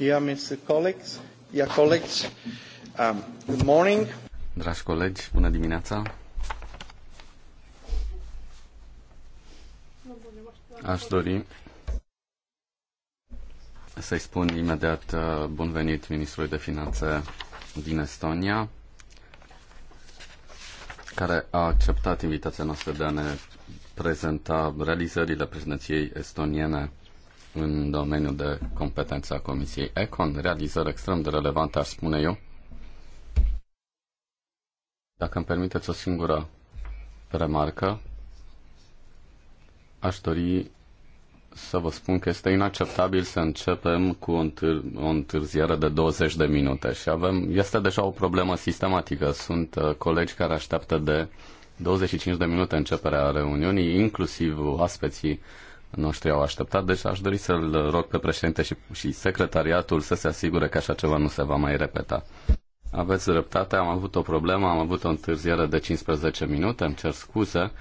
Dear Mr. Colleagues, dear colleagues, um, good morning. Dragi colegi, bună dimineața. Aș dori să-i spun imediat uh, bun venit Ministrului de Finanțe din Estonia, care a acceptat invitația noastră de a ne prezenta realizările președinției estoniene în domeniul de competență a Comisiei Econ, realizări extrem de relevante, aș spune eu. Dacă îmi permiteți o singură remarcă, aș dori să vă spun că este inacceptabil să începem cu o, întâr- o întârziere de 20 de minute și avem, este deja o problemă sistematică. Sunt uh, colegi care așteaptă de 25 de minute începerea reuniunii, inclusiv aspeții uh, noștri au așteptat, deci aș dori să-l rog pe președinte și, și secretariatul să se asigure că așa ceva nu se va mai repeta. Aveți dreptate, am avut o problemă, am avut o întârziere de 15 minute, îmi cer scuze,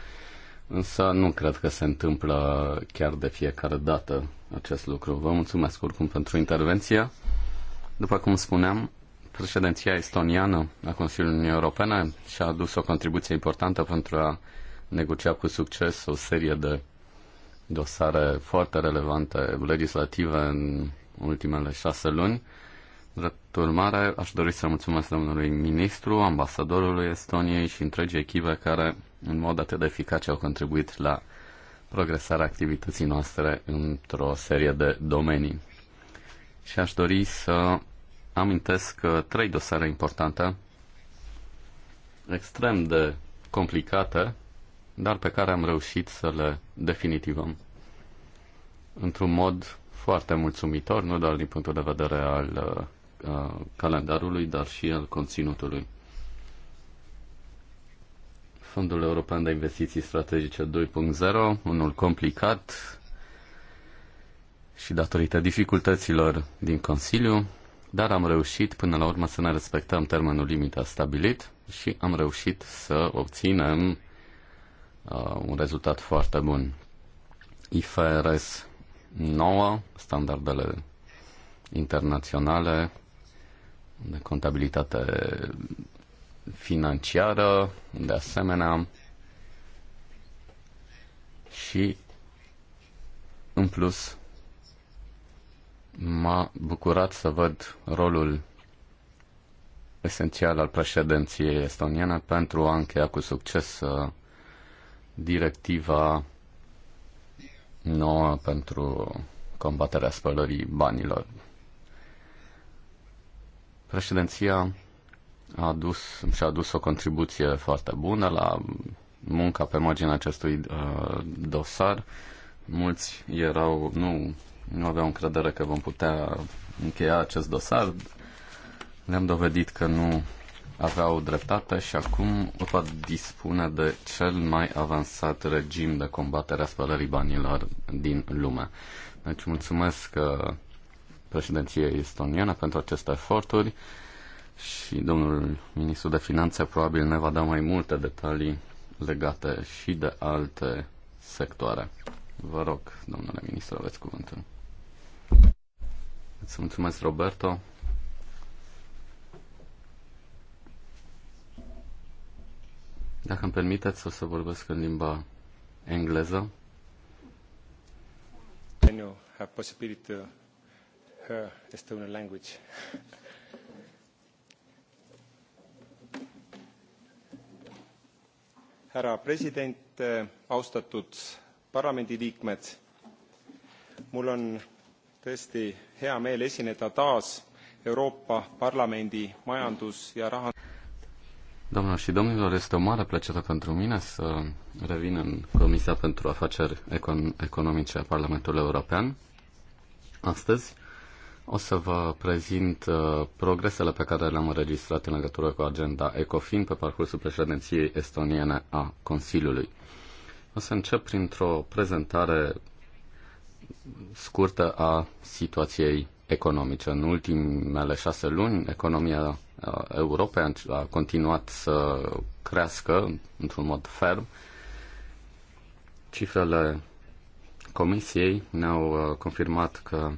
însă nu cred că se întâmplă chiar de fiecare dată acest lucru. Vă mulțumesc oricum pentru intervenția. După cum spuneam, președinția estoniană a Consiliului Uniunii Europene și-a adus o contribuție importantă pentru a negocia cu succes o serie de dosare foarte relevante legislative în ultimele șase luni. Drept urmare, aș dori să mulțumesc domnului ministru, ambasadorului Estoniei și întregii echipe care, în mod atât de eficace, au contribuit la progresarea activității noastre într-o serie de domenii. Și aș dori să amintesc trei dosare importante, extrem de complicate, dar pe care am reușit să le definitivăm într-un mod foarte mulțumitor, nu doar din punctul de vedere al uh, calendarului, dar și al conținutului. Fondul European de Investiții Strategice 2.0, unul complicat și datorită dificultăților din Consiliu, dar am reușit până la urmă să ne respectăm termenul limită stabilit și am reușit să obținem Uh, un rezultat foarte bun. IFRS 9, standardele internaționale de contabilitate financiară, de asemenea, și în plus m-a bucurat să văd rolul esențial al președinției estoniene pentru a încheia cu succes uh, directiva nouă pentru combaterea spălării banilor. Președinția a adus și-a adus o contribuție foarte bună la munca pe marginea acestui uh, dosar. Mulți erau, nu, nu aveau încredere că vom putea încheia acest dosar. Le-am dovedit că nu aveau dreptate și acum UPA dispune de cel mai avansat regim de combatere a spălării banilor din lume. Deci mulțumesc uh, președinției estoniene pentru aceste eforturi și domnul ministru de finanțe probabil ne va da mai multe detalii legate și de alte sectoare. Vă rog, domnule ministru, aveți cuvântul. Îți mulțumesc, Roberto. Dacă îmi permiteți, o să vorbesc în limba engleză. I know, have possibility to hear Estonian language. härra president, uh, austatud parlamendiliikmed, mul on tõesti hea meel esineda taas Euroopa Parlamendi majandus- ja rahandus- Domnul și domnilor, este o mare plăcere pentru mine să revin în Comisia pentru Afaceri Econ- Economice a Parlamentului European. Astăzi o să vă prezint uh, progresele pe care le-am înregistrat în legătură cu agenda ECOFIN pe parcursul președinției estoniene a Consiliului. O să încep printr-o prezentare scurtă a situației economice. În ultimele șase luni, economia uh, Europei a continuat să crească într-un mod ferm. Cifrele Comisiei ne-au uh, confirmat că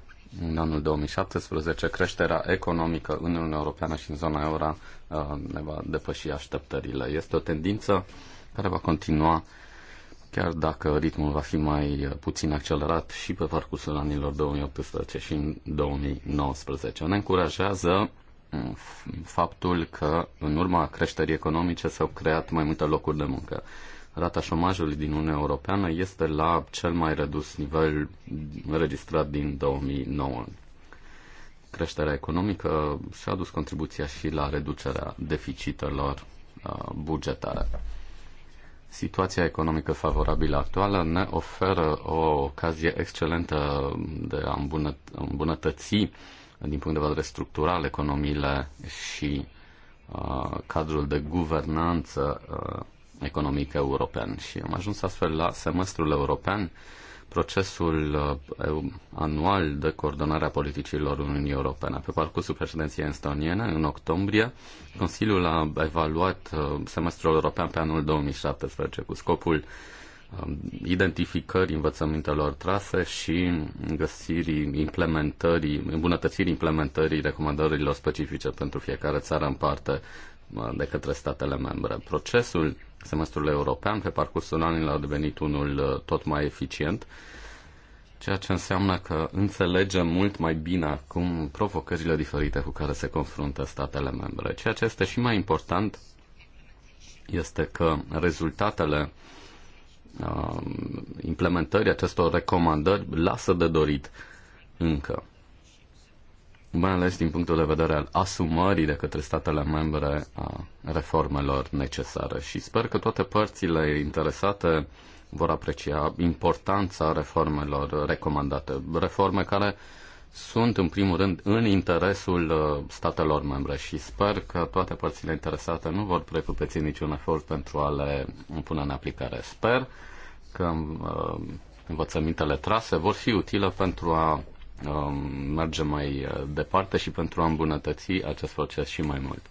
în anul 2017 creșterea economică în Uniunea Europeană și în zona euro uh, ne va depăși așteptările. Este o tendință care va continua chiar dacă ritmul va fi mai puțin accelerat și pe parcursul anilor 2018 și în 2019. Ne încurajează mm, faptul că în urma creșterii economice s-au creat mai multe locuri de muncă. Rata șomajului din Uniunea Europeană este la cel mai redus nivel înregistrat din 2009. Creșterea economică și-a adus contribuția și la reducerea deficitelor uh, bugetare. Situația economică favorabilă actuală ne oferă o ocazie excelentă de a îmbunătăți din punct de vedere structural economiile și uh, cadrul de guvernanță uh, economică european. Și am ajuns astfel la semestrul european procesul uh, anual de coordonare a politicilor Uniunii Europene. Pe parcursul președinției estoniene, în octombrie, Consiliul a evaluat uh, semestrul european pe anul 2017 cu scopul um, identificării învățămintelor trase și găsirii implementării, îmbunătățirii implementării recomandărilor specifice pentru fiecare țară în parte de către statele membre. Procesul semestrului european pe parcursul anilor a devenit unul uh, tot mai eficient, ceea ce înseamnă că înțelegem mult mai bine acum provocările diferite cu care se confruntă statele membre. Ceea ce este și mai important este că rezultatele uh, implementării acestor recomandări lasă de dorit încă mai ales din punctul de vedere al asumării de către statele membre a reformelor necesare. Și sper că toate părțile interesate vor aprecia importanța reformelor recomandate. Reforme care sunt, în primul rând, în interesul uh, statelor membre și sper că toate părțile interesate nu vor prepupeți niciun efort pentru a le pune în aplicare. Sper că uh, învățămintele trase vor fi utile pentru a Um, merge mai uh, departe și pentru a îmbunătăți acest proces și mai mult.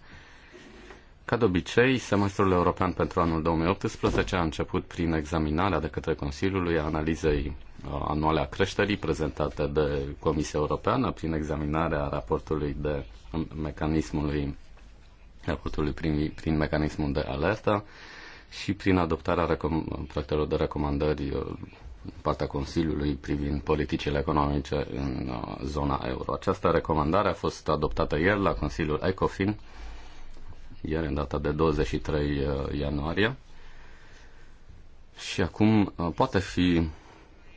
Ca de obicei, semestrul european pentru anul 2018 a început prin examinarea de către Consiliului a analizei uh, anuale a creșterii prezentate de Comisia Europeană, prin examinarea raportului de um, mecanismului raportului prin, prin mecanismul de alertă și prin adoptarea recom- proiectelor de recomandări uh, partea Consiliului privind politicile economice în uh, zona euro. Această recomandare a fost adoptată ieri la Consiliul ECOFIN, ieri în data de 23 uh, ianuarie, și acum uh, poate fi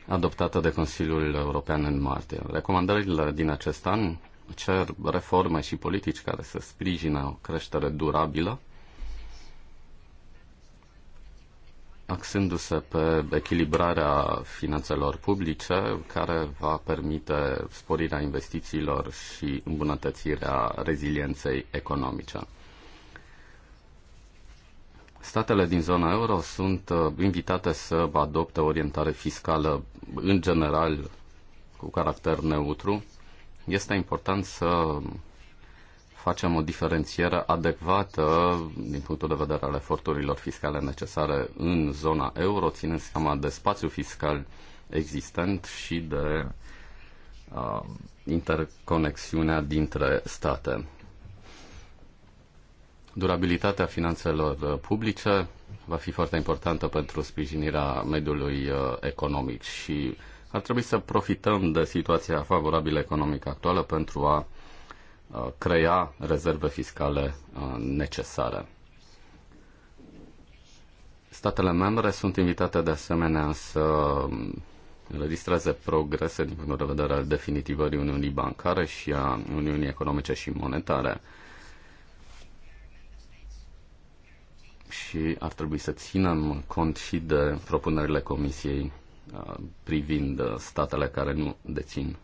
adoptată de Consiliul European în martie. Recomandările din acest an cer reforme și politici care să sprijină o creștere durabilă axându-se pe echilibrarea finanțelor publice, care va permite sporirea investițiilor și îmbunătățirea rezilienței economice. Statele din zona euro sunt uh, invitate să adopte orientare fiscală în general cu caracter neutru. Este important să facem o diferențiere adecvată din punctul de vedere al eforturilor fiscale necesare în zona euro, ținând seama de spațiu fiscal existent și de uh, interconexiunea dintre state. Durabilitatea finanțelor publice va fi foarte importantă pentru sprijinirea mediului uh, economic și ar trebui să profităm de situația favorabilă economică actuală pentru a Uh, crea rezerve fiscale uh, necesare. Statele membre sunt invitate de asemenea să um, înregistreze progrese din punct de vedere al definitivării Uniunii Bancare și a Uniunii Economice și Monetare. Și ar trebui să ținem cont și de propunerile Comisiei uh, privind statele care nu dețin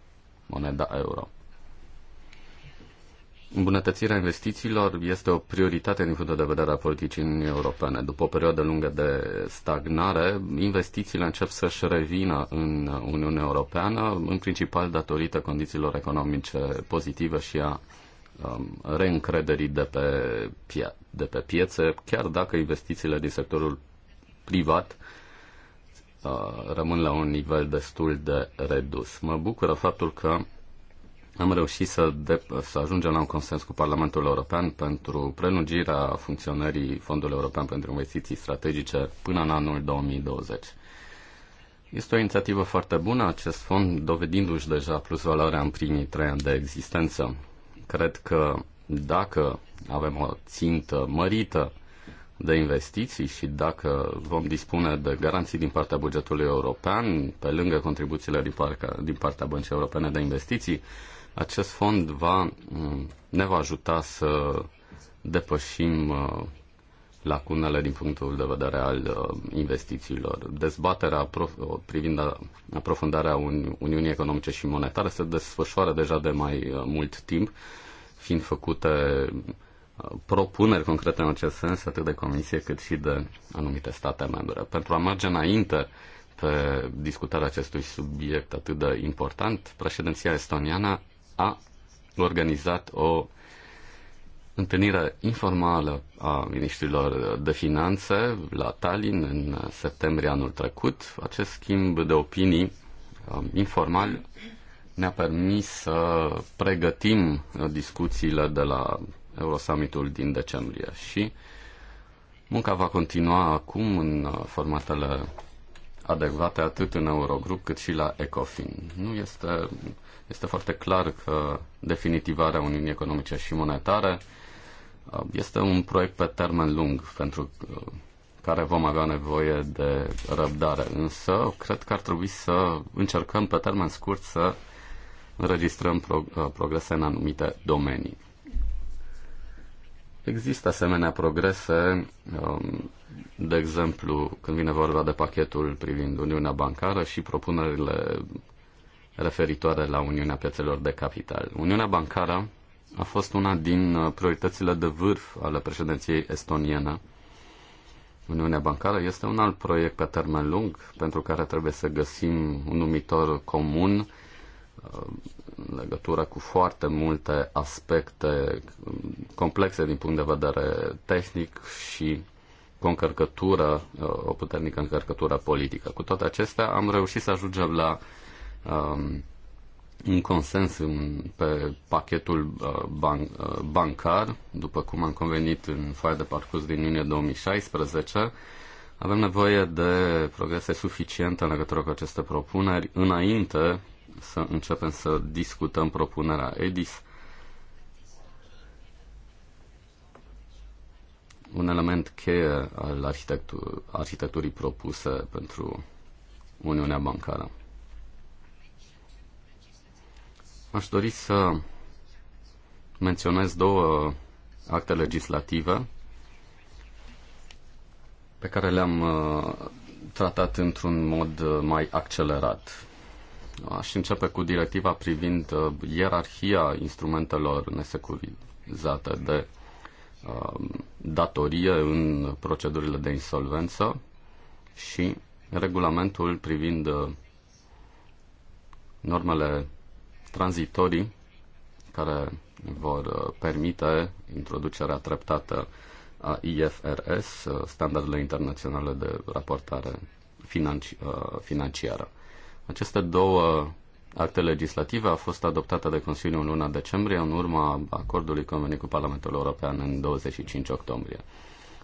moneda euro. Îmbunătățirea investițiilor este o prioritate din punct de vedere a politicii Europene. După o perioadă lungă de stagnare, investițiile încep să-și revină în Uniunea Europeană, în principal datorită condițiilor economice pozitive și a um, reîncrederii de pe, pie- de pe piețe, chiar dacă investițiile din sectorul privat uh, rămân la un nivel destul de redus. Mă bucură faptul că am reușit să, de, să ajungem la un consens cu Parlamentul European pentru prelungirea funcționării Fondului European pentru Investiții Strategice până în anul 2020. Este o inițiativă foarte bună acest fond, dovedindu-și deja plus valoarea în primii trei ani de existență. Cred că dacă avem o țintă mărită de investiții și dacă vom dispune de garanții din partea bugetului european, pe lângă contribuțiile din, din partea Băncii Europene de Investiții, acest fond va, mm, ne va ajuta să depășim uh, lacunele din punctul de vedere al uh, investițiilor. Dezbaterea uh, privind aprofundarea Uniunii Economice și Monetare se desfășoară deja de mai mult timp, fiind făcute propuneri concrete în acest sens, atât de Comisie cât și de anumite state membre. Pentru a merge înainte pe discutarea acestui subiect atât de important, președinția estoniană a organizat o întâlnire informală a ministrilor de finanțe la Tallinn în septembrie anul trecut. Acest schimb de opinii um, informal ne-a permis să pregătim discuțiile de la Eurosummitul din decembrie și munca va continua acum în formatele adecvate atât în Eurogrup cât și la Ecofin. Nu este este foarte clar că definitivarea Uniunii Economice și Monetare este un proiect pe termen lung pentru uh, care vom avea nevoie de răbdare, însă cred că ar trebui să încercăm pe termen scurt să înregistrăm uh, progrese în anumite domenii. Există asemenea progrese, um, de exemplu, când vine vorba de pachetul privind Uniunea Bancară și propunerile referitoare la Uniunea Piețelor de Capital. Uniunea bancară a fost una din uh, prioritățile de vârf ale președinției estoniene. Uniunea bancară este un alt proiect pe termen lung pentru care trebuie să găsim un numitor comun uh, în legătură cu foarte multe aspecte um, complexe din punct de vedere tehnic și cu o încărcătură, uh, o puternică încărcătură politică. Cu toate acestea am reușit să ajungem la um, un consens în, pe pachetul uh, ban, uh, bancar, după cum am convenit în foaia de parcurs din iunie 2016. Avem nevoie de progrese suficiente în legătură cu aceste propuneri înainte să începem să discutăm propunerea EDIS. Un element cheie al arhitectur- arhitecturii propuse pentru Uniunea Bancară. Aș dori să menționez două acte legislative pe care le-am uh, tratat într-un mod uh, mai accelerat. Aș începe cu directiva privind uh, ierarhia instrumentelor nesecurizate de datorie în procedurile de insolvență și regulamentul privind normele tranzitorii care vor uh, permite introducerea treptată a IFRS, uh, standardele internaționale de raportare financi- uh, financiară. Aceste două acte legislative au fost adoptate de Consiliu în luna decembrie în urma acordului convenit cu Parlamentul European în 25 octombrie.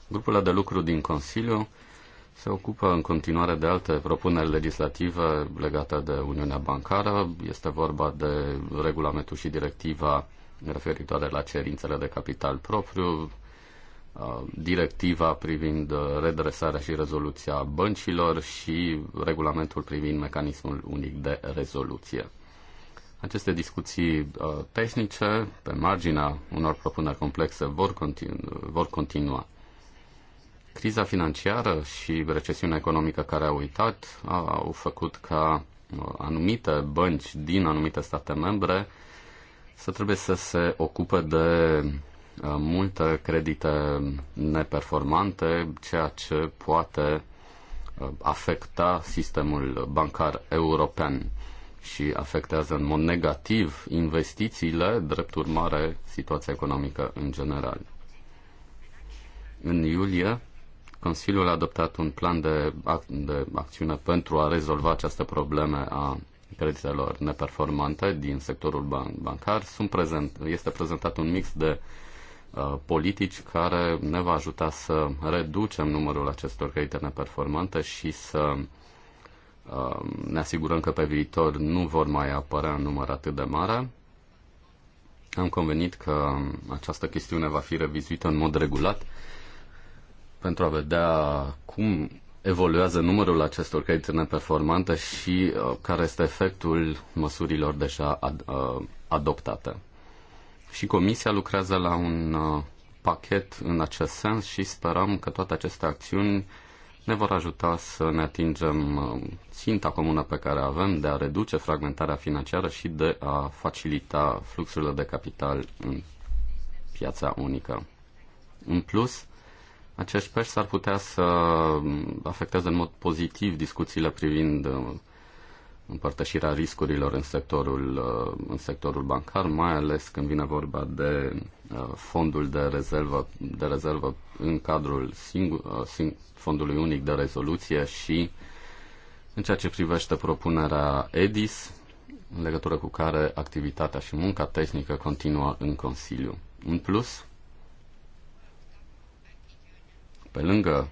Grupurile de lucru din Consiliu se ocupă în continuare de alte propuneri legislative legate de Uniunea Bancară. Este vorba de regulamentul și directiva referitoare la cerințele de capital propriu, directiva privind redresarea și rezoluția băncilor și regulamentul privind mecanismul unic de rezoluție. Aceste discuții tehnice, pe marginea unor propuneri complexe, vor, continu- vor continua. Criza financiară și recesiunea economică care au uitat au făcut ca anumite bănci din anumite state membre să trebuie să se ocupe de multe credite neperformante, ceea ce poate afecta sistemul bancar european și afectează în mod negativ investițiile, drept urmare situația economică în general. În iulie, Consiliul a adoptat un plan de, ac- de acțiune pentru a rezolva această probleme a creditelor neperformante din sectorul ban- bancar. Sunt prezent, este prezentat un mix de uh, politici care ne va ajuta să reducem numărul acestor credite neperformante și să uh, ne asigurăm că pe viitor nu vor mai apărea în număr atât de mare. Am convenit că această chestiune va fi revizuită în mod regulat pentru a vedea cum evoluează numărul acestor credite neperformante și uh, care este efectul măsurilor deja ad, uh, adoptate. Și Comisia lucrează la un uh, pachet în acest sens și sperăm că toate aceste acțiuni ne vor ajuta să ne atingem uh, ținta comună pe care avem de a reduce fragmentarea financiară și de a facilita fluxurile de capital în piața unică. În plus, acești pești s-ar putea să afecteze în mod pozitiv discuțiile privind uh, împărtășirea riscurilor în sectorul, uh, în sectorul bancar, mai ales când vine vorba de uh, fondul de rezervă, de rezervă în cadrul singur, sing, fondului unic de rezoluție și în ceea ce privește propunerea EDIS, în legătură cu care activitatea și munca tehnică continuă în Consiliu. În plus, pe lângă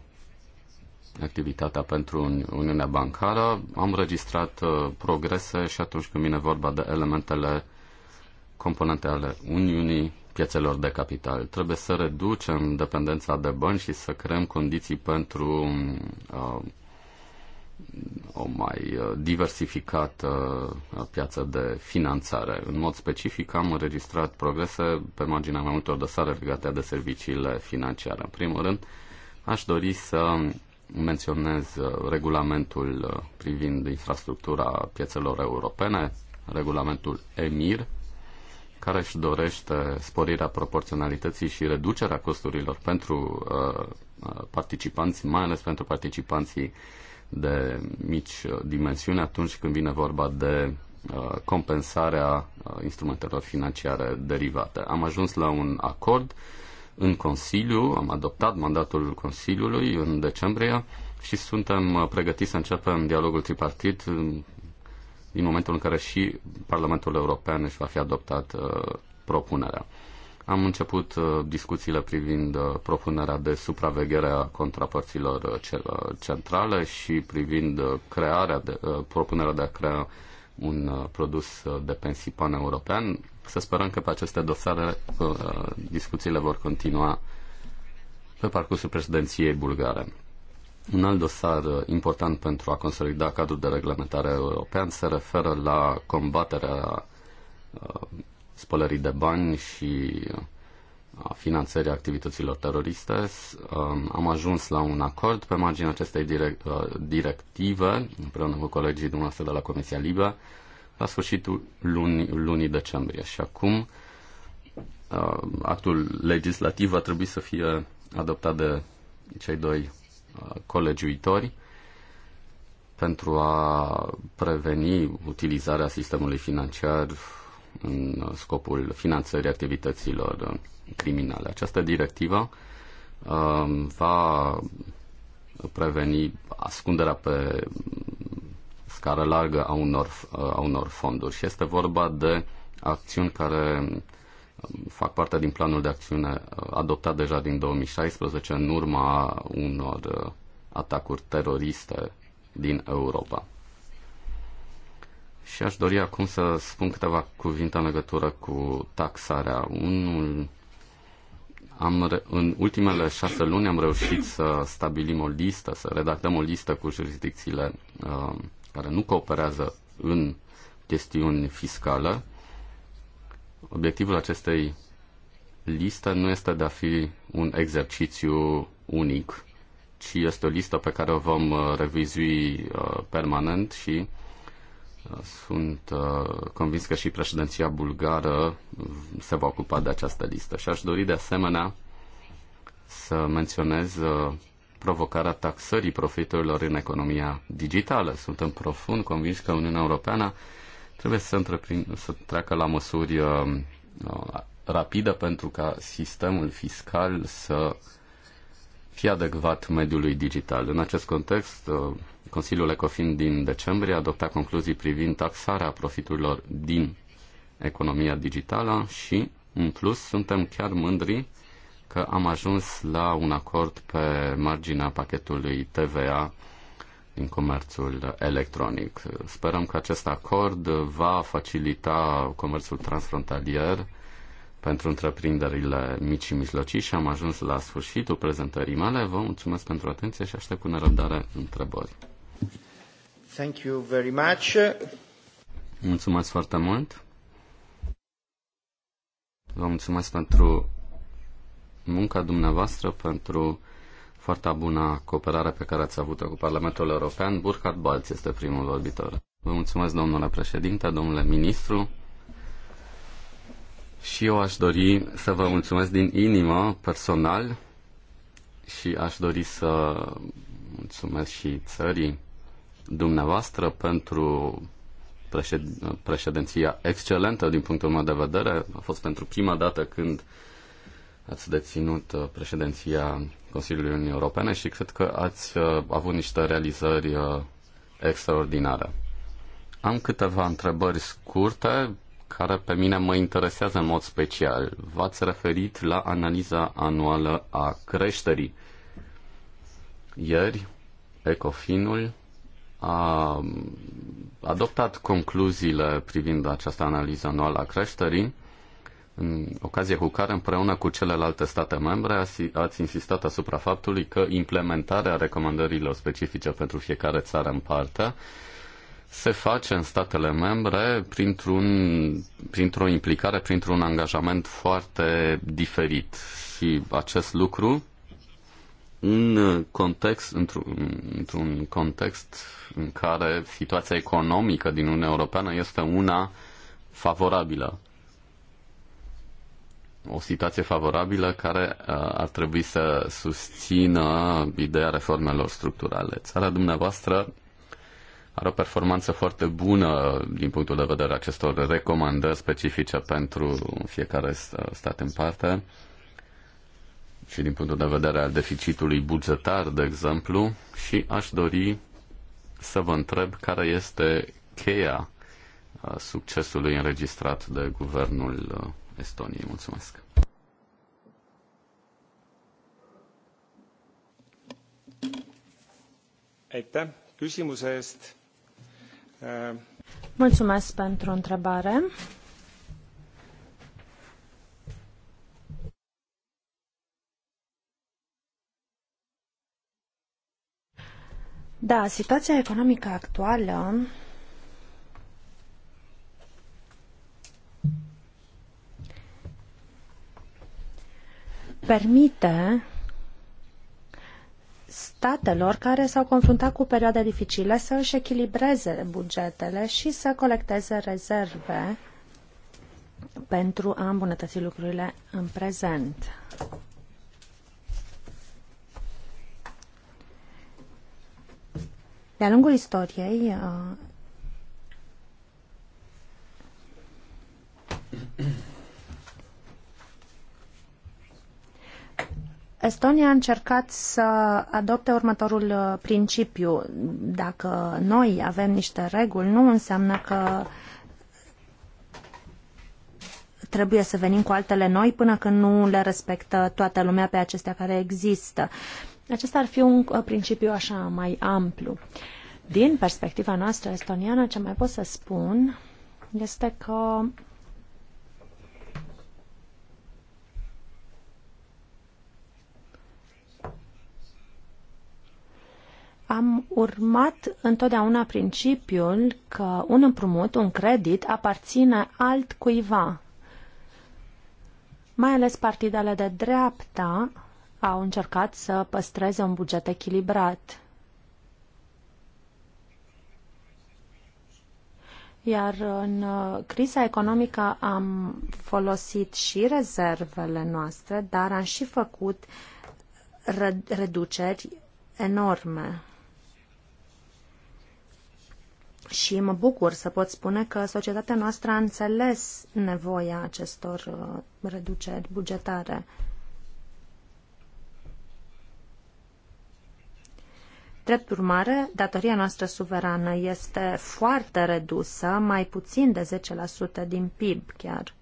activitatea pentru Uniunea Bancară, am registrat uh, progrese și atunci când vine vorba de elementele componente ale Uniunii piețelor de capital. Trebuie să reducem dependența de bani și să creăm condiții pentru uh, o mai uh, diversificată uh, piață de finanțare. În mod specific, am înregistrat progrese pe marginea mai multor dosare legate de serviciile financiare. În primul rând, uh, Aș dori să menționez uh, regulamentul uh, privind infrastructura piețelor europene, regulamentul EMIR, care își dorește sporirea proporționalității și reducerea costurilor pentru uh, uh participanți, mai ales pentru participanții de mici dimensiuni atunci când vine vorba de compensarea instrumentelor financiare derivate. Am ajuns la un acord uh, în Consiliu, am adoptat mandatul Consiliului în decembrie și suntem pregătiți să începem dialogul tripartit uh, din momentul în care și Parlamentul European își va fi adoptat uh, propunerea. Am început uh, discuțiile privind propunerea de supraveghere a contrapărților centrale și privind crearea de, propunerea de a crea un uh, produs uh, de pensii pan-european. Să sperăm că pe aceste dosare uh, discuțiile vor continua pe parcursul președinției bulgare. Un alt dosar important pentru a consolida cadrul de reglementare european se referă la combaterea spălării de bani și finanțării activităților teroriste. Um, am ajuns la un acord pe marginea acestei direct, uh, directive împreună cu colegii dumneavoastră de la Comisia Libă la sfârșitul lunii, lunii decembrie și acum uh, actul legislativ va trebui să fie adoptat de cei doi uh, colegiuitori pentru a preveni utilizarea sistemului financiar în scopul finanțării activităților criminale. Această directivă um, va preveni ascunderea pe scară largă a unor, a unor fonduri și este vorba de acțiuni care um, fac parte din planul de acțiune uh, adoptat deja din 2016 în urma unor uh, atacuri teroriste din Europa. Și aș dori acum să spun câteva cuvinte în legătură cu taxarea. Unul, am, în ultimele șase luni am reușit să stabilim o listă, să redactăm o listă cu jurisdicțiile uh, care nu cooperează în chestiuni fiscale. Obiectivul acestei liste nu este de a fi un exercițiu unic, ci este o listă pe care o vom uh, revizui uh, permanent și uh, sunt uh, convins că și președinția bulgară se va ocupa de această listă și aș dori de asemenea să menționez uh, provocarea taxării profiturilor în economia digitală. Suntem profund convins că Uniunea Europeană trebuie să, întreprin, să treacă la măsuri uh, rapidă pentru ca sistemul fiscal să fi adecvat mediului digital. În acest context, uh, Consiliul Ecofin din decembrie a adoptat concluzii privind taxarea profiturilor din economia digitală și, în plus, suntem chiar mândri că am ajuns la un acord pe marginea pachetului TVA din comerțul electronic. Sperăm că acest acord va facilita comerțul transfrontalier pentru întreprinderile mici și mijlocii și am ajuns la sfârșitul prezentării mele. Vă mulțumesc pentru atenție și aștept cu nerăbdare întrebări. Thank you very much. Mulțumesc foarte mult. Vă mulțumesc pentru munca dumneavoastră, pentru foarte bună cooperare pe care ați avut-o cu Parlamentul European. Burkhard Balț este primul vorbitor. Vă mulțumesc, domnule președinte, domnule ministru. Și eu aș dori să vă mulțumesc din inimă, personal, și aș dori să mulțumesc și țării dumneavoastră pentru președ- președinția excelentă din punctul meu de vedere. A fost pentru prima dată când ați deținut uh, președinția Consiliului Uniunii Europene și cred că ați uh, avut niște realizări uh, extraordinare. Am câteva întrebări scurte care pe mine mă interesează în mod special. V-ați referit la analiza anuală a creșterii. Ieri, Ecofinul a adoptat concluziile privind această analiză anuală a creșterii, în ocazie cu care, împreună cu celelalte state membre, ați insistat asupra faptului că implementarea recomandărilor specifice pentru fiecare țară în parte se face în statele membre printr-un, printr-o implicare, printr-un angajament foarte diferit. Și acest lucru în context, într-un, într-un context în care situația economică din Uniunea Europeană este una favorabilă. O situație favorabilă care uh, ar trebui să susțină ideea reformelor structurale. Țara dumneavoastră are o performanță foarte bună din punctul de vedere acestor recomandări specifice pentru fiecare stat în parte și din punctul de vedere al deficitului bugetar, de exemplu, și aș dori să vă întreb care este cheia succesului înregistrat de guvernul Estoniei. Mulțumesc! Aitäh küsimuse eest Mulțumesc pentru întrebare. Da, situația economică actuală permite statelor care s-au confruntat cu perioade dificile să își echilibreze bugetele și să colecteze rezerve pentru a îmbunătăți lucrurile în prezent. De-a lungul istoriei, uh, Estonia a încercat să adopte următorul uh, principiu. Dacă noi avem niște reguli, nu înseamnă că trebuie să venim cu altele noi până când nu le respectă toată lumea pe acestea care există. Acesta ar fi un uh, principiu așa mai amplu. Din perspectiva noastră estoniană, ce mai pot să spun este că urmat întotdeauna principiul că un împrumut, un credit, aparține altcuiva. Mai ales partidele de dreapta au încercat să păstreze un buget echilibrat. Iar în uh, criza economică am folosit și rezervele noastre, dar am și făcut reduceri enorme și mă bucur să pot spune că societatea noastră a înțeles nevoia acestor uh, reduceri bugetare. Drept urmare, datoria noastră suverană este foarte redusă, mai puțin de 10% din PIB chiar.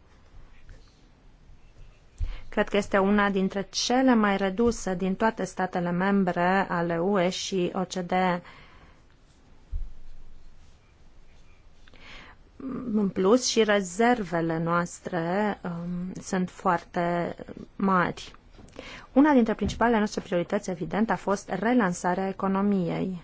Cred că este una dintre cele mai reduse din toate statele membre ale UE și OCDE. în plus și rezervele noastre um, sunt foarte mari. Una dintre principalele noastre priorități, evident, a fost relansarea economiei.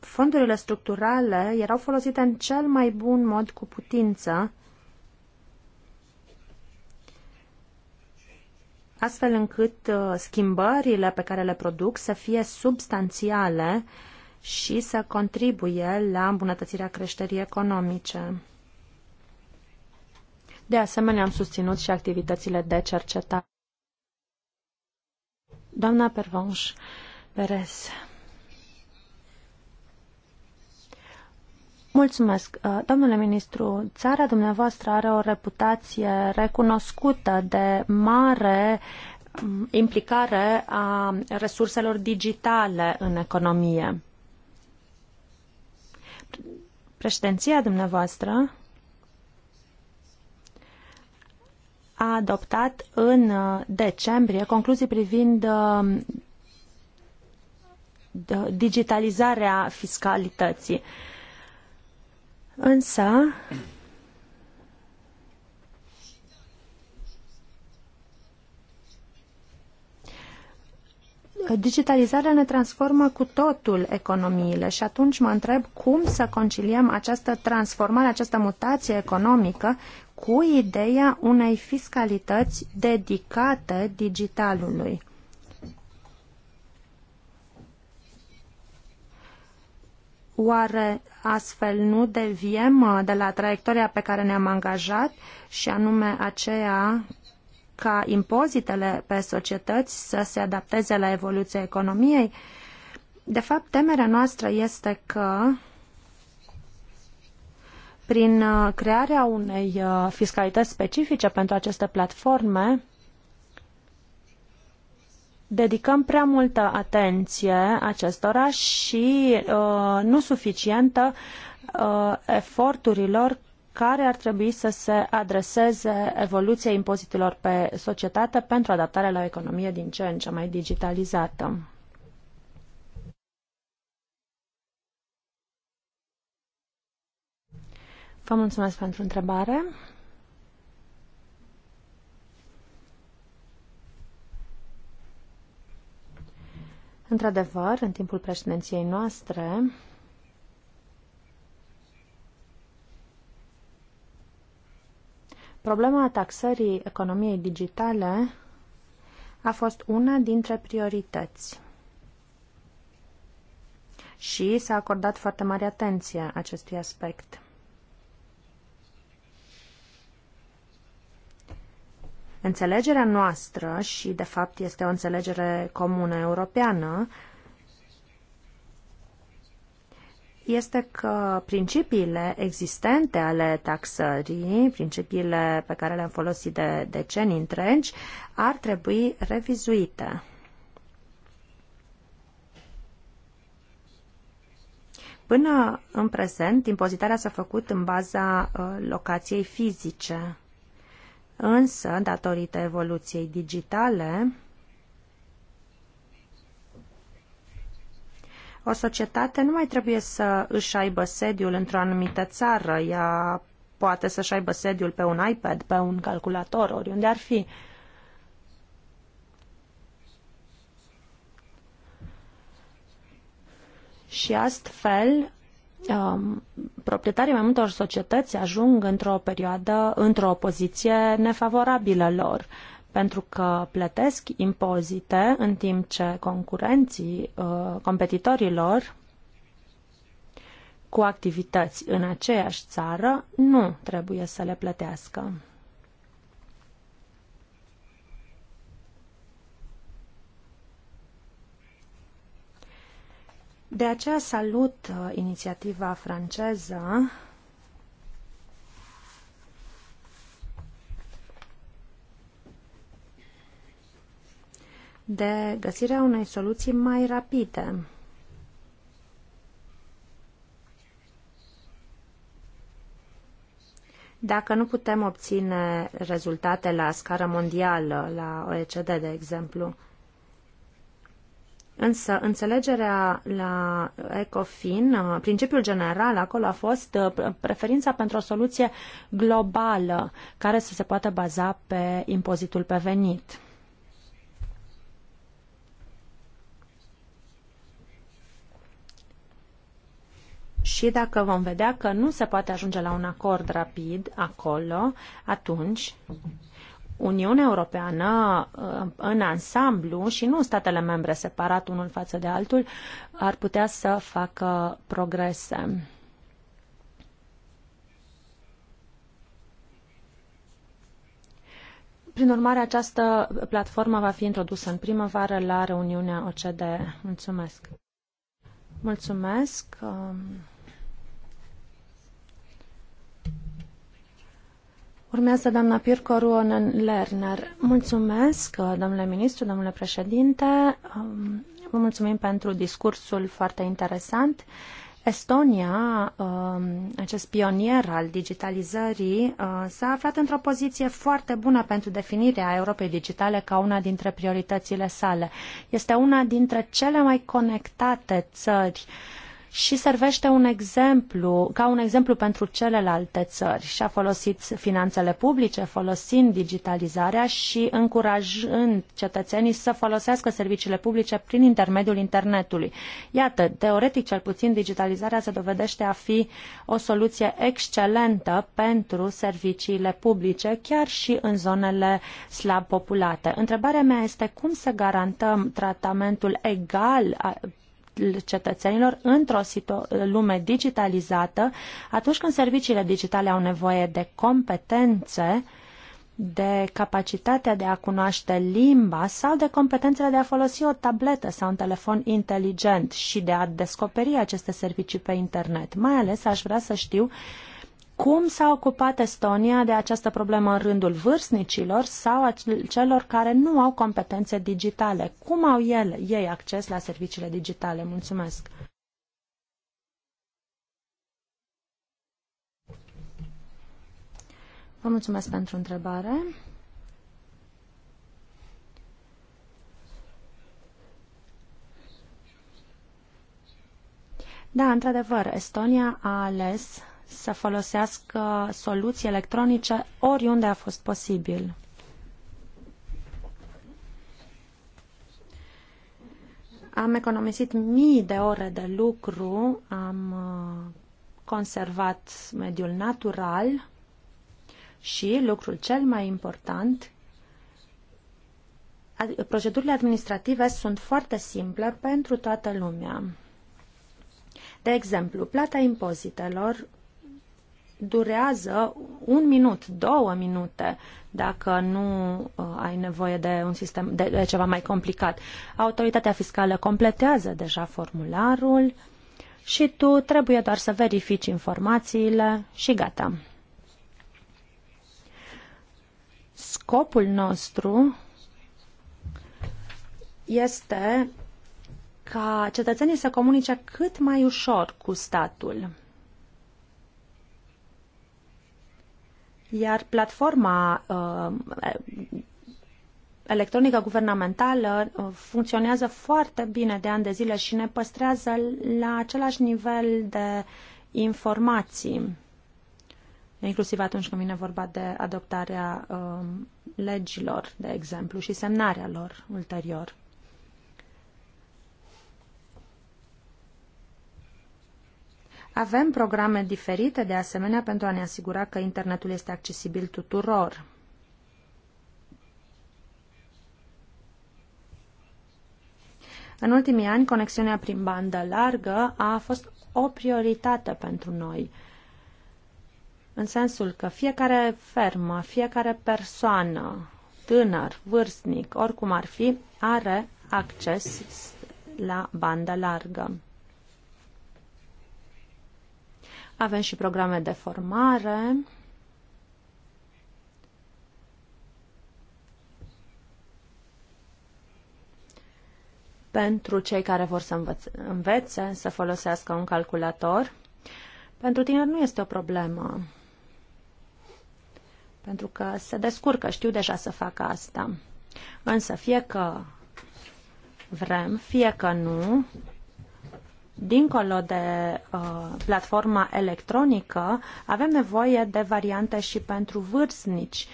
Fondurile structurale erau folosite în cel mai bun mod cu putință astfel încât uh, schimbările pe care le produc să fie substanțiale și să contribuie la îmbunătățirea creșterii economice. De asemenea, am susținut și activitățile de cercetare. Doamna Pervanș Perez. Mulțumesc. Uh, domnule ministru, țara dumneavoastră are o reputație recunoscută de mare mm, implicare a resurselor digitale în economie. Președinția dumneavoastră a adoptat în uh, decembrie concluzii privind uh, digitalizarea fiscalității. Însă, digitalizarea ne transformă cu totul economiile și atunci mă întreb cum să conciliem această transformare, această mutație economică cu ideea unei fiscalități dedicate digitalului. Oare astfel nu deviem uh, de la traiectoria pe care ne-am angajat și anume aceea ca impozitele pe societăți să se adapteze la evoluția economiei? De fapt, temerea noastră este că prin uh, crearea unei uh, fiscalități specifice pentru aceste platforme, dedicăm prea multă atenție acestora și uh, nu suficientă uh, eforturilor care ar trebui să se adreseze evoluției impozitelor pe societate pentru adaptarea la o economie din ce în ce mai digitalizată. Vă mulțumesc pentru întrebare. Într-adevăr, în timpul președinției noastre, problema taxării economiei digitale a fost una dintre priorități și s-a acordat foarte mare atenție acestui aspect. Înțelegerea noastră, și de fapt este o înțelegere comună europeană, este că principiile existente ale taxării, principiile pe care le-am folosit de decenii întregi, ar trebui revizuite. Până în prezent, impozitarea s-a făcut în baza uh, locației fizice. Însă, datorită evoluției digitale, o societate nu mai trebuie să își aibă sediul într-o anumită țară. Ea poate să-și aibă sediul pe un iPad, pe un calculator, oriunde ar fi. Și astfel, Um, proprietarii mai multor societăți ajung într-o perioadă, într-o poziție nefavorabilă lor, pentru că plătesc impozite în timp ce concurenții, uh, competitorii lor, cu activități în aceeași țară nu trebuie să le plătească. De aceea salut uh, inițiativa franceză de găsirea unei soluții mai rapide. Dacă nu putem obține rezultate la scară mondială, la OECD, de exemplu, Însă, înțelegerea la ECOFIN, uh, principiul general acolo a fost uh, preferința pentru o soluție globală care să se poată baza pe impozitul pe venit. Și dacă vom vedea că nu se poate ajunge la un acord rapid acolo, atunci Uniunea Europeană uh, în ansamblu și nu statele membre separat unul față de altul ar putea să facă progrese. Prin urmare, această platformă va fi introdusă în primăvară la reuniunea OCDE. Mulțumesc! Mulțumesc! Um, Urmează doamna Pirco Ruonen Lerner. Mulțumesc, domnule ministru, domnule președinte. Um, vă mulțumim pentru discursul foarte interesant. Estonia, um, acest pionier al digitalizării, uh, s-a aflat într-o poziție foarte bună pentru definirea Europei digitale ca una dintre prioritățile sale. Este una dintre cele mai conectate țări și servește un exemplu, ca un exemplu pentru celelalte țări și a folosit finanțele publice, folosind digitalizarea și încurajând cetățenii să folosească serviciile publice prin intermediul internetului. Iată, teoretic cel puțin, digitalizarea se dovedește a fi o soluție excelentă pentru serviciile publice, chiar și în zonele slab populate. Întrebarea mea este cum să garantăm tratamentul egal cetățenilor într-o lume digitalizată, atunci când serviciile digitale au nevoie de competențe, de capacitatea de a cunoaște limba sau de competențele de a folosi o tabletă sau un telefon inteligent și de a descoperi aceste servicii pe internet. Mai ales aș vrea să știu uh, cum s-a ocupat Estonia de această problemă în rândul vârstnicilor sau celor care nu au competențe digitale? Cum au ele, ei acces la serviciile digitale? Mulțumesc! Vă mulțumesc pentru întrebare. Da, într-adevăr, Estonia a ales să folosească soluții electronice oriunde a fost posibil. Am economisit mii de ore de lucru, am uh, conservat mediul natural și, lucrul cel mai important, procedurile administrative sunt foarte simple pentru toată lumea. De exemplu, plata impozitelor durează un minut, două minute, dacă nu uh, ai nevoie de un sistem de, de ceva mai complicat. Autoritatea fiscală completează deja formularul și tu trebuie doar să verifici informațiile și gata. Scopul nostru este ca cetățenii să comunice cât mai ușor cu statul. Iar platforma uh, electronică guvernamentală uh, funcționează foarte bine de ani de zile și ne păstrează la același nivel de informații, inclusiv atunci când vine vorba de adoptarea uh, legilor, de exemplu, și semnarea lor ulterior. Avem programe diferite, de asemenea, pentru a ne asigura că internetul este accesibil tuturor. În ultimii ani, conexiunea prin bandă largă a fost o prioritate pentru noi, în sensul că fiecare fermă, fiecare persoană, tânăr, vârstnic, oricum ar fi, are acces la bandă largă. Avem și programe de formare. pentru cei care vor să învețe, învețe să folosească un calculator. Pentru tineri nu este o problemă, pentru că se descurcă, știu deja să facă asta. Însă fie că vrem, fie că nu, dincolo de uh, platforma electronică, avem nevoie de variante și pentru vârstnici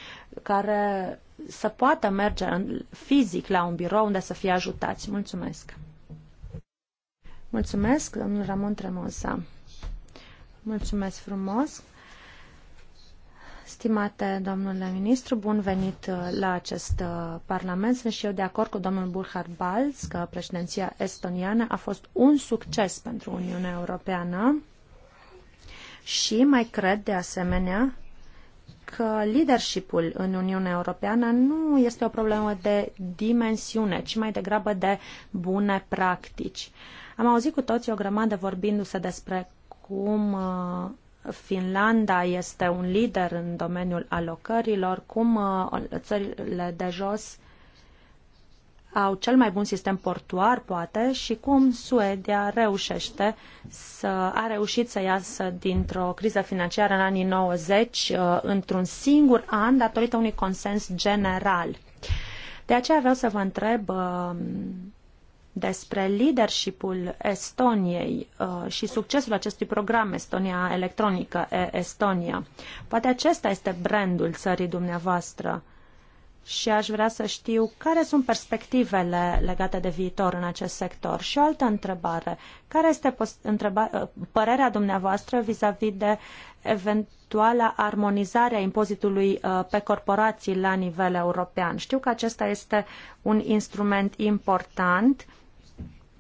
care să poată merge în, fizic la un birou unde să fie ajutați. Mulțumesc! Mulțumesc, domnul Ramon Tremosa. Mulțumesc frumos! Stimate domnule ministru, bun venit uh, la acest uh, parlament. Sunt și eu de acord cu domnul Burhard Balz că președinția estoniană a fost un succes pentru Uniunea Europeană și mai cred de asemenea că leadershipul în Uniunea Europeană nu este o problemă de dimensiune, ci mai degrabă de bune practici. Am auzit cu toții o grămadă vorbindu-se despre cum uh, Finlanda este un lider în domeniul alocărilor, cum uh, țările de jos au cel mai bun sistem portuar, poate, și cum Suedia reușește să a reușit să iasă dintr-o criză financiară în anii 90 uh, într-un singur an datorită unui consens general. De aceea vreau să vă întreb uh, despre leadershipul Estoniei uh, și succesul acestui program Estonia Electronică, Estonia. Poate acesta este brandul țării dumneavoastră și aș vrea să știu care sunt perspectivele legate de viitor în acest sector. Și o altă întrebare. Care este întreba- uh, părerea dumneavoastră vis-a-vis -vis de eventuala armonizare a impozitului uh, pe corporații la nivel european? Știu că acesta este un instrument important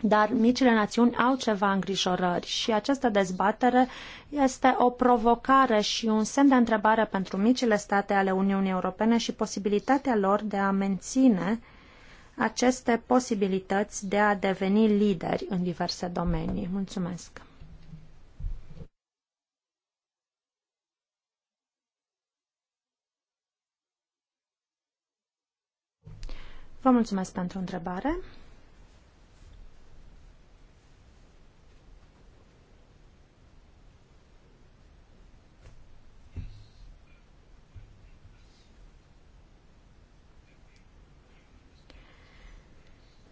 dar micile națiuni au ceva îngrijorări și această dezbatere este o provocare și un semn de întrebare pentru micile state ale Uniunii Europene și posibilitatea lor de a menține aceste posibilități de a deveni lideri în diverse domenii. Mulțumesc! Vă mulțumesc pentru întrebare.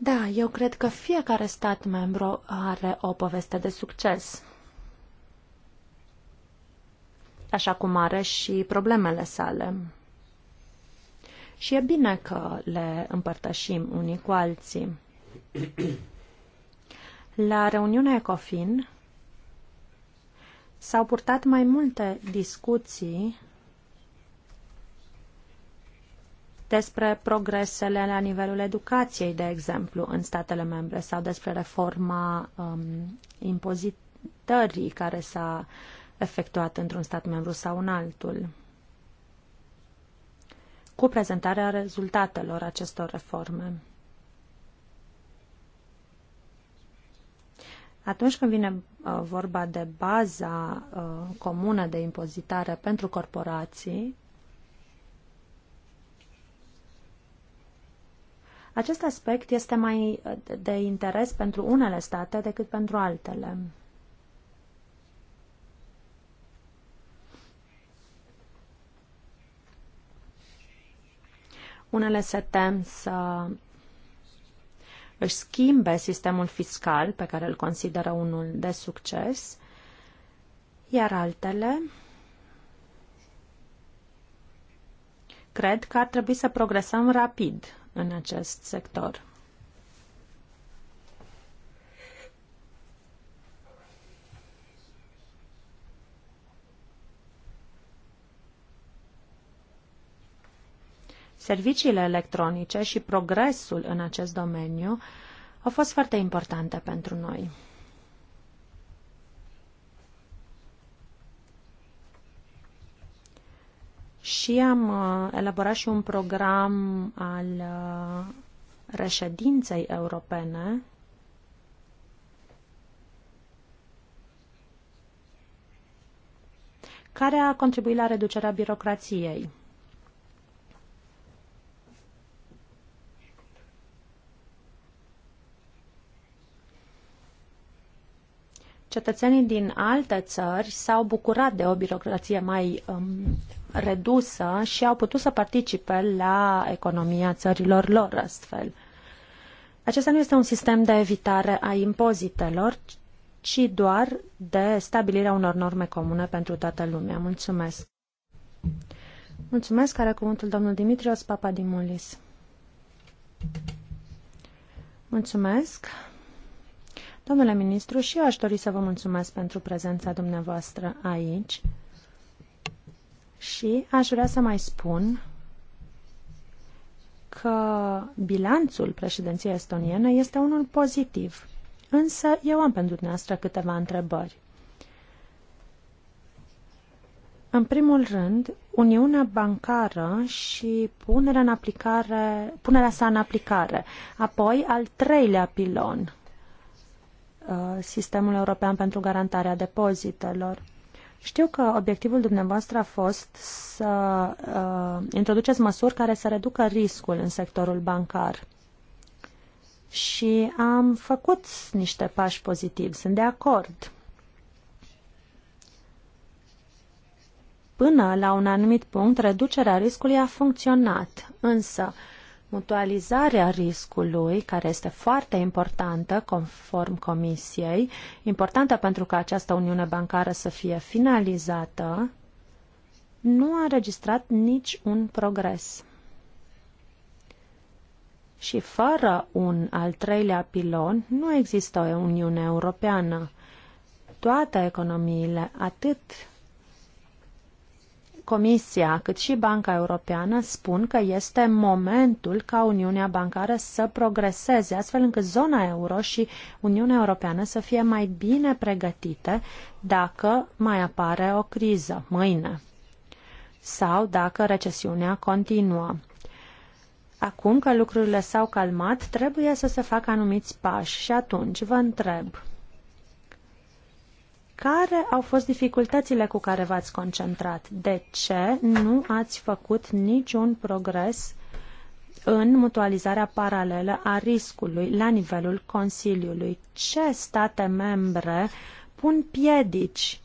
Da, eu cred că fiecare stat membru are o poveste de succes. Așa cum are și problemele sale. Și e bine că le împărtășim unii cu alții. La reuniunea ECOFIN s-au purtat mai multe discuții despre progresele la nivelul educației, de exemplu, în statele membre sau despre reforma um, impozitării care s-a efectuat într-un stat membru sau în altul cu prezentarea rezultatelor acestor reforme. Atunci când vine uh, vorba de baza uh, comună de impozitare pentru corporații, Acest aspect este mai de interes pentru unele state decât pentru altele. Unele se tem să își schimbe sistemul fiscal pe care îl consideră unul de succes, iar altele cred că ar trebui să progresăm rapid în acest sector. Serviciile electronice și progresul în acest domeniu au fost foarte importante pentru noi. și am uh, elaborat și un program al uh, reședinței europene care a contribuit la reducerea birocrației. Cetățenii din alte țări s-au bucurat de o birocrație mai um, redusă și au putut să participe la economia țărilor lor astfel. Acesta nu este un sistem de evitare a impozitelor, ci doar de stabilirea unor norme comune pentru toată lumea. Mulțumesc! Mulțumesc, are cuvântul domnul Dimitrios Papadimulis. Mulțumesc! Domnule ministru, și eu aș dori să vă mulțumesc pentru prezența dumneavoastră aici. Și aș vrea să mai spun că bilanțul președinției estoniene este unul pozitiv. Însă eu am pentru dumneavoastră câteva întrebări. În primul rând, Uniunea bancară și punerea, în aplicare, punerea sa în aplicare. Apoi, al treilea pilon, uh, sistemul european pentru garantarea depozitelor. Știu că obiectivul dumneavoastră a fost să uh, introduceți măsuri care să reducă riscul în sectorul bancar. Și am făcut niște pași pozitivi, sunt de acord. Până la un anumit punct, reducerea riscului a funcționat, însă uh, Mutualizarea riscului, care este foarte importantă conform Comisiei, importantă pentru ca această uniune bancară să fie finalizată, nu a înregistrat nici un progres. Și fără un al treilea pilon, nu există o Uniune Europeană. Toate economiile, atât Comisia cât și Banca Europeană spun că este momentul ca Uniunea Bancară să progreseze, astfel încât zona euro și Uniunea Europeană să fie mai bine pregătite dacă mai apare o criză mâine sau dacă recesiunea continuă. Acum că lucrurile s-au calmat, trebuie să se facă anumiți pași și atunci vă întreb, care au fost dificultățile cu care v-ați concentrat? De ce nu ați făcut niciun progres în mutualizarea paralelă a riscului la nivelul Consiliului? Ce state membre pun piedici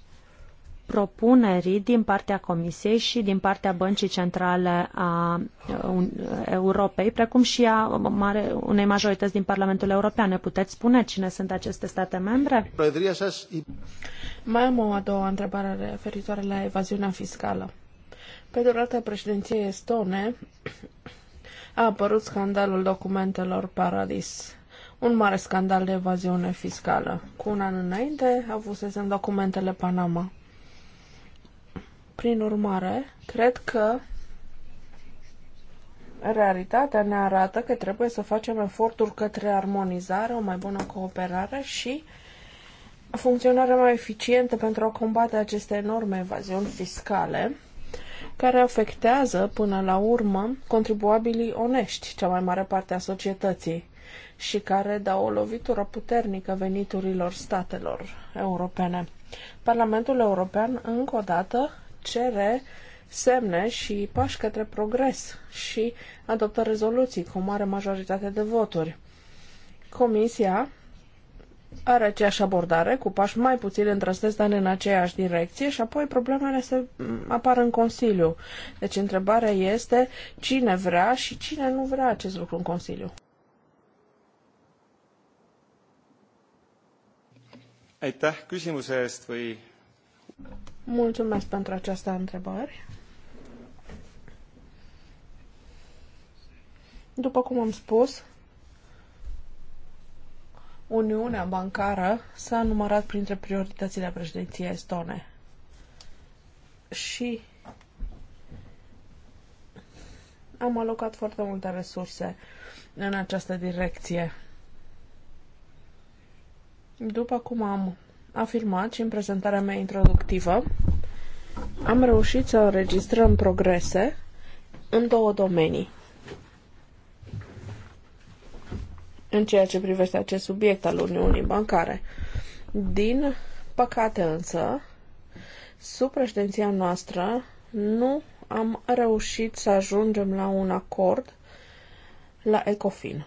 propunerii din partea Comisiei și din partea Băncii Centrale a uh, Europei, precum și a mare, unei majorități din Parlamentul European. Ne puteți spune cine sunt aceste state membre? Mai am o a doua întrebare referitoare la evaziunea fiscală. Pe durata președinției estone a apărut scandalul documentelor Paradis un mare scandal de evaziune fiscală. Cu un an înainte avusesem documentele Panama. Prin urmare, cred că realitatea ne arată că trebuie să facem eforturi către armonizare, o mai bună cooperare și funcționare mai eficientă pentru a combate aceste enorme evaziuni fiscale care afectează până la urmă contribuabilii onești, cea mai mare parte a societății, și care dau o lovitură puternică veniturilor statelor europene. Parlamentul European, încă o dată, cere semne și pași către progres și adoptă rezoluții cu o mare majoritate de voturi. Comisia are aceeași abordare, cu pași mai puțin întrăstesc, dar în aceeași direcție și apoi problemele se mm, apar în Consiliu. Deci întrebarea este cine vrea și cine nu vrea acest lucru în Consiliu. Aitäh küsimuse eest või Mulțumesc pentru această întrebare. După cum am spus, Uniunea bancară s-a numărat printre prioritățile președinției estone. Și am alocat foarte multe resurse în această direcție. După cum am afirmat și în prezentarea mea introductivă, am reușit să înregistrăm progrese în două domenii. În ceea ce privește acest subiect al Uniunii Bancare. Din păcate însă, sub președinția noastră nu am reușit să ajungem la un acord la ECOFIN.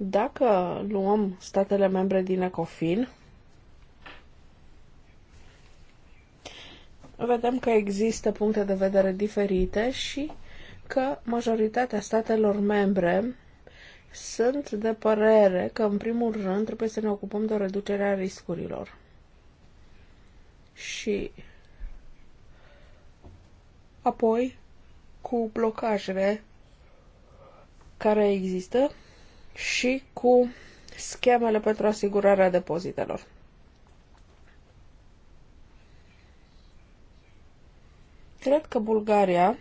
Dacă luăm statele membre din ECOFIN, vedem că există puncte de vedere diferite și că majoritatea statelor membre sunt de părere că, în primul rând, trebuie să ne ocupăm de o reducere a riscurilor. Și apoi, cu blocajele care există, și cu schemele pentru asigurarea depozitelor. Cred că Bulgaria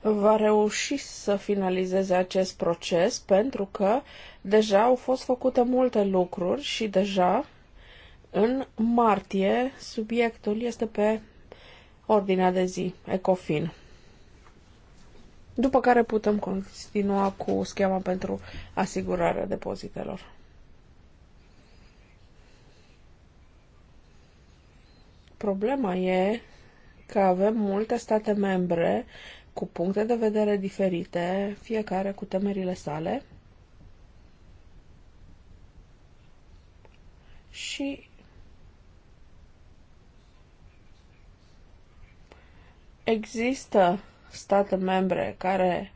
va reuși să finalizeze acest proces pentru că deja au fost făcute multe lucruri și deja în martie subiectul este pe ordinea de zi, ECOFIN după care putem continua cu schema pentru asigurarea depozitelor. Problema e că avem multe state membre cu puncte de vedere diferite, fiecare cu temerile sale. Și există state membre care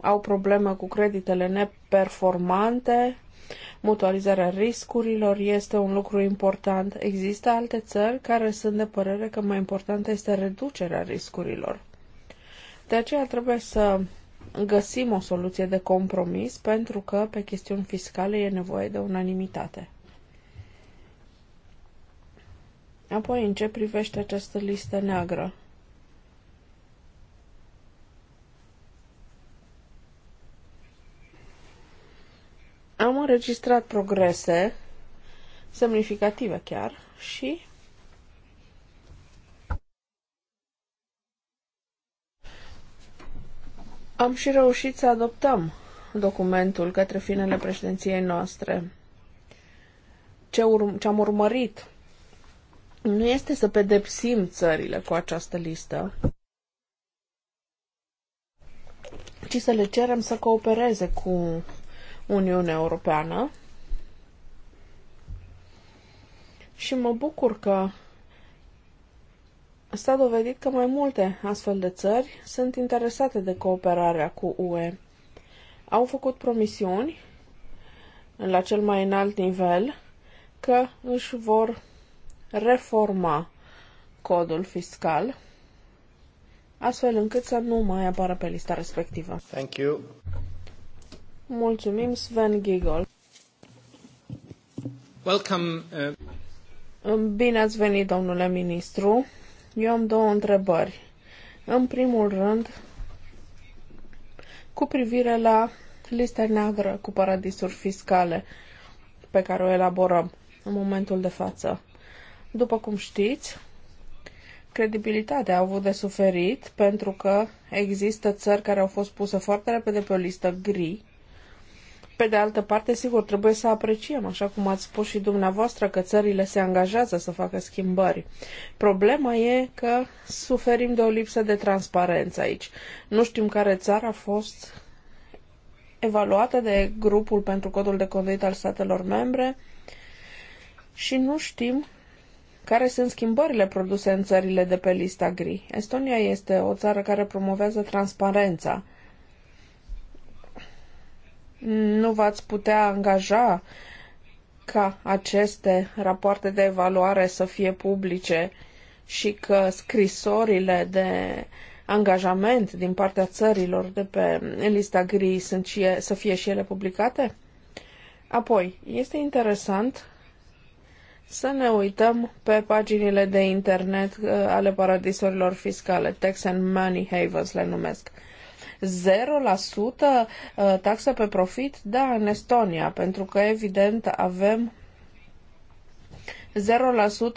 au probleme cu creditele neperformante, mutualizarea riscurilor este un lucru important. Există alte țări care sunt de părere că mai importantă este reducerea riscurilor. De aceea trebuie să găsim o soluție de compromis pentru că pe chestiuni fiscale e nevoie de unanimitate. Apoi, în ce privește această listă neagră? Am înregistrat progrese semnificative chiar și am și reușit să adoptăm documentul către finele președinției noastre. Ce, urm- ce am urmărit nu este să pedepsim țările cu această listă, ci să le cerem să coopereze cu Uniunea Europeană. Și mă bucur că s-a dovedit că mai multe astfel de țări sunt interesate de cooperarea cu UE. Au făcut promisiuni la cel mai înalt nivel că își vor reforma codul fiscal astfel încât să nu mai apară pe lista respectivă. Thank you. Mulțumim, Sven Gigol. Welcome. Uh... Bine ați venit, domnule ministru. Eu am două întrebări. În primul rând, cu privire la lista neagră cu paradisuri fiscale pe care o elaborăm în momentul de față. După cum știți, credibilitatea a avut de suferit pentru că există țări care au fost puse foarte repede pe o listă gri pe de altă parte, sigur, trebuie să apreciem, așa cum ați spus și dumneavoastră, că țările se angajează să facă schimbări. Problema e că suferim de o lipsă de transparență aici. Nu știm care țară a fost evaluată de grupul pentru codul de conduită al statelor membre și nu știm care sunt schimbările produse în țările de pe lista gri. Estonia este o țară care promovează transparența nu v-ați putea angaja ca aceste rapoarte de evaluare să fie publice și că scrisorile de angajament din partea țărilor de pe lista gri sunt și, să fie și ele publicate? Apoi, este interesant să ne uităm pe paginile de internet uh, ale paradisurilor fiscale, Tax and Money Havens le numesc. 0% uh, taxă pe profit? Da, în Estonia, pentru că evident avem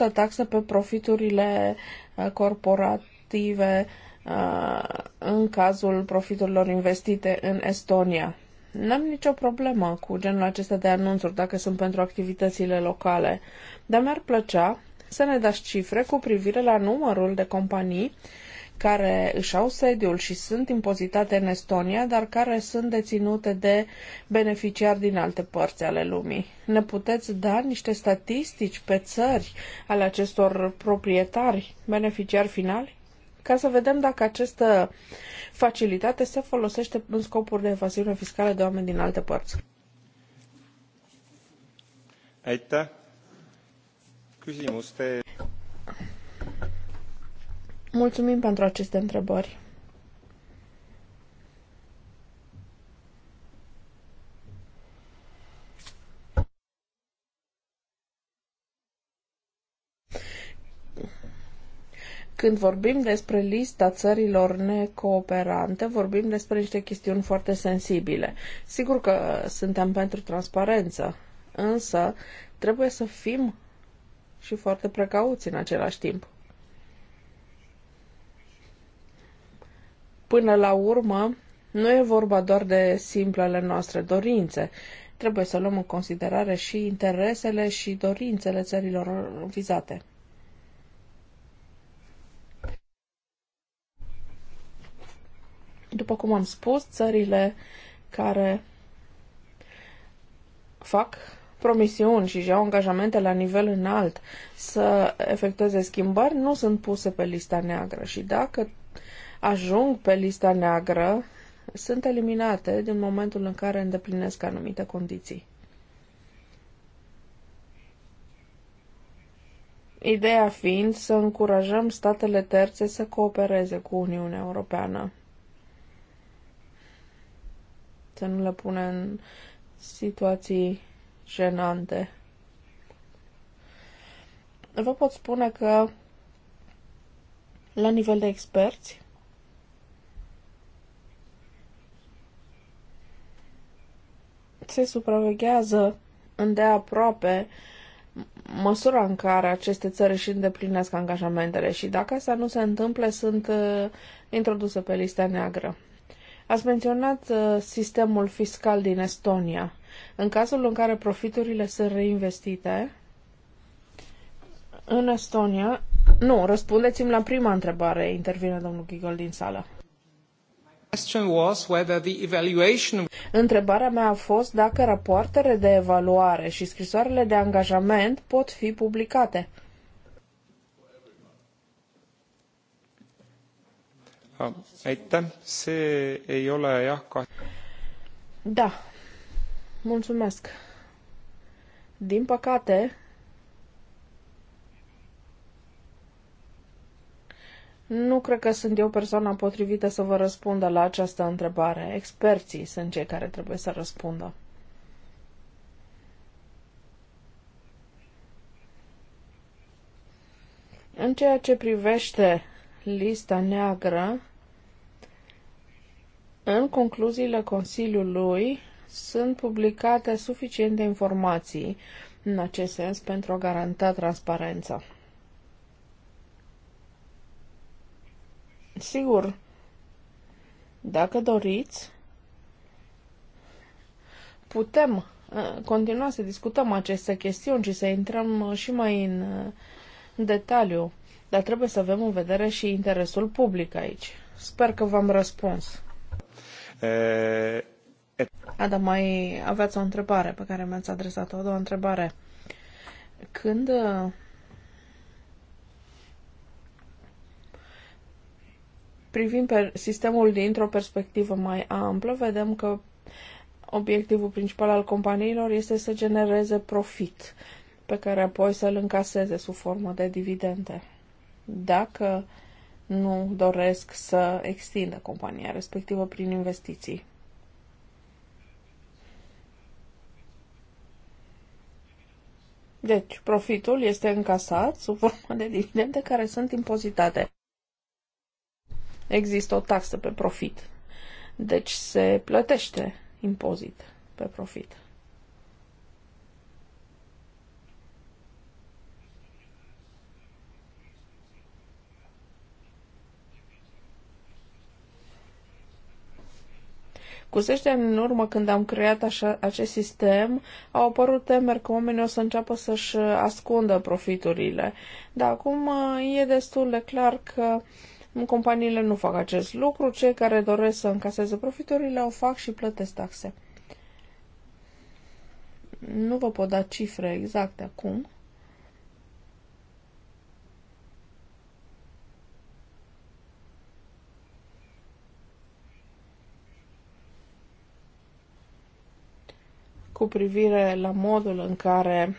0% taxă pe profiturile uh, corporative uh, în cazul profiturilor investite în Estonia. N-am nicio problemă cu genul acesta de anunțuri dacă sunt pentru activitățile locale, dar mi-ar plăcea să ne dați cifre cu privire la numărul de companii care își au sediul și sunt impozitate în Estonia, dar care sunt deținute de beneficiari din alte părți ale lumii. Ne puteți da niște statistici pe țări ale acestor proprietari, beneficiari finali? ca să vedem dacă această facilitate se folosește în scopuri de evaziune fiscală de oameni din alte părți. Aitäh! Küsimuste Mulțumim pentru aceste întrebări. Când vorbim despre lista țărilor necooperante, vorbim despre niște chestiuni foarte sensibile. Sigur că suntem pentru transparență, însă trebuie să fim și foarte precauți în același timp. Până la urmă, nu e vorba doar de simplele noastre dorințe. Trebuie să luăm în considerare și interesele și dorințele țărilor vizate. După cum am spus, țările care fac promisiuni și iau angajamente la nivel înalt să efectueze schimbări nu sunt puse pe lista neagră și dacă ajung pe lista neagră sunt eliminate din momentul în care îndeplinesc anumite condiții. Ideea fiind să încurajăm statele terțe să coopereze cu Uniunea Europeană. Să nu le punem în situații jenante. Vă pot spune că la nivel de experți se supraveghează îndeaproape măsura în care aceste țări își îndeplinesc angajamentele și dacă asta nu se întâmplă, sunt uh, introduse pe lista neagră. Ați menționat uh, sistemul fiscal din Estonia. În cazul în care profiturile sunt reinvestite, în Estonia... Nu, răspundeți-mi la prima întrebare, intervine domnul Gigol din sală. Întrebarea mea a fost dacă rapoartele de evaluare și scrisoarele de angajament pot fi publicate. Ah, da, mulțumesc. Din păcate, Nu cred că sunt eu persoana potrivită să vă răspundă la această întrebare. Experții sunt cei care trebuie să răspundă. În ceea ce privește lista neagră, în concluziile Consiliului sunt publicate suficiente informații în acest sens pentru a garanta transparența. Sigur, dacă doriți, putem uh, continua să discutăm aceste chestiuni și să intrăm uh, și mai în uh, detaliu, dar trebuie să avem în vedere și interesul public aici. Sper că v-am răspuns. E... Eh, mai aveți o întrebare pe care mi-ați adresat-o, o întrebare. Când privim pe sistemul dintr-o perspectivă mai amplă, vedem că obiectivul principal al companiilor este să genereze profit pe care apoi să-l încaseze sub formă de dividende. Dacă nu doresc să extindă compania respectivă prin investiții. Deci, profitul este încasat sub formă de dividende care sunt impozitate există o taxă pe profit. Deci se plătește impozit pe profit. Cu zeci de ani în urmă, când am creat așa, acest sistem, au apărut temeri că oamenii o să înceapă să-și ascundă profiturile. Dar acum e destul de clar că Companiile nu fac acest lucru, cei care doresc să încaseze profiturile o fac și plătesc taxe. Nu vă pot da cifre exacte acum. cu privire la modul în care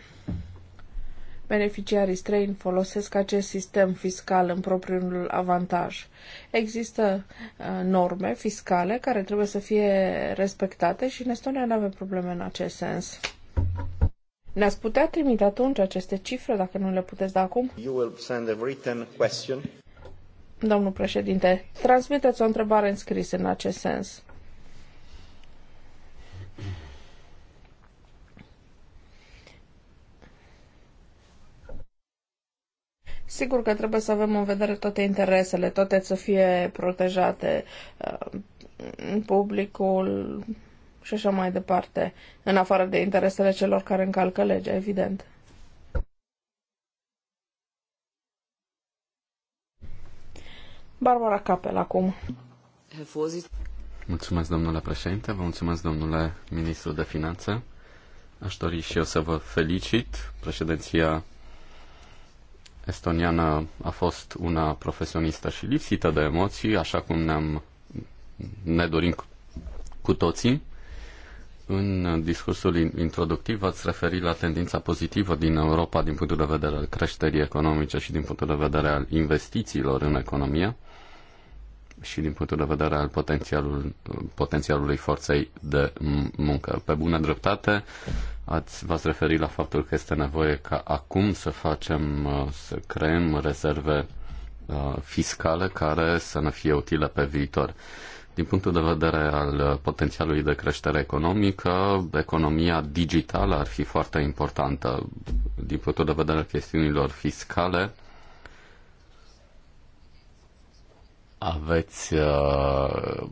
beneficiarii străini folosesc acest sistem fiscal în propriul avantaj. Există uh, norme fiscale care trebuie să fie respectate și în Estonia nu avem probleme în acest sens. Ne-ați putea trimite atunci aceste cifre, dacă nu le puteți da acum? You will send a written question. Domnul președinte, transmiteți o întrebare înscrisă în acest sens. Sigur că trebuie să avem în vedere toate interesele, toate să fie protejate, uh, publicul și așa mai departe, în afară de interesele celor care încalcă legea, evident. Barbara Capel acum. Mulțumesc, domnule președinte, vă mulțumesc, domnule ministru de finanțe. Aș dori și eu să vă felicit. Președinția estoniană a fost una profesionistă și lipsită de emoții, așa cum ne-am, ne dorim cu toții. În discursul introductiv ați referit la tendința pozitivă din Europa din punctul de vedere al creșterii economice și din punctul de vedere al investițiilor în economie și din punctul de vedere al potențialul, potențialului forței de muncă. Pe bună dreptate, Ați, v-ați referit la faptul că este nevoie ca acum să facem, uh, să creăm rezerve uh, fiscale care să ne fie utile pe viitor. Din punctul de vedere al uh, potențialului de creștere economică, economia digitală ar fi foarte importantă. Din punctul de vedere al chestiunilor fiscale, aveți uh,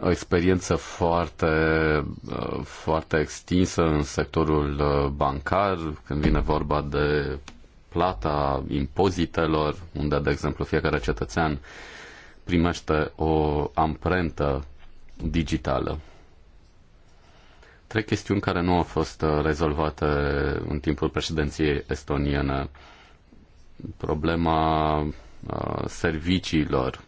o experiență foarte, uh, foarte extinsă în sectorul uh, bancar, când vine vorba de plata impozitelor, unde, de exemplu, fiecare cetățean primește o amprentă digitală. Trei chestiuni care nu au fost uh, rezolvate în timpul președinției estoniene. Problema serviciilor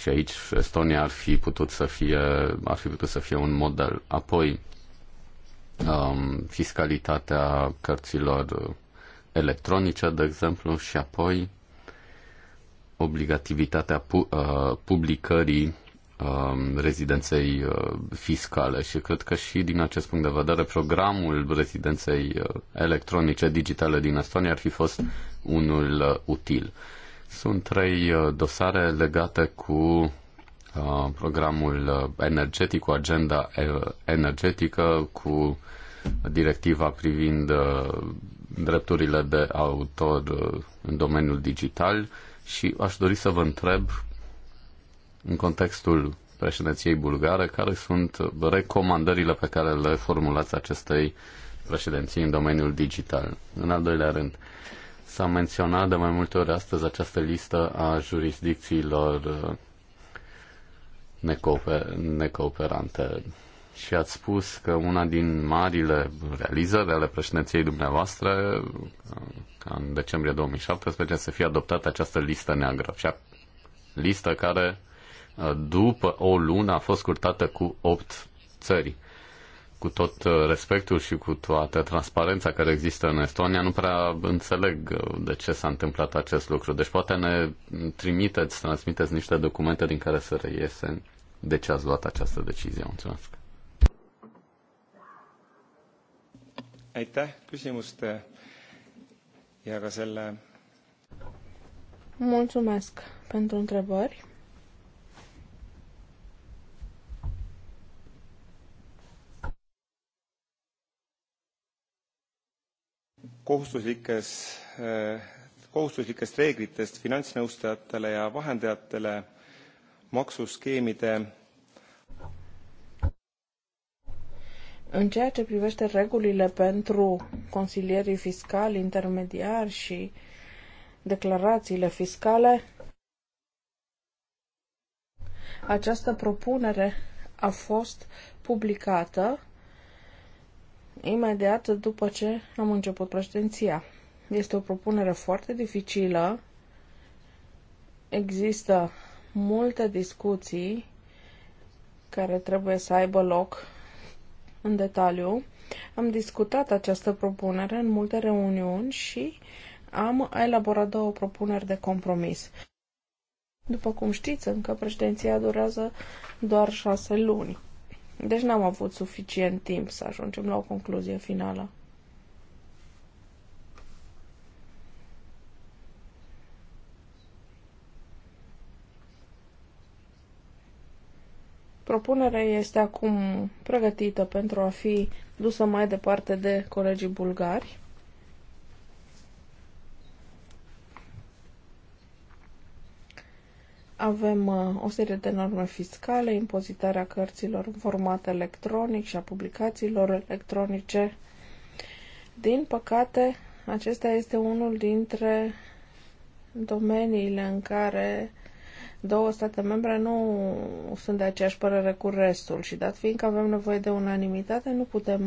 și aici Estonia ar fi putut să fie, ar fi putut să fie un model. Apoi, um, fiscalitatea cărților electronice, de exemplu, și apoi obligativitatea pu- uh, publicării uh, rezidenței uh, fiscale și cred că și din acest punct de vedere programul rezidenței uh, electronice digitale din Estonia ar fi fost unul uh, util. Uh, sunt trei uh, dosare legate cu uh, programul uh, energetic, cu agenda energetică, cu directiva privind drepturile de autor în domeniul digital și aș dori să vă întreb în contextul președinției bulgare care sunt recomandările pe care le formulați acestei președinții în domeniul digital. În al doilea rând, uh, S-a menționat de mai multe ori astăzi această listă a jurisdicțiilor uh, necooper- necooperante și ați spus că una din marile realizări ale președinției dumneavoastră, uh, ca în decembrie 2017, să fie adoptată această listă neagră. Și a, listă care, uh, după o lună, a fost curtată cu 8 țări cu tot uh, respectul și cu toată transparența care există în Estonia, nu prea înțeleg uh, de ce s-a întâmplat acest lucru. Deci poate ne trimiteți, transmiteți niște documente din care să reiese de ce ați luat această decizie. Mulțumesc. Mulțumesc pentru întrebări. kohustuslikest eh, reeglitest finantsnõustajatele ja vahendajatele maksuskeemide În ceea ce privește regulile pentru consilierii fiscali, intermediari și declarațiile fiscale, această propunere a fost publicată imediat după ce am început președinția. Este o propunere foarte dificilă. Există multe discuții care trebuie să aibă loc în detaliu. Am discutat această propunere în multe reuniuni și am elaborat două propuneri de compromis. După cum știți, încă președinția durează doar șase luni. Deci n-am avut suficient timp să ajungem la o concluzie finală. Propunerea este acum pregătită pentru a fi dusă mai departe de colegii bulgari. Avem uh, o serie de norme fiscale, impozitarea cărților în format electronic și a publicațiilor electronice. Din păcate, acesta este unul dintre domeniile în care două state membre nu sunt de aceeași părere cu restul și dat fiindcă avem nevoie de unanimitate, nu putem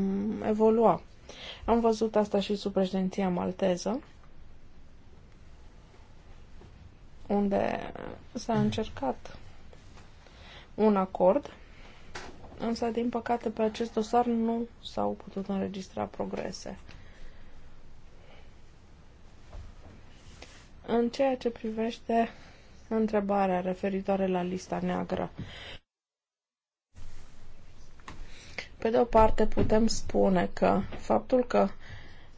evolua. Am văzut asta și sub președinția malteză. unde s-a încercat un acord, însă, din păcate, pe acest dosar nu s-au putut înregistra progrese. În ceea ce privește întrebarea referitoare la lista neagră, pe de o parte putem spune că faptul că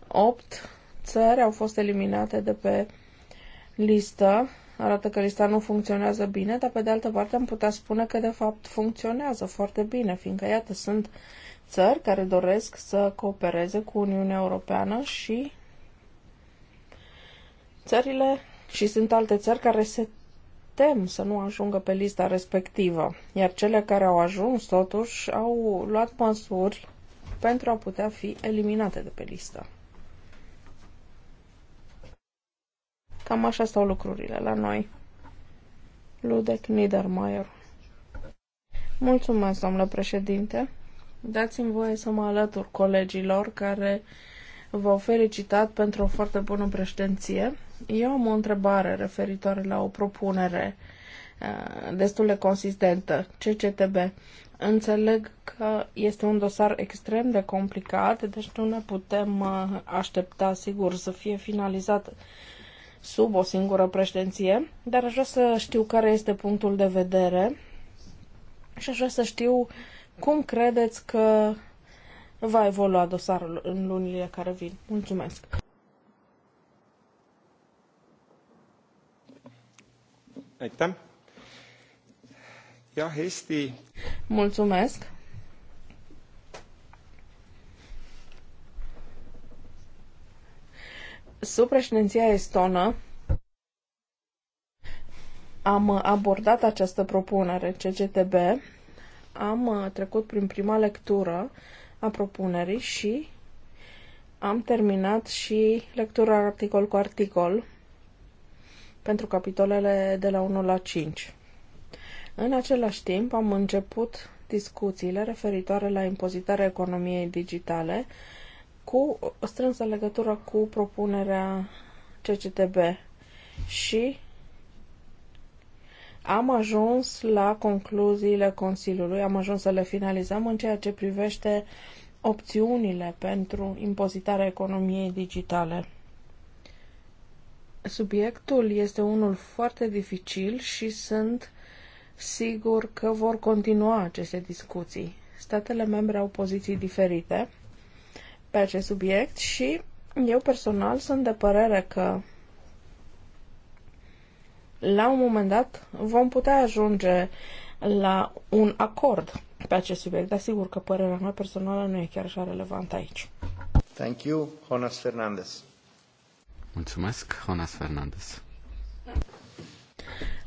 8 țări au fost eliminate de pe listă arată că lista nu funcționează bine, dar pe de altă parte am putea spune că de fapt funcționează foarte bine, fiindcă iată, sunt țări care doresc să coopereze cu Uniunea Europeană și țările și sunt alte țări care se tem să nu ajungă pe lista respectivă, iar cele care au ajuns totuși au luat măsuri pentru a putea fi eliminate de pe listă. Cam așa stau lucrurile la noi. Ludec Niedermayer. Mulțumesc, domnule președinte. Dați-mi voie să mă alătur colegilor care v-au felicitat pentru o foarte bună președinție. Eu am o întrebare referitoare la o propunere eh, destul de consistentă, CCTB. Înțeleg că este un dosar extrem de complicat, deci nu ne putem eh, aștepta, sigur, să fie finalizat sub o singură președinție, dar aș vrea să știu care este punctul de vedere și aș vrea să știu cum credeți că va evolua dosarul în lunile care vin. Mulțumesc! Aitäh! Jah, Eesti... Mulțumesc! Sub președinția estonă am abordat această propunere CGTB, am uh, trecut prin prima lectură a propunerii și am terminat și lectura articol cu articol pentru capitolele de la 1 la 5. În același timp, am început discuțiile referitoare la impozitarea economiei digitale cu strânsă legătură cu propunerea CCTB și am ajuns la concluziile Consiliului, am ajuns să le finalizăm în ceea ce privește opțiunile pentru impozitarea economiei digitale. Subiectul este unul foarte dificil și sunt sigur că vor continua aceste discuții. Statele membre au poziții diferite pe acest subiect și eu personal sunt de părere că la un moment dat vom putea ajunge la un acord pe acest subiect, dar sigur că părerea mea personală nu e chiar așa relevantă aici. Thank you, Jonas Fernandez. Mulțumesc, Jonas Fernandez.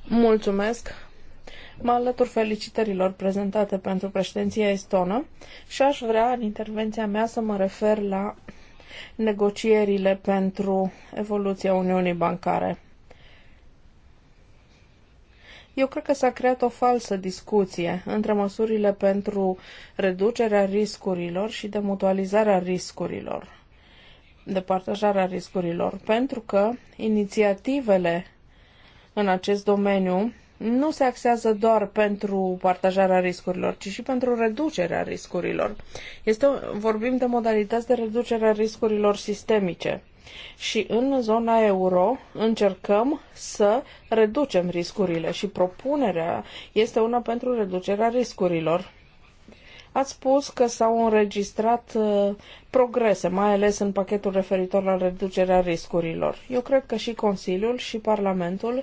Mulțumesc. Mă alătur felicitărilor prezentate pentru președinția estonă și aș vrea în intervenția mea să mă refer la negocierile pentru evoluția Uniunii Bancare. Eu cred că s-a creat o falsă discuție între măsurile pentru reducerea riscurilor și de mutualizarea riscurilor, de partajarea riscurilor, pentru că inițiativele în acest domeniu nu se axează doar pentru partajarea riscurilor, ci și pentru reducerea riscurilor. Este, vorbim de modalități de reducere a riscurilor sistemice. Și în zona euro încercăm să reducem riscurile și propunerea este una pentru reducerea riscurilor. Ați spus că s-au înregistrat uh, progrese, mai ales în pachetul referitor la reducerea riscurilor. Eu cred că și Consiliul și Parlamentul uh,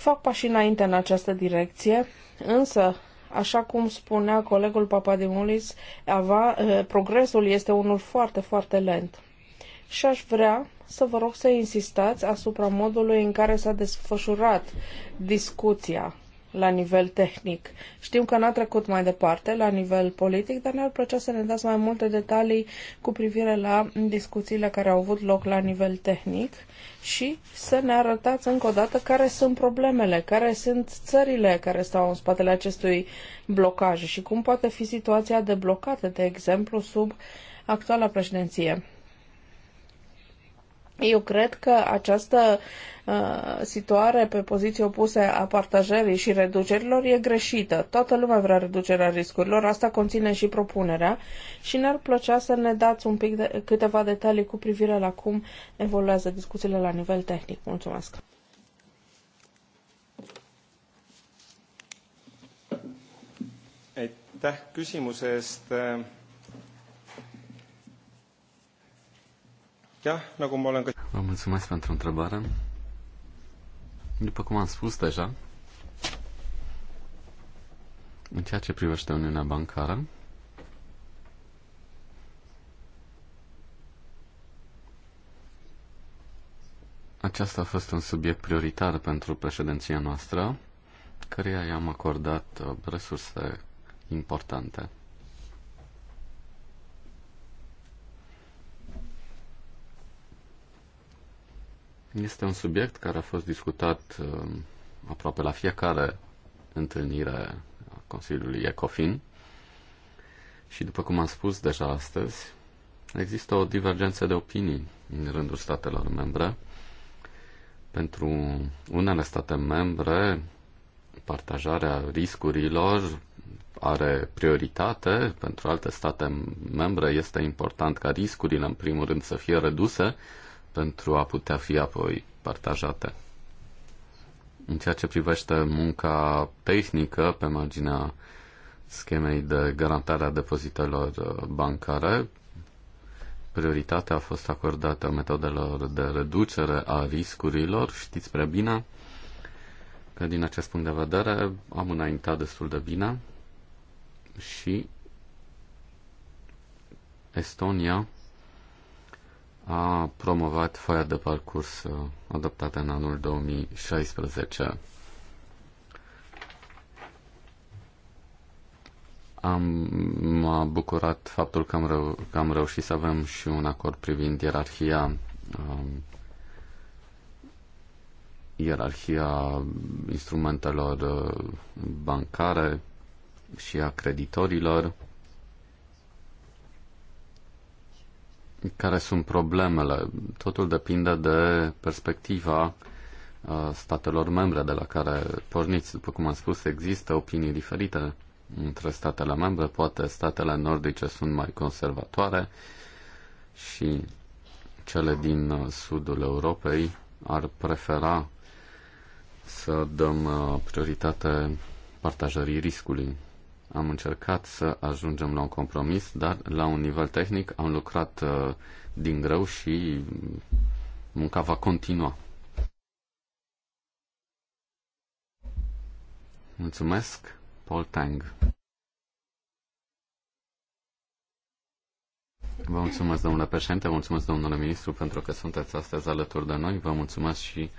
fac pași înainte în această direcție, însă, așa cum spunea colegul Papadimulis, ava, eh, progresul este unul foarte, foarte lent. Și aș vrea să vă rog să insistați asupra modului în care s-a desfășurat discuția la nivel tehnic. Știm că n-a trecut mai departe la nivel politic, dar ne-ar plăcea să ne dați mai multe detalii cu privire la discuțiile care au avut loc la nivel tehnic și să ne arătați încă o dată care sunt problemele, care sunt țările care stau în spatele acestui blocaj și cum poate fi situația deblocată, de exemplu, sub actuala președinție. Eu cred că această uh, situare pe poziții opuse a partajării și reducerilor e greșită. Toată lumea vrea reducerea riscurilor, asta conține și propunerea și ne-ar plăcea să ne dați un pic de, câteva detalii cu privire la cum evoluează discuțiile la nivel tehnic. Mulțumesc! Aitäh küsimuse eest Da, Vă mulțumesc pentru întrebare. După cum am spus deja, în ceea ce privește Uniunea Bancară, Aceasta a fost un subiect prioritar pentru președinția noastră, căreia i-am acordat uh, resurse importante. Este un subiect care a fost discutat um, aproape la fiecare întâlnire a Consiliului ECOFIN și, după cum am spus deja astăzi, există o divergență de opinii în rândul statelor membre. Pentru unele state membre, partajarea riscurilor are prioritate, pentru alte state membre este important ca riscurile, în primul rând, să fie reduse, pentru a putea fi apoi partajate. În ceea ce privește munca tehnică pe marginea schemei de garantare a depozitelor uh, bancare, prioritatea a fost acordată metodelor de reducere a riscurilor. Știți prea bine că din acest punct de vedere am înaintat destul de bine și Estonia a promovat foaia de parcurs uh, adoptată în anul 2016. Am, m-a bucurat faptul că am, reu- că am reușit să avem și un acord privind ierarhia um, ierarhia instrumentelor uh, bancare și a creditorilor. care sunt problemele. Totul depinde de perspectiva uh, statelor membre de la care porniți. După cum am spus, există opinii diferite între statele membre. Poate statele nordice sunt mai conservatoare și cele din uh, sudul Europei ar prefera să dăm uh, prioritate partajării riscului am încercat să ajungem la un compromis, dar la un nivel tehnic am lucrat uh, din greu și munca va continua. Mulțumesc, Paul Tang. Vă mulțumesc, domnule președinte, vă mulțumesc, domnule ministru, pentru că sunteți astăzi alături de noi. Vă mulțumesc și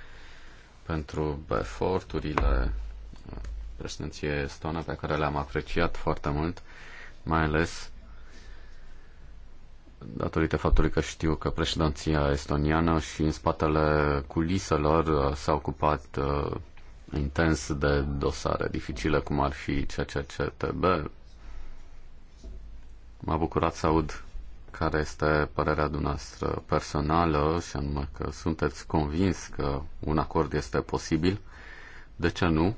pentru eforturile președinție estonă pe care le-am apreciat foarte mult, mai ales datorită faptului că știu că președinția estoniană și în spatele culiselor uh, s-a ocupat uh, intens de dosare dificile, cum ar fi CCCTB. M-a bucurat să aud care este părerea dumneavoastră personală și anume că sunteți convins că un acord este posibil. De ce nu?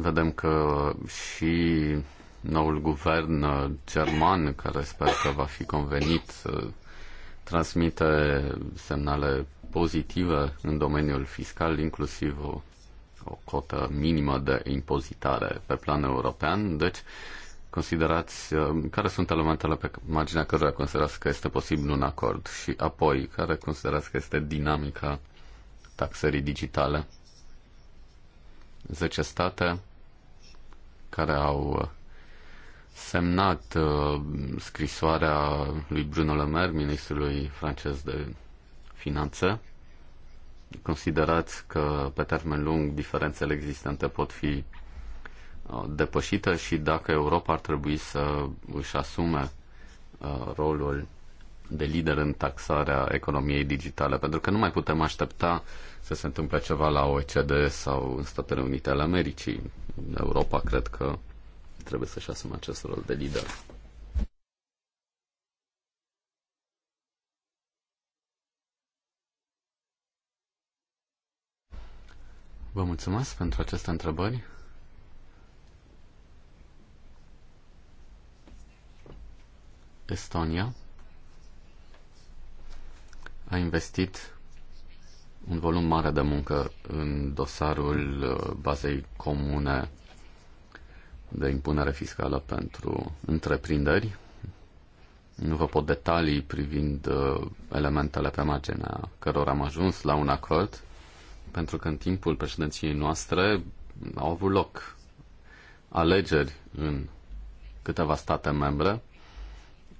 Vedem că și noul guvern uh, german, care sper că va fi convenit, uh, transmite semnale pozitive în domeniul fiscal, inclusiv o, o cotă minimă de impozitare pe plan european. Deci, considerați, uh, care sunt elementele pe marginea cărora considerați că este posibil un acord și apoi, care considerați că este dinamica taxării digitale? 10 state care au uh, semnat uh, scrisoarea lui Bruno Le Maire, ministrului francez de finanțe. Considerați că pe termen lung diferențele existente pot fi uh, depășite și dacă Europa ar trebui să își asume uh, rolul de lider în taxarea economiei digitale, pentru că nu mai putem aștepta să se întâmple ceva la OECD sau în Statele Unite ale Americii. Europa cred că trebuie să-și asume acest rol de lider. Vă mulțumesc pentru aceste întrebări. Estonia a investit un volum mare de muncă în dosarul uh, bazei comune de impunere fiscală pentru întreprinderi. Nu vă pot detalii privind uh, elementele pe marginea cărora am ajuns la un acord, pentru că în timpul președinției noastre au avut loc alegeri în câteva state membre,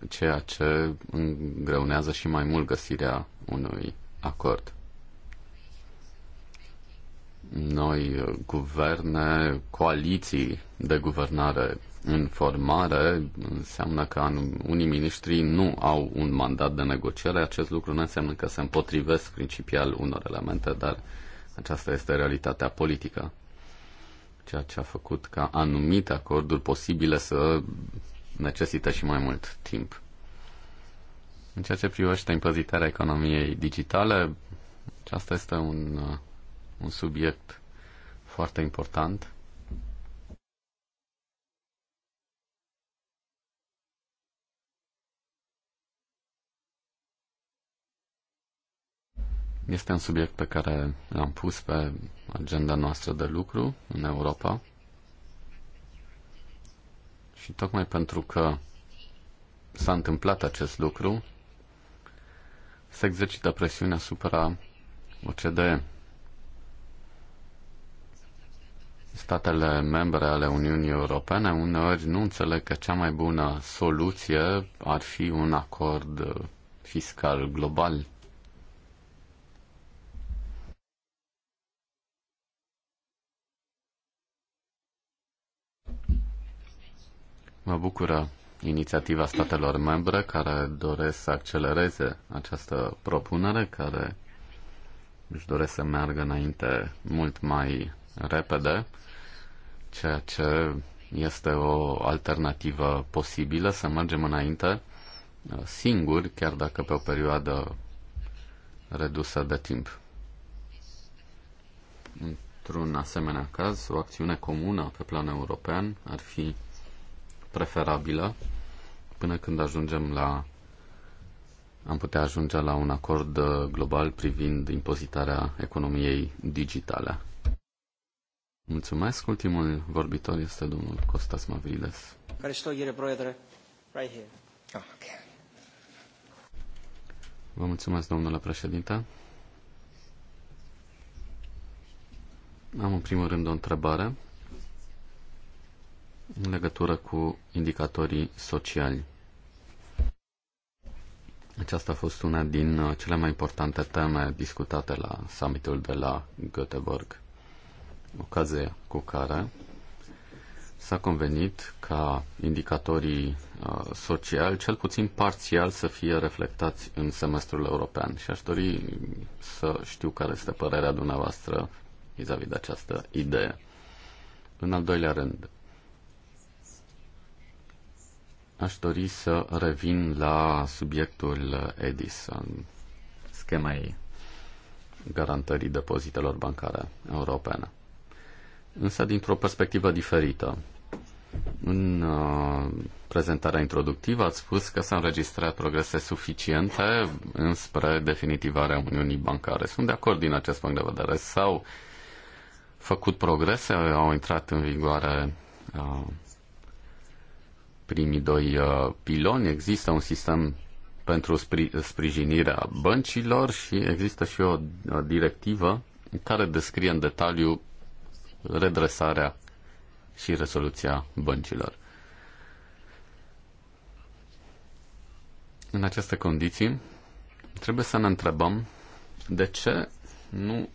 ceea ce îngreunează și mai mult găsirea unui acord. Noi, guverne, coaliții de guvernare în formare, înseamnă că unii miniștri nu au un mandat de negociere. Acest lucru nu înseamnă că se împotrivesc principial unor elemente, dar aceasta este realitatea politică. Ceea ce a făcut ca anumite acorduri posibile să necesită și mai mult timp. În ceea ce privește impozitarea economiei digitale, aceasta este un, uh, un subiect foarte important. Este un subiect pe care l-am pus pe agenda noastră de lucru în Europa. Și tocmai pentru că s-a întâmplat acest lucru, se exercită presiunea asupra OCDE. Statele membre ale Uniunii Europene uneori nu înțeleg că cea mai bună soluție ar fi un acord fiscal global. Mă bucură inițiativa statelor membre care doresc să accelereze această propunere, care își doresc să meargă înainte mult mai repede, ceea ce este o alternativă posibilă să mergem înainte uh, singuri, chiar dacă pe o perioadă redusă de timp. Într-un asemenea caz, o acțiune comună pe plan european ar fi preferabilă până când ajungem la am putea ajunge la un acord uh, global privind impozitarea economiei digitale. Mulțumesc. Ultimul vorbitor este domnul Costas Mavrides. Care Right here. Ah, Vă mulțumesc, domnule președinte. Am în primul rând o întrebare în legătură cu indicatorii sociali. Aceasta a fost una din uh, cele mai importante teme discutate la summitul de la Göteborg, ocazie cu care s-a convenit ca indicatorii uh, sociali, cel puțin parțial, să fie reflectați în semestrul european. Și aș dori să știu care este părerea dumneavoastră vis-a-vis -vis de această idee. În al doilea rând, Aș dori să revin la subiectul EDIS, schemei garantării depozitelor bancare europene. Însă dintr-o perspectivă diferită. În uh, prezentarea introductivă ați spus că s-au înregistrat progrese suficiente înspre definitivarea Uniunii Bancare. Sunt de acord din acest punct de vedere. S-au făcut progrese, au intrat în vigoare uh, primii doi uh, piloni, există un sistem pentru sprijinirea băncilor și există și o directivă care descrie în detaliu redresarea și rezoluția băncilor. În aceste condiții, trebuie să ne întrebăm de ce nu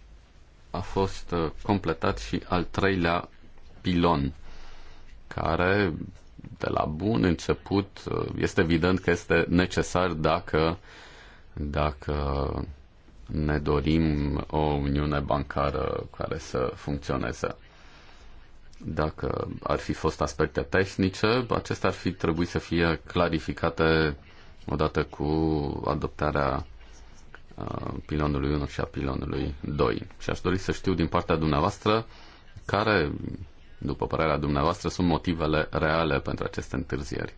a fost uh, completat și al treilea pilon, care de la bun început uh, este evident că este necesar dacă, dacă ne dorim o uniune bancară care să funcționeze. Dacă ar fi fost aspecte tehnice, acestea ar fi trebuit să fie clarificate odată cu adoptarea uh, pilonului 1 și a pilonului 2. Și aș dori să știu din partea dumneavoastră care după părerea dumneavoastră, sunt motivele reale pentru aceste întârzieri?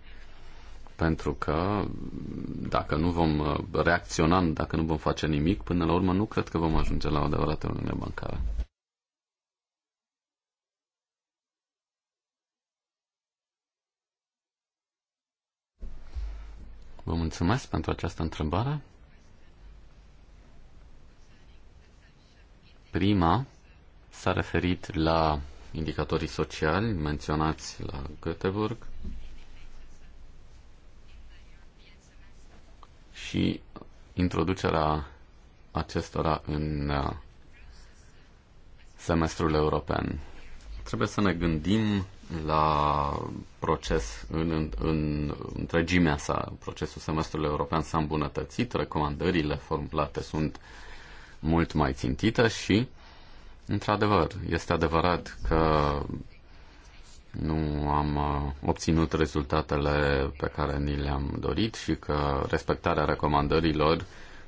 Pentru că dacă nu vom uh, reacționa, dacă nu vom face nimic, până la urmă nu cred că vom ajunge la o adevărată uniune bancară. Vă mulțumesc pentru această întrebare. Prima s-a referit la indicatorii sociali menționați la Göteborg și introducerea acestora în uh, semestrul european. Trebuie să ne gândim la proces în, în, în întregimea sa. Procesul semestrului european s-a îmbunătățit, recomandările formulate sunt mult mai țintite și Într-adevăr, este adevărat că nu am uh, obținut rezultatele pe care ni le-am dorit și că respectarea recomandărilor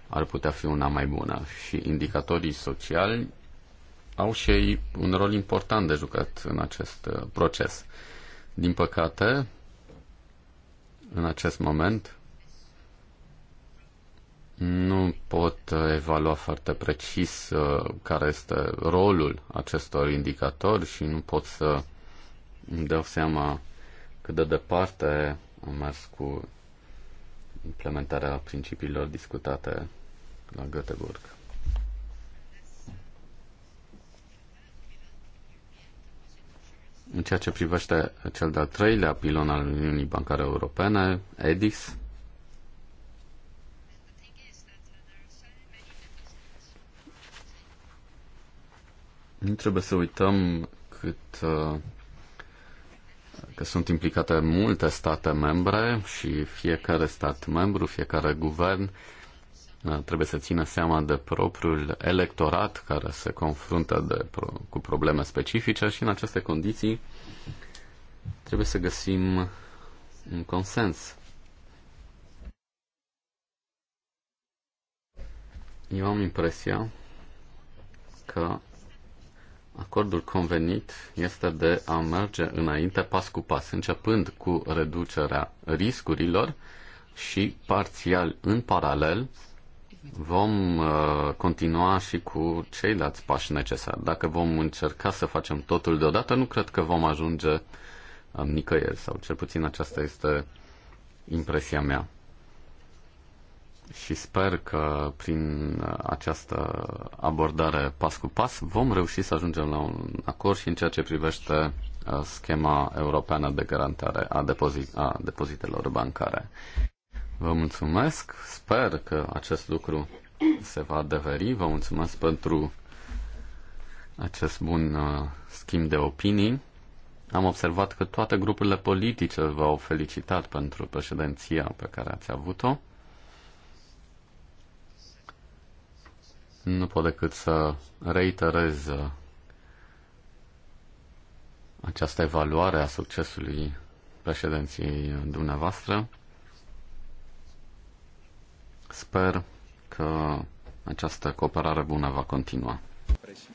ar putea fi una mai bună. Și indicatorii sociali au și ei un rol important de jucat în acest uh, proces. Din păcate, în acest moment, nu pot uh, evalua foarte precis uh, care este rolul acestor indicatori și nu pot să îmi dau seama cât de departe am mers cu implementarea principiilor discutate la Göteborg. În ceea ce privește cel de-al treilea pilon al Uniunii Bancare Europene, EDIS, Nu trebuie să uităm cât uh, că sunt implicate multe state membre și fiecare stat membru, fiecare guvern uh, trebuie să țină seama de propriul electorat care se confruntă de, cu probleme specifice și în aceste condiții trebuie să găsim un consens. Eu am impresia că Acordul convenit este de a merge înainte pas cu pas, începând cu reducerea riscurilor și parțial în paralel vom uh, continua și cu ceilalți pași necesari. Dacă vom încerca să facem totul deodată, nu cred că vom ajunge uh, nicăieri, sau cel puțin aceasta este impresia mea și sper că prin această abordare pas cu pas vom reuși să ajungem la un acord și în ceea ce privește uh, schema europeană de garantare a, depozit- a depozitelor bancare. Vă mulțumesc, sper că acest lucru se va adeveri. Vă mulțumesc pentru acest bun uh, schimb de opinii. Am observat că toate grupurile politice v-au felicitat pentru președinția pe care ați avut-o. Nu pot decât să reiterez uh, această evaluare a succesului președinției dumneavoastră. Sper că această cooperare bună va continua. Presi.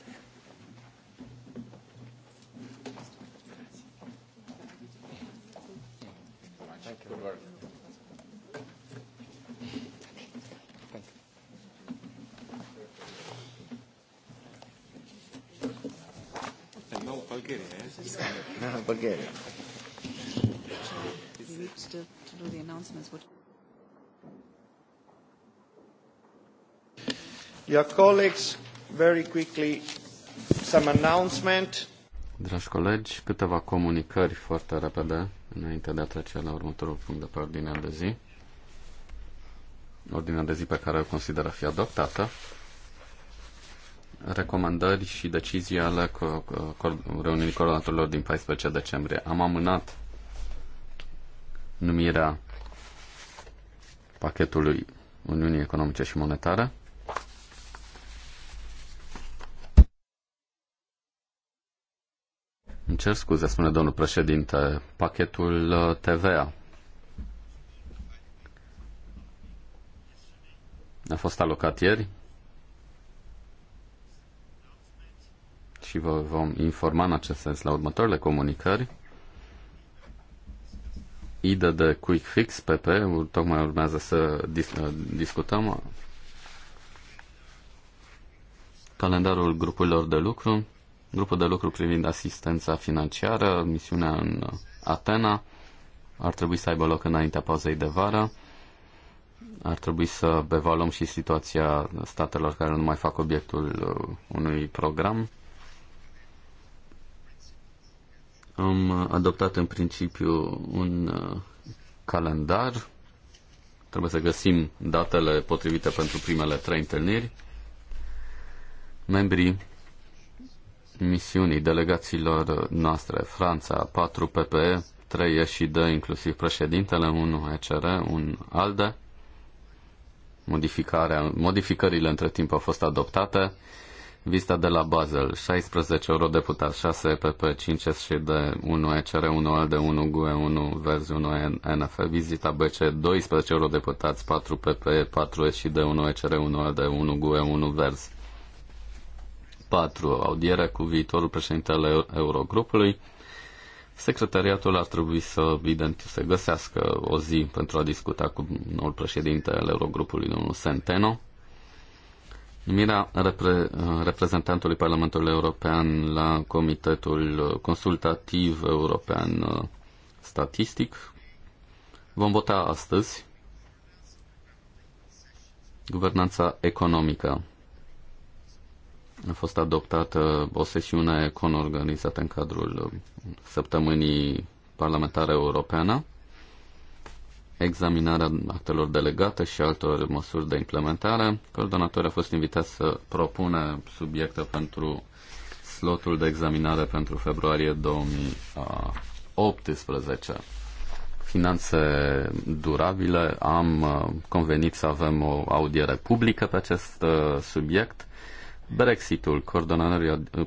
Bulgaria. Eh? Da, deci, Your colleagues, very quickly, some announcement. Dragi colegi, câteva comunicări foarte repede înainte de a trece la următorul punct de pe ordinea de zi. Ordinea de zi pe care o consideră fi adoptată recomandări și decizii ale reunirii coordonatorilor din 14 decembrie. Am amânat numirea pachetului Uniunii Economice și Monetare. Îmi cer scuze, spune domnul președinte, pachetul uh, TVA. A fost alocat ieri, și vă vom informa în acest sens la următoarele comunicări. IDE de Quick Fix PP, tocmai urmează să dis- uh, discutăm calendarul grupurilor de lucru, grupul de lucru privind asistența financiară, misiunea în Atena, ar trebui să aibă loc înaintea pauzei de vară, ar trebui să evaluăm și situația statelor care nu mai fac obiectul uh, unui program Am adoptat în principiu un uh, calendar. Trebuie să găsim datele potrivite pentru primele trei întâlniri. Membrii misiunii delegațiilor noastre, Franța, 4 PPE, 3 și 2, inclusiv președintele, 1 ECR, 1 ALDE. Modificarea, modificările între timp au fost adoptate. Vista de la Basel, 16 deputat, 6 EPP, 5 SCD, 1 ECR, 1 ALDE, 1 GUE, 1 Verzi, 1 NF. Vizita BC, 12 deputat, 4 PP, 4 SCD, 1 ECR, 1 ALDE, 1 GUE, 1 Verzi. 4. Audierea cu viitorul președintele Eurogrupului. Secretariatul ar trebui să, evident, să găsească o zi pentru a discuta cu noul președinte al Eurogrupului, domnul Centeno. Numirea repre, uh, reprezentantului Parlamentului European la Comitetul Consultativ European uh, Statistic. Vom vota astăzi guvernanța economică. A fost adoptată o sesiune econ organizată în cadrul uh, săptămânii parlamentare europeană examinarea actelor delegate și altor măsuri de implementare. Coordonatorul a fost invitat să propune subiecte pentru slotul de examinare pentru februarie 2018. Finanțe durabile. Am uh, convenit să avem o audiere publică pe acest uh, subiect. Brexitul,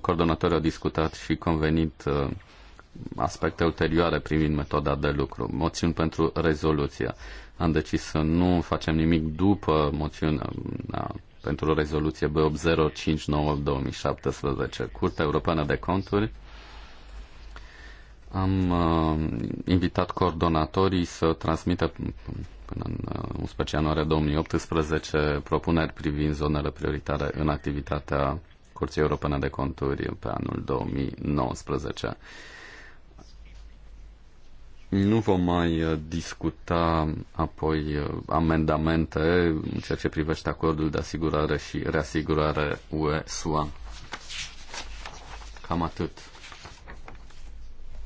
coordonatorul a discutat și convenit uh, aspecte ulterioare privind metoda de lucru, moțiuni pentru rezoluție. Am decis să nu facem nimic după moțiunea da, pentru rezoluție B8059-2017, Curtea Europeană de Conturi. Am uh, invitat coordonatorii să transmită până în 11 uh, ianuarie 2018 propuneri privind zonele prioritare în activitatea Curții Europene de Conturi pe anul 2019. Nu vom mai uh, discuta apoi uh, amendamente în ceea ce privește acordul de asigurare și reasigurare UE-SUA. Cam atât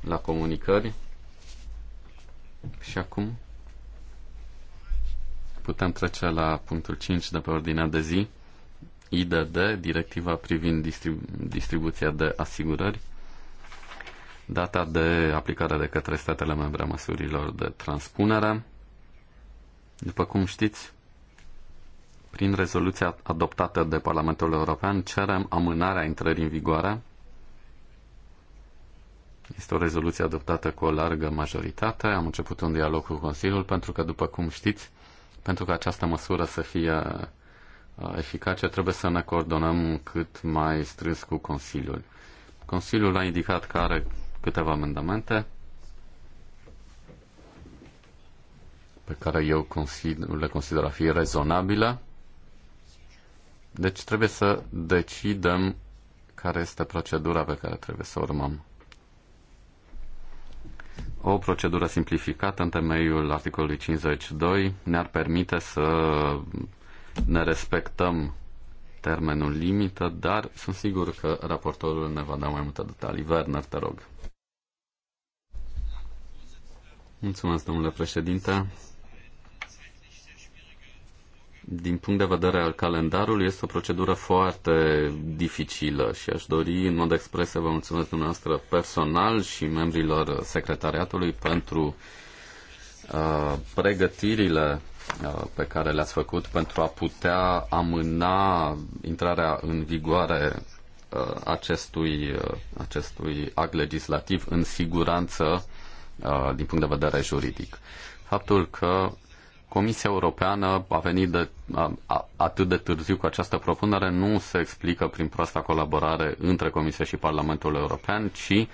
la comunicări. Și acum putem trece la punctul 5 de pe ordinea de zi. IDD, directiva privind distribu- distribuția de asigurări data de aplicare de către statele membre a măsurilor de transpunere. După cum știți, prin rezoluția adoptată de Parlamentul European cerem amânarea intrării în vigoare. Este o rezoluție adoptată cu o largă majoritate. Am început un dialog cu Consiliul pentru că, după cum știți, pentru că această măsură să fie uh, eficace, trebuie să ne coordonăm cât mai strâns cu Consiliul. Consiliul a indicat că are câteva amendamente pe care eu consider, le consider a fi rezonabile. Deci trebuie să decidem care este procedura pe care trebuie să urmăm. O procedură simplificată în temeiul articolului 52 ne-ar permite să ne respectăm termenul limită, dar sunt sigur că raportorul ne va da mai multe detalii. Werner, te rog. Mulțumesc, domnule președinte. Din punct de vedere al calendarului, este o procedură foarte dificilă și aș dori în mod expres să vă mulțumesc dumneavoastră personal și membrilor secretariatului pentru uh, pregătirile uh, pe care le-ați făcut pentru a putea amâna intrarea în vigoare uh, acestui, uh, acestui act legislativ în siguranță Uh, din punct de vedere juridic. Faptul că Comisia Europeană a venit de, a, a, atât de târziu cu această propunere nu se explică prin proasta colaborare între Comisia și Parlamentul European, ci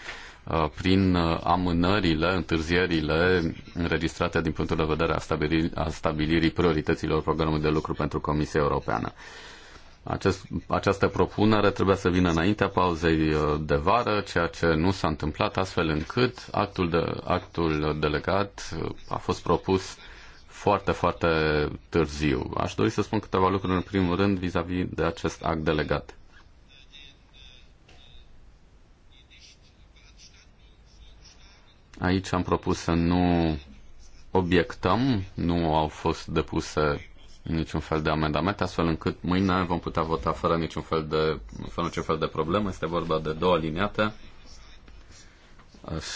a, uh, prin amânările, întârzierile înregistrate din punctul de vedere a, stabili, a stabilirii priorităților programului de lucru pentru Comisia Europeană. Acest, această propunere trebuia să vină înaintea pauzei uh, de vară, ceea ce nu s-a întâmplat, astfel încât actul, de, actul delegat uh, a fost propus foarte, foarte târziu. Aș dori să spun câteva lucruri în primul rând vis-a-vis -vis de acest act delegat. Aici am propus să nu obiectăm, nu au fost depuse niciun fel de amendament, astfel încât mâine vom putea vota fără niciun fel de, fără niciun fel de problemă. Este vorba de două aliniate,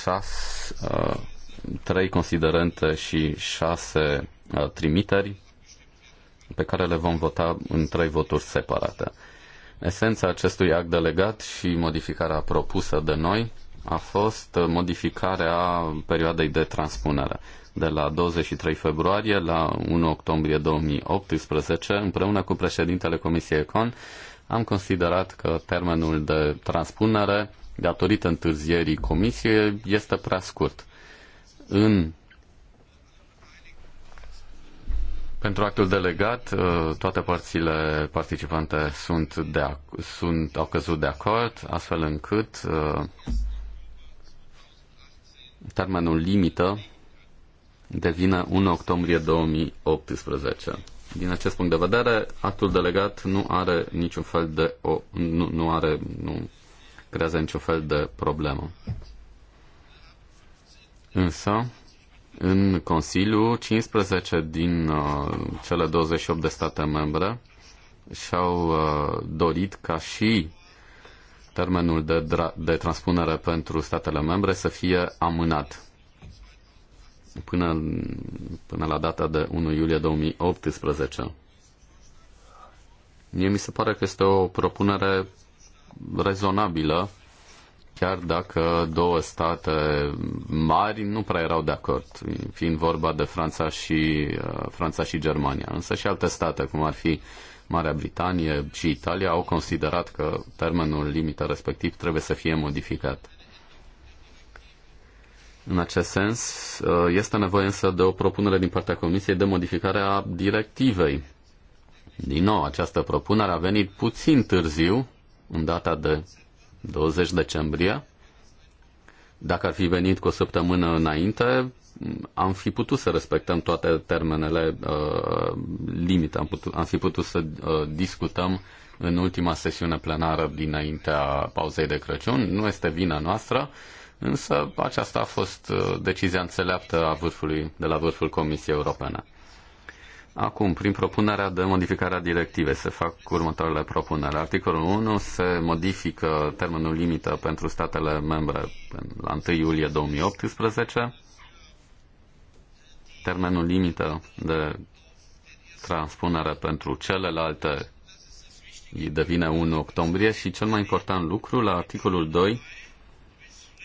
șase, uh, trei considerente și șase uh, trimiteri pe care le vom vota în trei voturi separate. Esența acestui act delegat și modificarea propusă de noi a fost modificarea perioadei de transpunere de la 23 februarie la 1 octombrie 2018, împreună cu președintele Comisiei Econ, am considerat că termenul de transpunere, datorită întârzierii Comisiei, este prea scurt. În pentru actul delegat, ă, toate părțile participante sunt de, sunt, au căzut de acord, astfel încât ă, termenul limită devine 1 octombrie 2018. Din acest punct de vedere, actul delegat nu are niciun fel de o, nu, nu are nu creează niciun fel de problemă. Însă, în Consiliu, 15 din uh, cele 28 de state membre și-au uh, dorit ca și termenul de, de transpunere pentru statele membre să fie amânat până, până la data de 1 iulie 2018. Mie mi se pare că este o propunere rezonabilă, chiar dacă două state mari nu prea erau de acord, fiind vorba de Franța și, uh, Franța și Germania, însă și alte state, cum ar fi Marea Britanie și Italia au considerat că termenul limită respectiv trebuie să fie modificat. În acest sens, uh, este nevoie însă de o propunere din partea Comisiei de modificare a directivei. Din nou, această propunere a venit puțin târziu, în data de 20 decembrie. Dacă ar fi venit cu o săptămână înainte, am fi putut să respectăm toate termenele uh, limite, am, putut, am fi putut să uh, discutăm în ultima sesiune plenară dinaintea pauzei de Crăciun. Nu este vina noastră, însă aceasta a fost uh, decizia înțeleaptă a vârfului, de la vârful Comisiei Europene. Acum, prin propunerea de modificare a directivei, se fac următoarele propuneri. Articolul 1 se modifică termenul limită pentru statele membre la 1 iulie 2018 termenul limită de transpunere pentru celelalte devine 1 octombrie și cel mai important lucru la articolul 2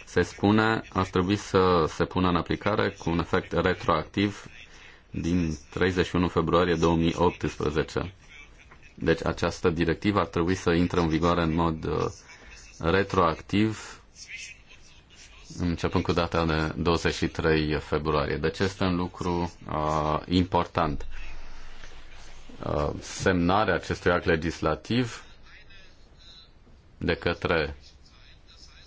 se spune ar trebui să se pună în aplicare cu un efect retroactiv din 31 februarie 2018. Deci această directivă ar trebui să intre în vigoare în mod uh, retroactiv începând cu data de 23 februarie. Deci este un lucru uh, important. Uh, semnarea acestui act legislativ de către.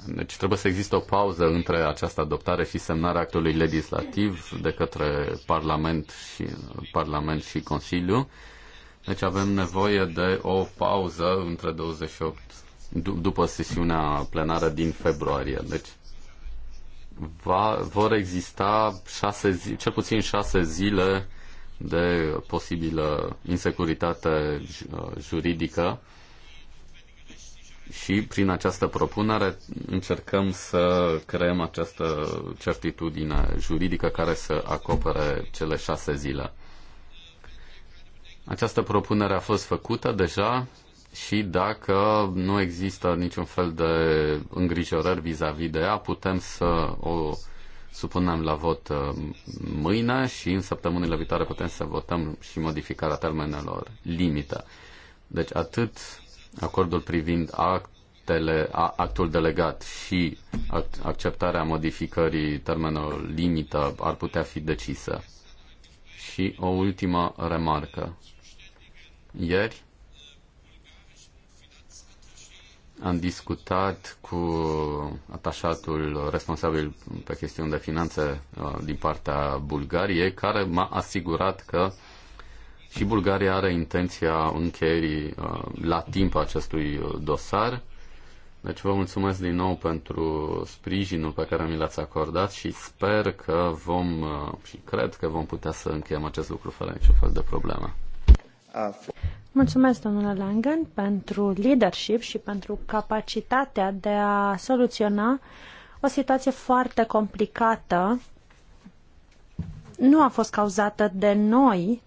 Deci trebuie să existe o pauză între această adoptare și semnarea actului legislativ de către Parlament și, Parlament și Consiliu. Deci avem nevoie de o pauză între 28 după sesiunea plenară din februarie. Deci va, vor exista șase zi, cel puțin șase zile de posibilă insecuritate uh, juridică și prin această propunere încercăm să creăm această certitudine juridică care să acopere cele șase zile. Această propunere a fost făcută deja și dacă nu există niciun fel de îngrijorări vis-a-vis -vis de ea, putem să o supunem la vot uh, mâine și în săptămânile viitoare putem să votăm și modificarea termenelor limită. Deci atât acordul privind actele, actul delegat și acceptarea modificării termenelor limită ar putea fi decisă. Și o ultimă remarcă. Ieri Am discutat cu atașatul responsabil pe chestiuni de finanțe uh, din partea Bulgariei, care m-a asigurat că și Bulgaria are intenția încheierii uh, la timp acestui uh, dosar. Deci vă mulțumesc din nou pentru sprijinul pe care mi l-ați acordat și sper că vom și cred că vom putea să încheiem acest lucru fără niciun fel de problemă. Mulțumesc, domnule Langen, pentru leadership și pentru capacitatea de a soluționa o situație foarte complicată. Nu a fost cauzată de noi,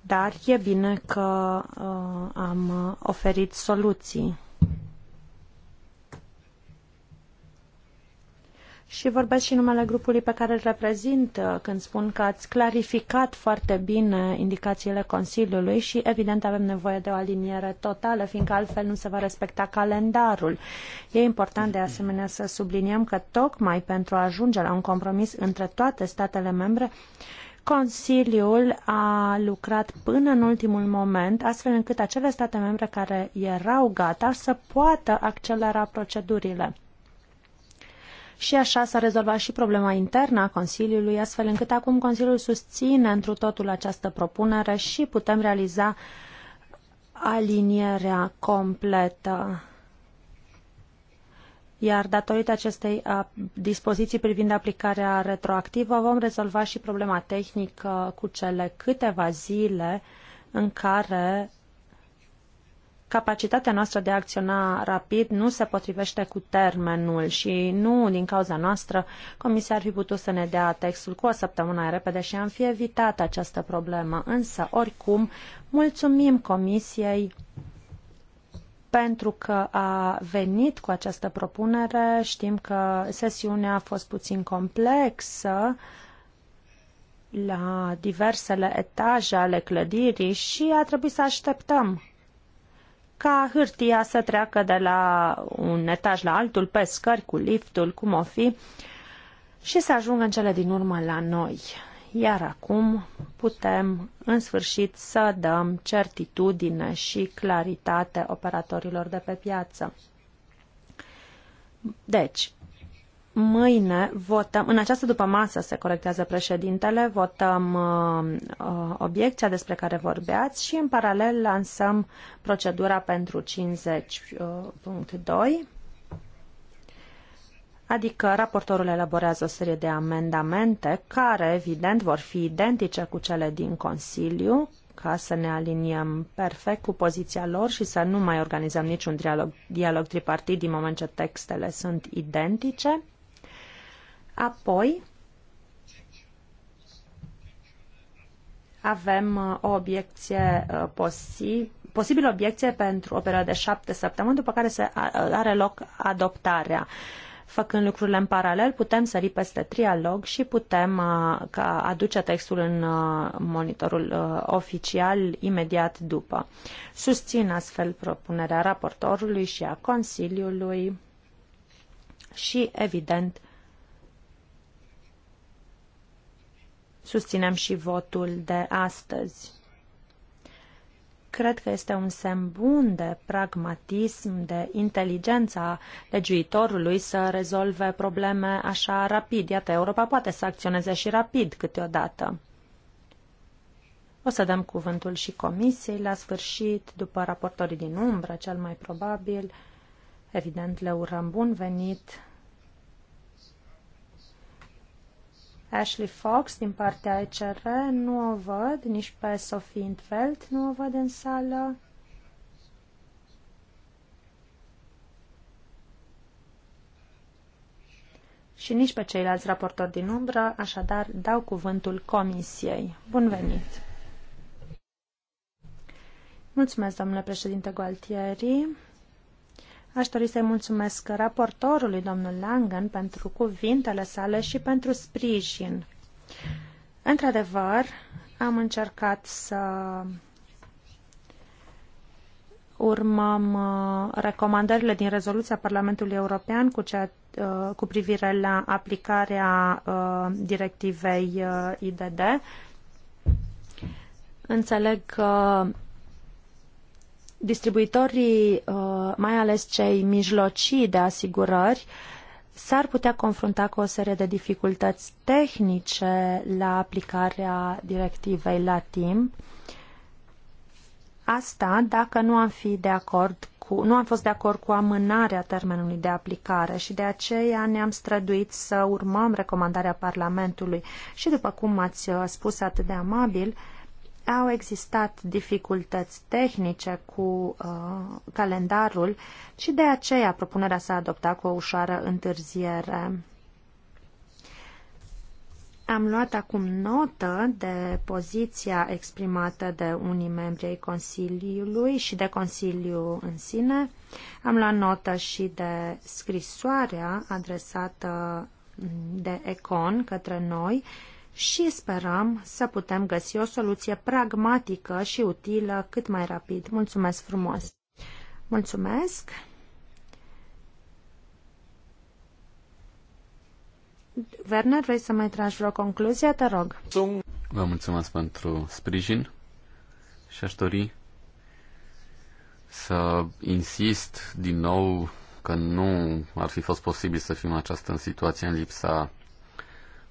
dar e bine că uh, am oferit soluții. și vorbesc și numele grupului pe care îl reprezint uh, când spun că ați clarificat foarte bine indicațiile Consiliului și evident avem nevoie de o aliniere totală, fiindcă altfel nu se va respecta calendarul. E important de asemenea să subliniem că tocmai pentru a ajunge la un compromis între toate statele membre, Consiliul a lucrat până în ultimul moment, astfel încât acele state membre care erau gata să poată accelera procedurile și așa s-a rezolvat și problema internă a Consiliului, astfel încât acum Consiliul susține întru totul această propunere și putem realiza alinierea completă. Iar datorită acestei a, dispoziții privind aplicarea retroactivă vom rezolva și problema tehnică cu cele câteva zile în care capacitatea noastră de a acționa rapid nu se potrivește cu termenul și nu din cauza noastră Comisia ar fi putut să ne dea textul cu o săptămână mai repede și am fi evitat această problemă. Însă, oricum, mulțumim Comisiei pentru că a venit cu această propunere. Știm că sesiunea a fost puțin complexă la diversele etaje ale clădirii și a trebuit să așteptăm ca hârtia să treacă de la un etaj la altul, pe scări, cu liftul, cum o fi, și să ajungă în cele din urmă la noi. Iar acum putem, în sfârșit, să dăm certitudine și claritate operatorilor de pe piață. Deci, Mâine votăm, în această după masă se corectează președintele, votăm uh, uh obiecția despre care vorbeați și în paralel lansăm procedura pentru 50.2, uh, adică raportorul elaborează o serie de amendamente care, evident, vor fi identice cu cele din Consiliu, ca să ne aliniem perfect cu poziția lor și să nu mai organizăm niciun dialog, dialog tripartit din moment ce textele sunt identice. Apoi avem uh, o obiecție uh, posibilă posibil obiecție pentru o perioadă de șapte săptămâni, după care se are loc adoptarea. Făcând lucrurile în paralel, putem sări peste trialog și putem uh, ca, aduce textul în monitorul oficial imediat după. Susțin astfel propunerea raportorului și a Consiliului și, evident, susținem și votul de astăzi. Cred că este un semn bun de pragmatism, de inteligența legiuitorului să rezolve probleme așa rapid. Iată, Europa poate să acționeze și rapid câteodată. O să dăm cuvântul și comisiei la sfârșit, după raportorii din umbră, cel mai probabil. Evident, le urăm bun venit Ashley Fox din partea ECR, nu o văd, nici pe Sophie Intveld nu o văd în sală. Și nici pe ceilalți raportori din umbră, așadar dau cuvântul Comisiei. Bun venit! Mulțumesc, domnule președinte Gualtieri. Aș dori să-i mulțumesc raportorului, domnul Langen, pentru cuvintele sale și pentru sprijin. Într-adevăr, am încercat să urmăm uh, recomandările din rezoluția Parlamentului European cu, cea, uh, cu privire la aplicarea uh, directivei IDD. Înțeleg că distribuitorii, uh, mai ales cei mijlocii de asigurări, s-ar putea confrunta cu o serie de dificultăți tehnice la aplicarea directivei la timp. Asta dacă nu am fi de acord cu, nu am fost de acord cu amânarea termenului de aplicare și de aceea ne-am străduit să urmăm recomandarea Parlamentului. Și după cum ați uh, spus atât de amabil, uh, au existat dificultăți tehnice cu uh, calendarul și de aceea propunerea s-a adoptat cu o ușoară întârziere. Am luat acum notă de poziția exprimată de unii membri ai Consiliului și de Consiliu în sine. Am luat notă și de scrisoarea adresată de Econ către noi, uh, și sperăm să putem găsi o soluție pragmatică și utilă cât mai rapid. Mulțumesc frumos! Mulțumesc! Werner, vrei să mai tragi vreo concluzie? Te rog. Vă mulțumesc pentru sprijin și aș dori să insist din nou că nu ar fi fost posibil să fim această în situație în lipsa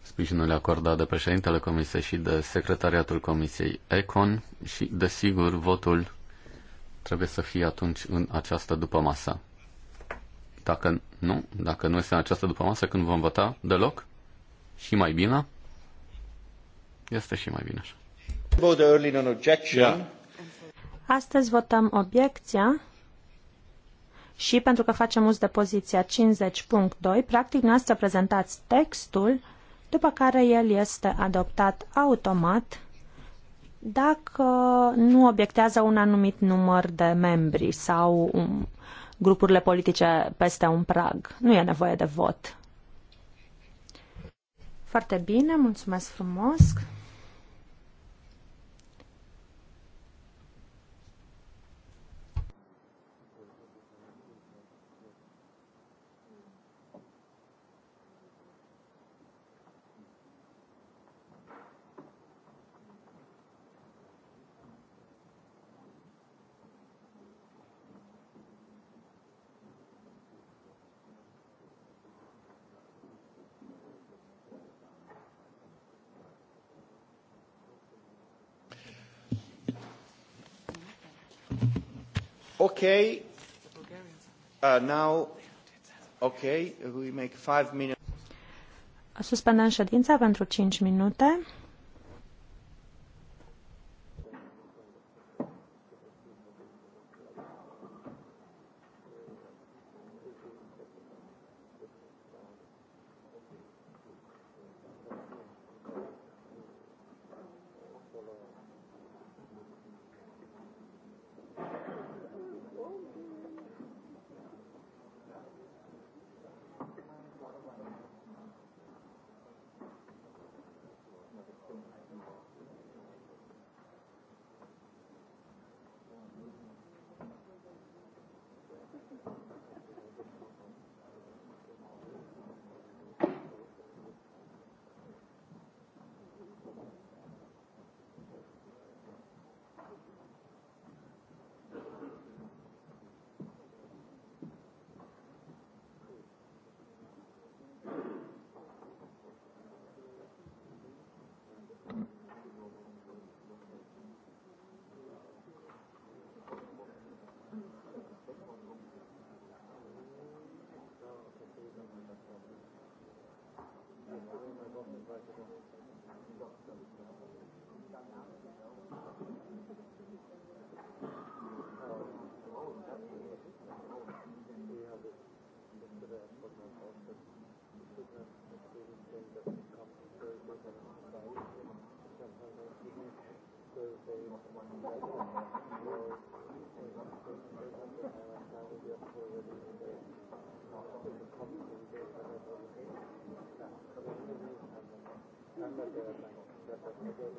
sprijinul acordat de președintele Comisiei și de secretariatul Comisiei Econ și, desigur, votul trebuie să fie atunci în această dupămasă. Dacă nu, dacă nu este în această dupămasă, când vom vota deloc, și mai bine, este și mai bine așa. Astăzi votăm obiecția și pentru că facem uz de poziția 50.2, practic noastră prezentați textul după care el este adoptat automat dacă nu obiectează un anumit număr de membri sau un, grupurile politice peste un prag. Nu e nevoie de vot. Foarte bine, mulțumesc frumos. Okay. Uh, now, okay, we make five minutes. Suspendăm ședința pentru 5 minute.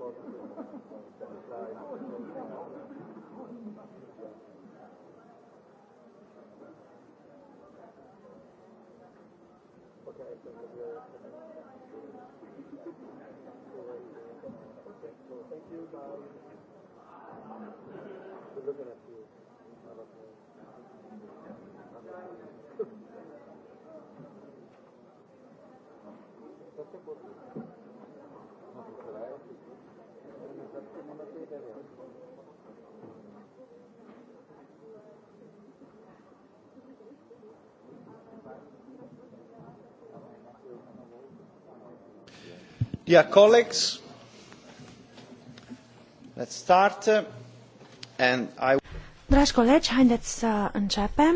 Thank you. Dear colleagues, let's start. And I... Dragi colegi, haideți să începem.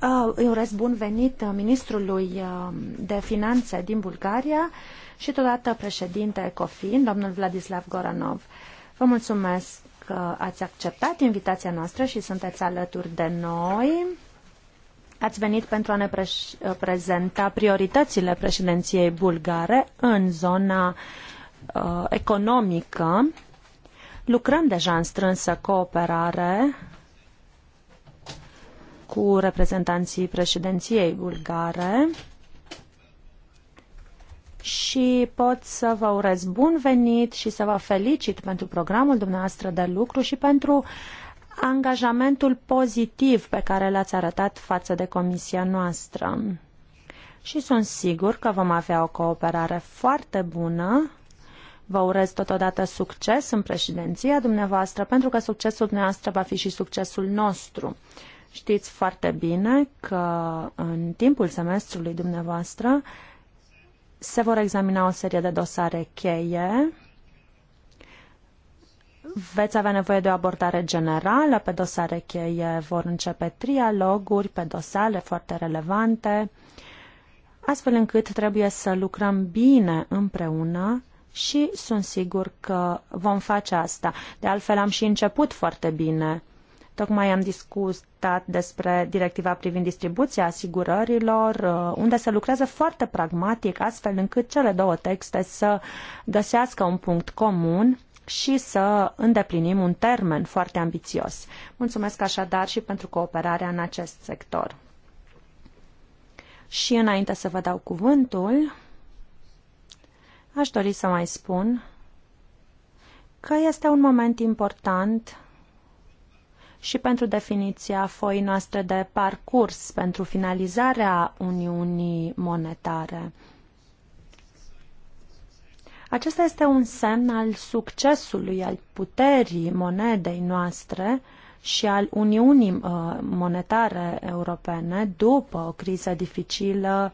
Uh, îi urez bun venit uh, ministrului uh, de finanțe din Bulgaria și totodată președinte COFIN, domnul Vladislav Goranov. Vă mulțumesc că ați acceptat invitația noastră și sunteți alături de noi. Ați venit pentru a ne pre- uh, prezenta prioritățile președinției bulgare în zona uh, economică. Lucrăm deja în strânsă cooperare cu reprezentanții președinției bulgare și pot să vă urez bun venit și să vă felicit pentru programul dumneavoastră de lucru și pentru uh, angajamentul pozitiv pe care l-ați arătat față de comisia noastră. Și sunt sigur că vom avea o cooperare foarte bună. Vă urez totodată succes în președinția dumneavoastră, pentru că succesul dumneavoastră va fi și succesul nostru. Știți foarte bine că în timpul semestrului dumneavoastră se vor examina o serie de dosare cheie veți avea nevoie de o abordare generală, pe dosare cheie vor începe trialoguri, pe dosare foarte relevante, astfel încât trebuie să lucrăm bine împreună și sunt sigur că vom face asta. De altfel, am și început foarte bine. Tocmai am discutat despre directiva privind distribuția asigurărilor, uh, unde se lucrează foarte pragmatic, astfel încât cele două texte să găsească un punct comun și să îndeplinim un termen foarte ambițios. Mulțumesc așadar și pentru cooperarea în acest sector. Și înainte să vă dau cuvântul, aș dori să mai spun că este un moment important și pentru definiția foii noastre de parcurs pentru finalizarea Uniunii Monetare. Acesta este un semn al succesului, al puterii monedei noastre și al Uniunii uh, Monetare Europene după o criză dificilă,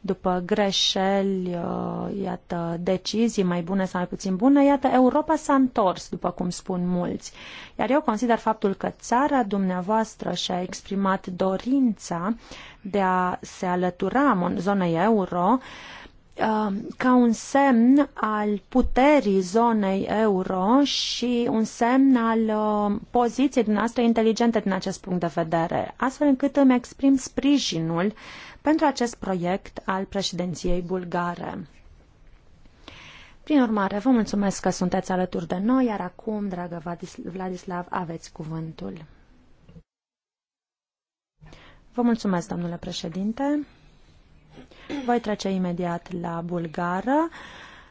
după greșeli, uh, iată, decizii mai bune sau mai puțin bune, iată, Europa s-a întors, după cum spun mulți. Iar eu consider faptul că țara dumneavoastră și-a exprimat dorința de a se alătura zonei euro, uh, Um, ca un semn al puterii zonei euro și un semn al um, poziției dumneavoastră inteligente din acest punct de vedere, astfel încât îmi exprim sprijinul pentru acest proiect al președinției bulgare. Prin urmare, vă mulțumesc că sunteți alături de noi, iar acum, dragă Vladislav, aveți cuvântul. Vă mulțumesc, domnule președinte. Voi trece imediat la bulgară,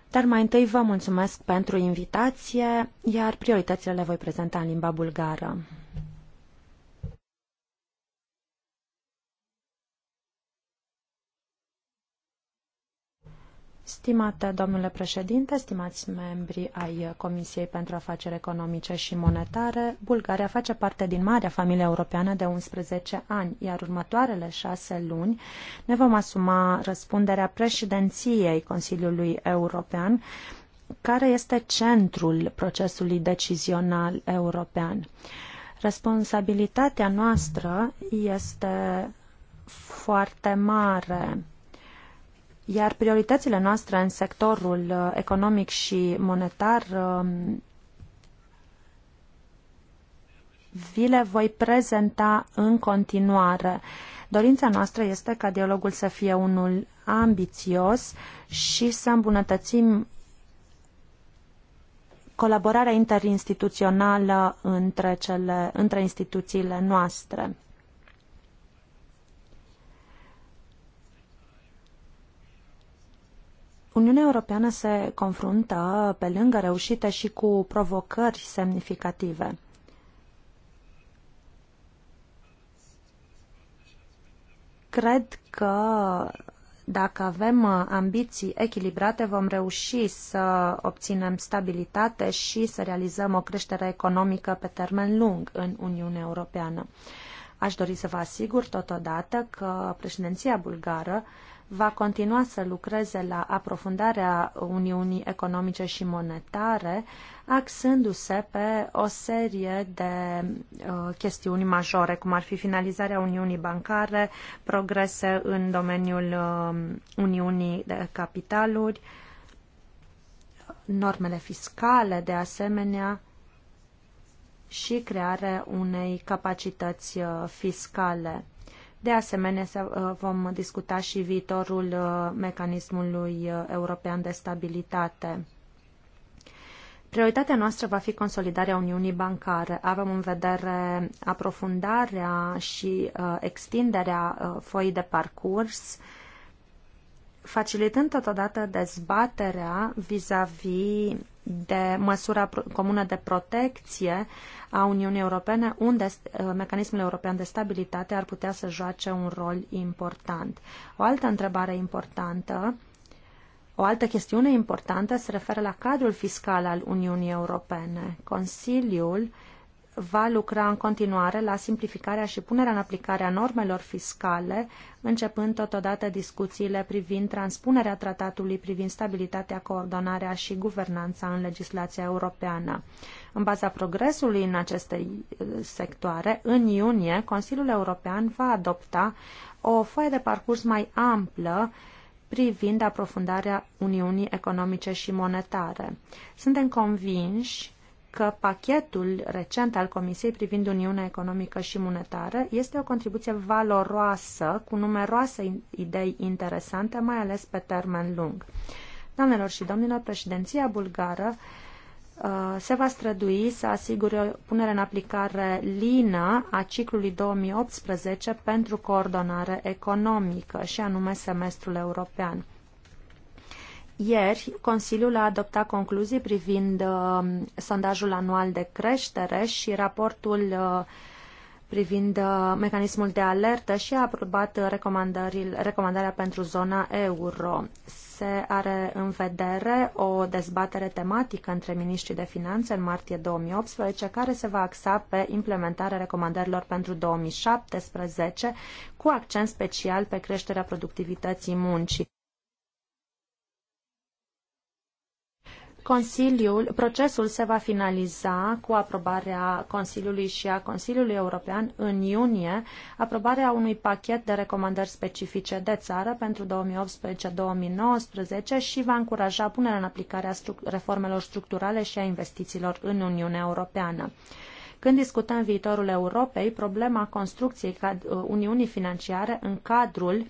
dar mai întâi vă mulțumesc pentru invitație, iar prioritățile le voi prezenta în limba bulgară. Stimate domnule președinte, stimați membri ai Comisiei pentru Afaceri Economice și Monetare, Bulgaria face parte din marea familie europeană de 11 ani, iar următoarele șase luni ne vom asuma răspunderea președinției Consiliului European, care este centrul procesului decizional european. Responsabilitatea noastră este foarte mare iar prioritățile noastre în sectorul uh, economic și monetar um, vi le voi prezenta în continuare. Dorința noastră este ca dialogul să fie unul ambițios și să îmbunătățim colaborarea interinstituțională între, cele, între instituțiile noastre. Uniunea Europeană se confruntă, pe lângă reușite, și cu provocări semnificative. Cred că dacă avem ambiții echilibrate, vom reuși să obținem stabilitate și să realizăm o creștere economică pe termen lung în Uniunea Europeană. Aș dori să vă asigur totodată că președinția bulgară va continua să lucreze la aprofundarea Uniunii Economice și Monetare, axându-se pe o serie de uh, chestiuni majore, cum ar fi finalizarea Uniunii Bancare, progrese în domeniul uh, Uniunii de Capitaluri, normele fiscale, de asemenea, și crearea unei capacități uh, fiscale. De asemenea, uh, vom discuta și viitorul uh, mecanismului uh, european de stabilitate. Prioritatea noastră va fi consolidarea Uniunii Bancare. Avem în vedere aprofundarea și extinderea foii de parcurs, facilitând totodată dezbaterea vis-a-vis -vis de măsura comună de protecție a Uniunii Europene, unde uh, mecanismul european de stabilitate ar putea să joace un rol important. O altă întrebare importantă, o altă chestiune importantă se referă la cadrul fiscal al Uniunii Europene. Consiliul uh, va lucra în continuare la simplificarea și punerea în aplicare a normelor fiscale, începând totodată discuțiile privind transpunerea tratatului privind stabilitatea, coordonarea și guvernanța în legislația europeană. În baza progresului în aceste sectoare, în iunie, Consiliul European va adopta o foaie de parcurs mai amplă privind aprofundarea Uniunii Economice și Monetare. Suntem convinși că pachetul recent al Comisiei privind Uniunea Economică și Monetară este o contribuție valoroasă cu numeroase idei interesante, mai ales pe termen lung. Doamnelor și domnilor, președinția bulgară uh, se va strădui să asigure punerea în aplicare lină a ciclului 2018 pentru coordonare economică, și anume semestrul european. Ieri, Consiliul a adoptat concluzii privind uh, sondajul anual de creștere și raportul uh, privind uh, mecanismul de alertă și a aprobat recomandarea pentru zona euro. Se are în vedere o dezbatere tematică între ministrii de finanțe în martie 2018, care se va axa pe implementarea recomandărilor pentru 2017, cu accent special pe creșterea productivității muncii. Consiliul, procesul se va finaliza cu aprobarea Consiliului și a Consiliului European în iunie, aprobarea unui pachet de recomandări specifice de țară pentru 2018-2019 și va încuraja punerea în aplicare a reformelor structurale și a investițiilor în Uniunea Europeană. Când discutăm viitorul Europei, problema construcției Uniunii Financiare în cadrul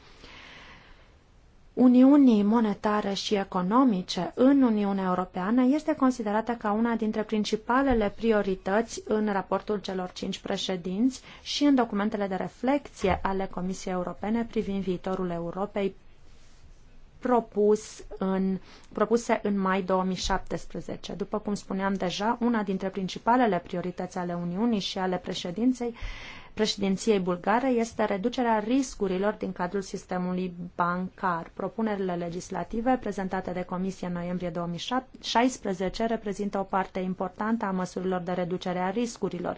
Uniunii monetare și economice în Uniunea Europeană este considerată ca una dintre principalele priorități în raportul celor cinci președinți și în documentele de reflexie ale Comisiei Europene privind viitorul Europei propus în, propuse în mai 2017. După cum spuneam deja, una dintre principalele priorități ale Uniunii și ale președinței președinției bulgare este reducerea riscurilor din cadrul sistemului bancar. Propunerile legislative prezentate de Comisie în noiembrie 2016 reprezintă o parte importantă a măsurilor de reducere a riscurilor.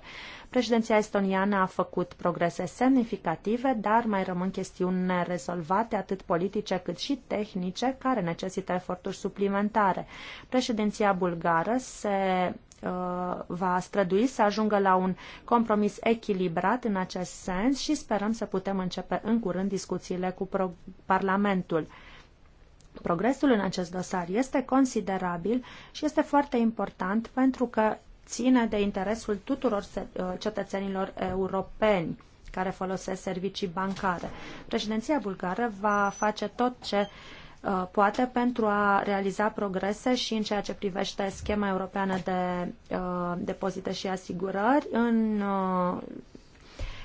Președinția estoniană a făcut progrese semnificative, dar mai rămân chestiuni nerezolvate, atât politice cât și tehnice, care necesită eforturi suplimentare. Președinția bulgară se Uh, va strădui să ajungă la un compromis echilibrat în acest sens și sperăm să putem începe în curând discuțiile cu Parlamentul. Progresul în acest dosar este considerabil și este foarte important pentru că ține de interesul tuturor uh, cetățenilor europeni care folosesc servicii bancare. Președinția bulgară va face tot ce uh, Uh, poate pentru a realiza progrese și în ceea ce privește schema europeană de uh, depozite și asigurări în uh,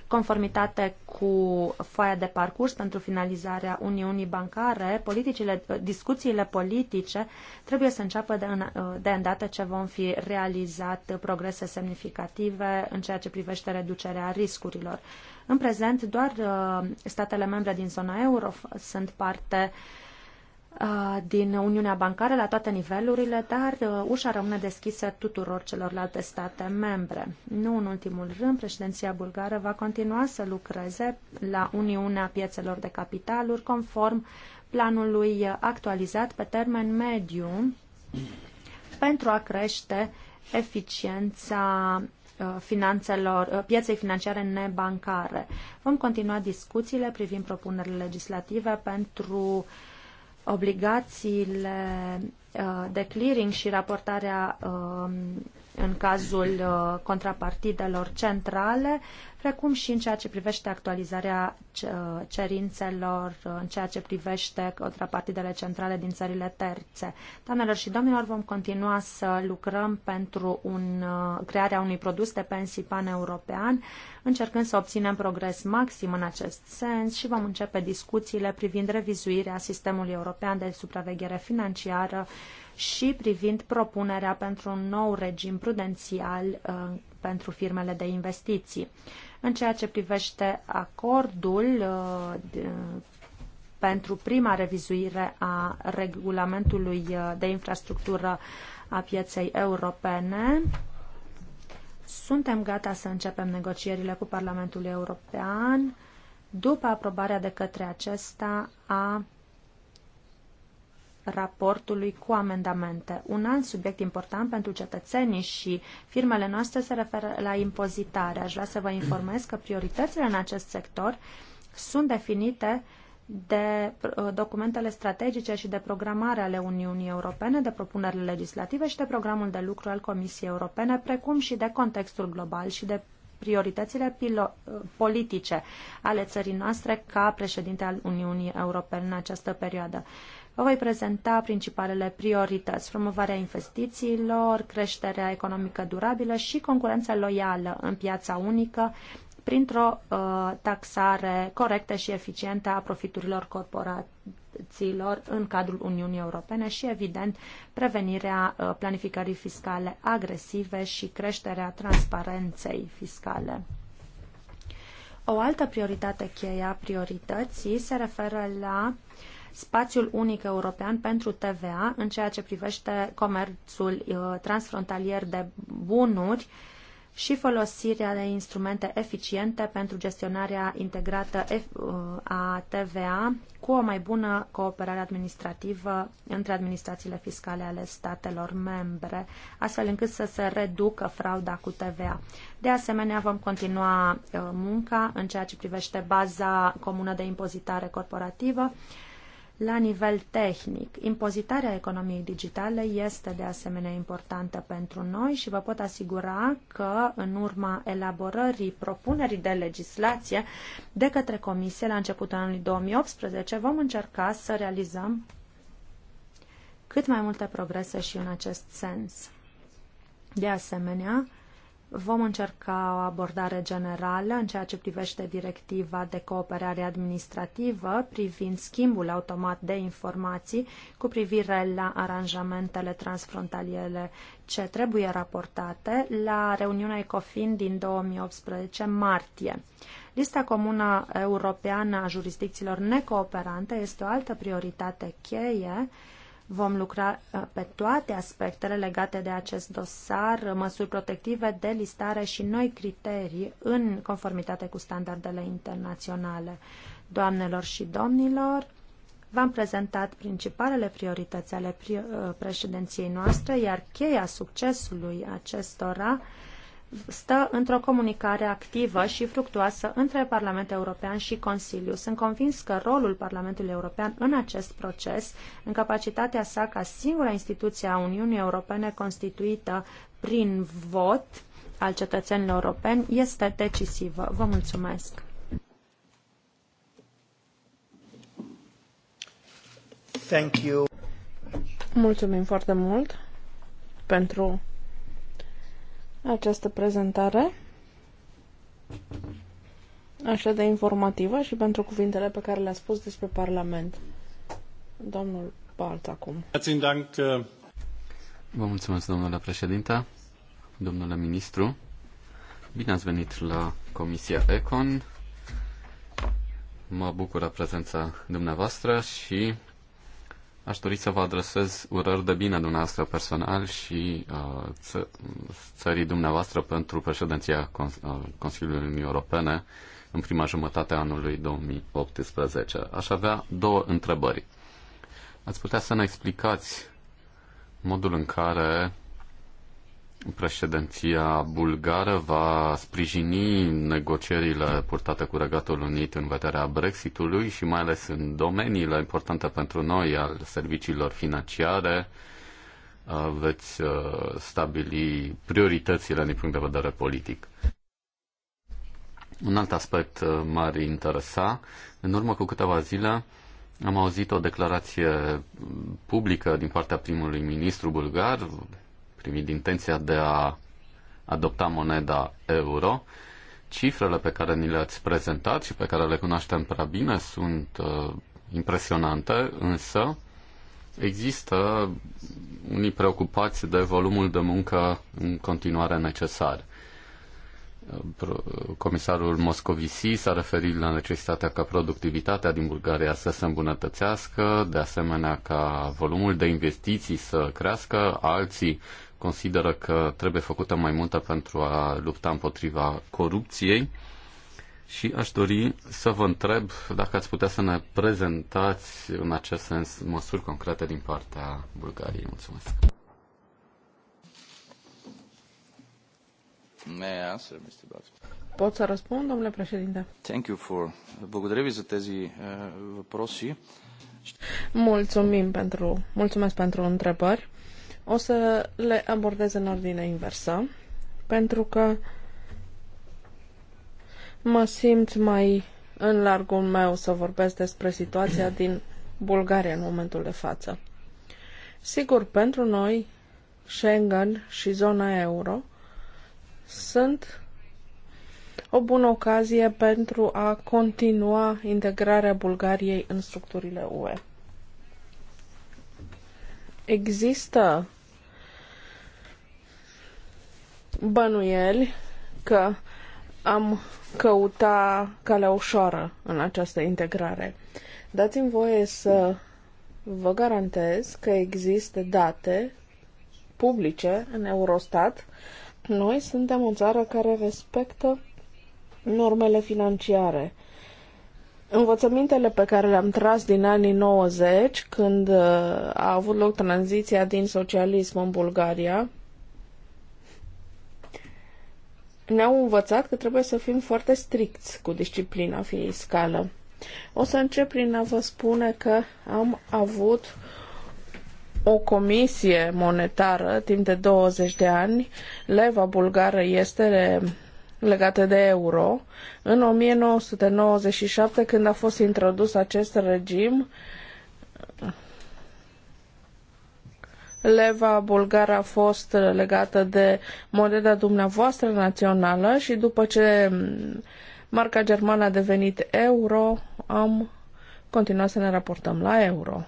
conformitate cu foaia de parcurs pentru finalizarea Uniunii Bancare, politicile, discuțiile politice trebuie să înceapă de, în, de îndată ce vom fi realizat progrese semnificative în ceea ce privește reducerea riscurilor. În prezent, doar statele membre din zona euro sunt parte uh, din Uniunea Bancară la toate nivelurile, dar ușa rămâne deschisă tuturor celorlalte state membre. Nu în ultimul rând, președinția bulgară va continua să lucreze la Uniunea Piețelor de Capitaluri conform planului actualizat pe termen mediu pentru a crește eficiența finanțelor, pieței financiare nebancare. Vom continua discuțiile privind propunerile legislative pentru uh, obligațiile uh, de clearing și raportarea um, în cazul uh, contrapartidelor centrale, precum și în ceea ce privește actualizarea uh, cerințelor, uh, în ceea ce privește contrapartidele centrale din țările terțe. Doamnelor și domnilor, vom continua să lucrăm pentru un, crearea unui produs de pensii pan-european, încercând să obținem progres maxim în acest sens și vom începe discuțiile privind revizuirea sistemului european de supraveghere financiară și privind propunerea pentru un nou regim prudențial uh, pentru firmele de investiții. În ceea ce privește acordul uh, pentru prima revizuire a regulamentului uh, de infrastructură a pieței europene, suntem gata să începem negocierile cu Parlamentul European după aprobarea de către acesta a raportului cu amendamente. Un alt subiect important pentru cetățenii și firmele noastre se referă la impozitare. Aș vrea să vă informez că prioritățile în acest sector sunt definite de uh, documentele strategice și de programare ale Uniunii Europene, de propunerile legislative și de programul de lucru al Comisiei Europene, precum și de contextul global și de prioritățile uh, politice ale țării noastre ca președinte al Uniunii Europene în această perioadă. Vă voi prezenta principalele priorități, promovarea investițiilor, creșterea economică durabilă și concurența loială în piața unică printr-o uh, taxare corectă și eficientă a profiturilor corporațiilor în cadrul Uniunii Europene și, evident, prevenirea uh, planificării fiscale agresive și creșterea transparenței fiscale. O altă prioritate cheie a priorității se referă la uh, spațiul unic european pentru TVA în ceea ce privește comerțul uh, transfrontalier de bunuri și folosirea de instrumente eficiente pentru gestionarea integrată uh, a TVA cu o mai bună cooperare administrativă între administrațiile fiscale ale statelor membre, astfel încât să se reducă frauda cu TVA. De asemenea, vom continua uh, munca în ceea ce privește baza comună de impozitare corporativă, la nivel tehnic. Impozitarea economiei digitale este de asemenea importantă pentru noi și vă pot asigura că în urma elaborării propunerii de legislație de către Comisie la începutul anului 2018 vom încerca să realizăm cât mai multe progrese și în acest sens. De asemenea, Vom încerca o abordare generală în ceea ce privește directiva de cooperare administrativă privind schimbul automat de informații cu privire la aranjamentele transfrontaliere ce trebuie raportate la reuniunea ECOFIN din 2018 martie. Lista comună europeană a jurisdicțiilor necooperante este o altă prioritate cheie Vom lucra uh, pe toate aspectele legate de acest dosar, uh, măsuri protective, delistare și noi criterii în conformitate cu standardele internaționale. Doamnelor și domnilor, V-am prezentat principalele priorități ale uh, președinției noastre, iar cheia succesului acestora stă într-o comunicare activă și fructuoasă între Parlamentul European și Consiliu. Sunt convins că rolul Parlamentului European în acest proces, în capacitatea sa ca singura instituție a Uniunii Europene constituită prin vot al cetățenilor europeni, este decisivă. Vă mulțumesc! Thank you. Mulțumim foarte mult pentru această prezentare așa de informativă și pentru cuvintele pe care le-a spus despre Parlament. Domnul Balț acum. Vă mulțumesc, domnule președinte, domnule ministru. Bine ați venit la Comisia Econ. Mă bucură prezența dumneavoastră și Aș dori să vă adresez urări de bine dumneavoastră personal și uh, ță- țării dumneavoastră pentru președinția Cons- uh, Consiliului Uniunii Europene în prima jumătate a anului 2018. Aș avea două întrebări. Ați putea să ne explicați modul în care Președinția bulgară va sprijini negocierile purtate cu Regatul Unit în vederea Brexitului și mai ales în domeniile importante pentru noi al serviciilor financiare. Uh, veți uh, stabili prioritățile din punct de vedere politic. Un alt aspect uh, m-ar interesa. În urmă cu câteva zile am auzit o declarație publică din partea primului ministru bulgar, privind intenția de a adopta moneda euro. Cifrele pe care ni le-ați prezentat și pe care le cunoaștem prea bine sunt uh, impresionante, însă există unii preocupați de volumul de muncă în continuare necesar. Comisarul Moscovici s-a referit la necesitatea ca productivitatea din Bulgaria să se îmbunătățească, de asemenea ca volumul de investiții să crească. Alții consideră că trebuie făcută mai multă pentru a lupta împotriva corupției și aș dori să vă întreb dacă ați putea să ne prezentați în acest sens măsuri concrete din partea Bulgariei. Mulțumesc. Pot să răspund, domnule președinte? Thank you for... Благодаря ви за тези въпроси. Mulțumim pentru, mulțumesc pentru întrebări. O să le abordez în ordine inversă, pentru că mă simt mai în largul meu să vorbesc despre situația din Bulgaria în momentul de față. Sigur, pentru noi, Schengen și zona euro sunt o bună ocazie pentru a continua integrarea Bulgariei în structurile UE. Există bănuieli că am căuta calea ușoară în această integrare. Dați-mi voie să vă garantez că există date publice în Eurostat. Noi suntem o țară care respectă normele financiare. Învățămintele pe care le-am tras din anii 90, când uh, a avut loc tranziția din socialism în Bulgaria, ne-au învățat că trebuie să fim foarte stricți cu disciplina fiscală. O să încep prin a vă spune că am avut o comisie monetară timp de 20 de ani. Leva bulgară este legată de euro. În 1997, când a fost introdus acest regim, uh, leva bulgară a fost legată de moneda dumneavoastră națională și după ce marca germană a devenit euro, am continuat să ne raportăm la euro.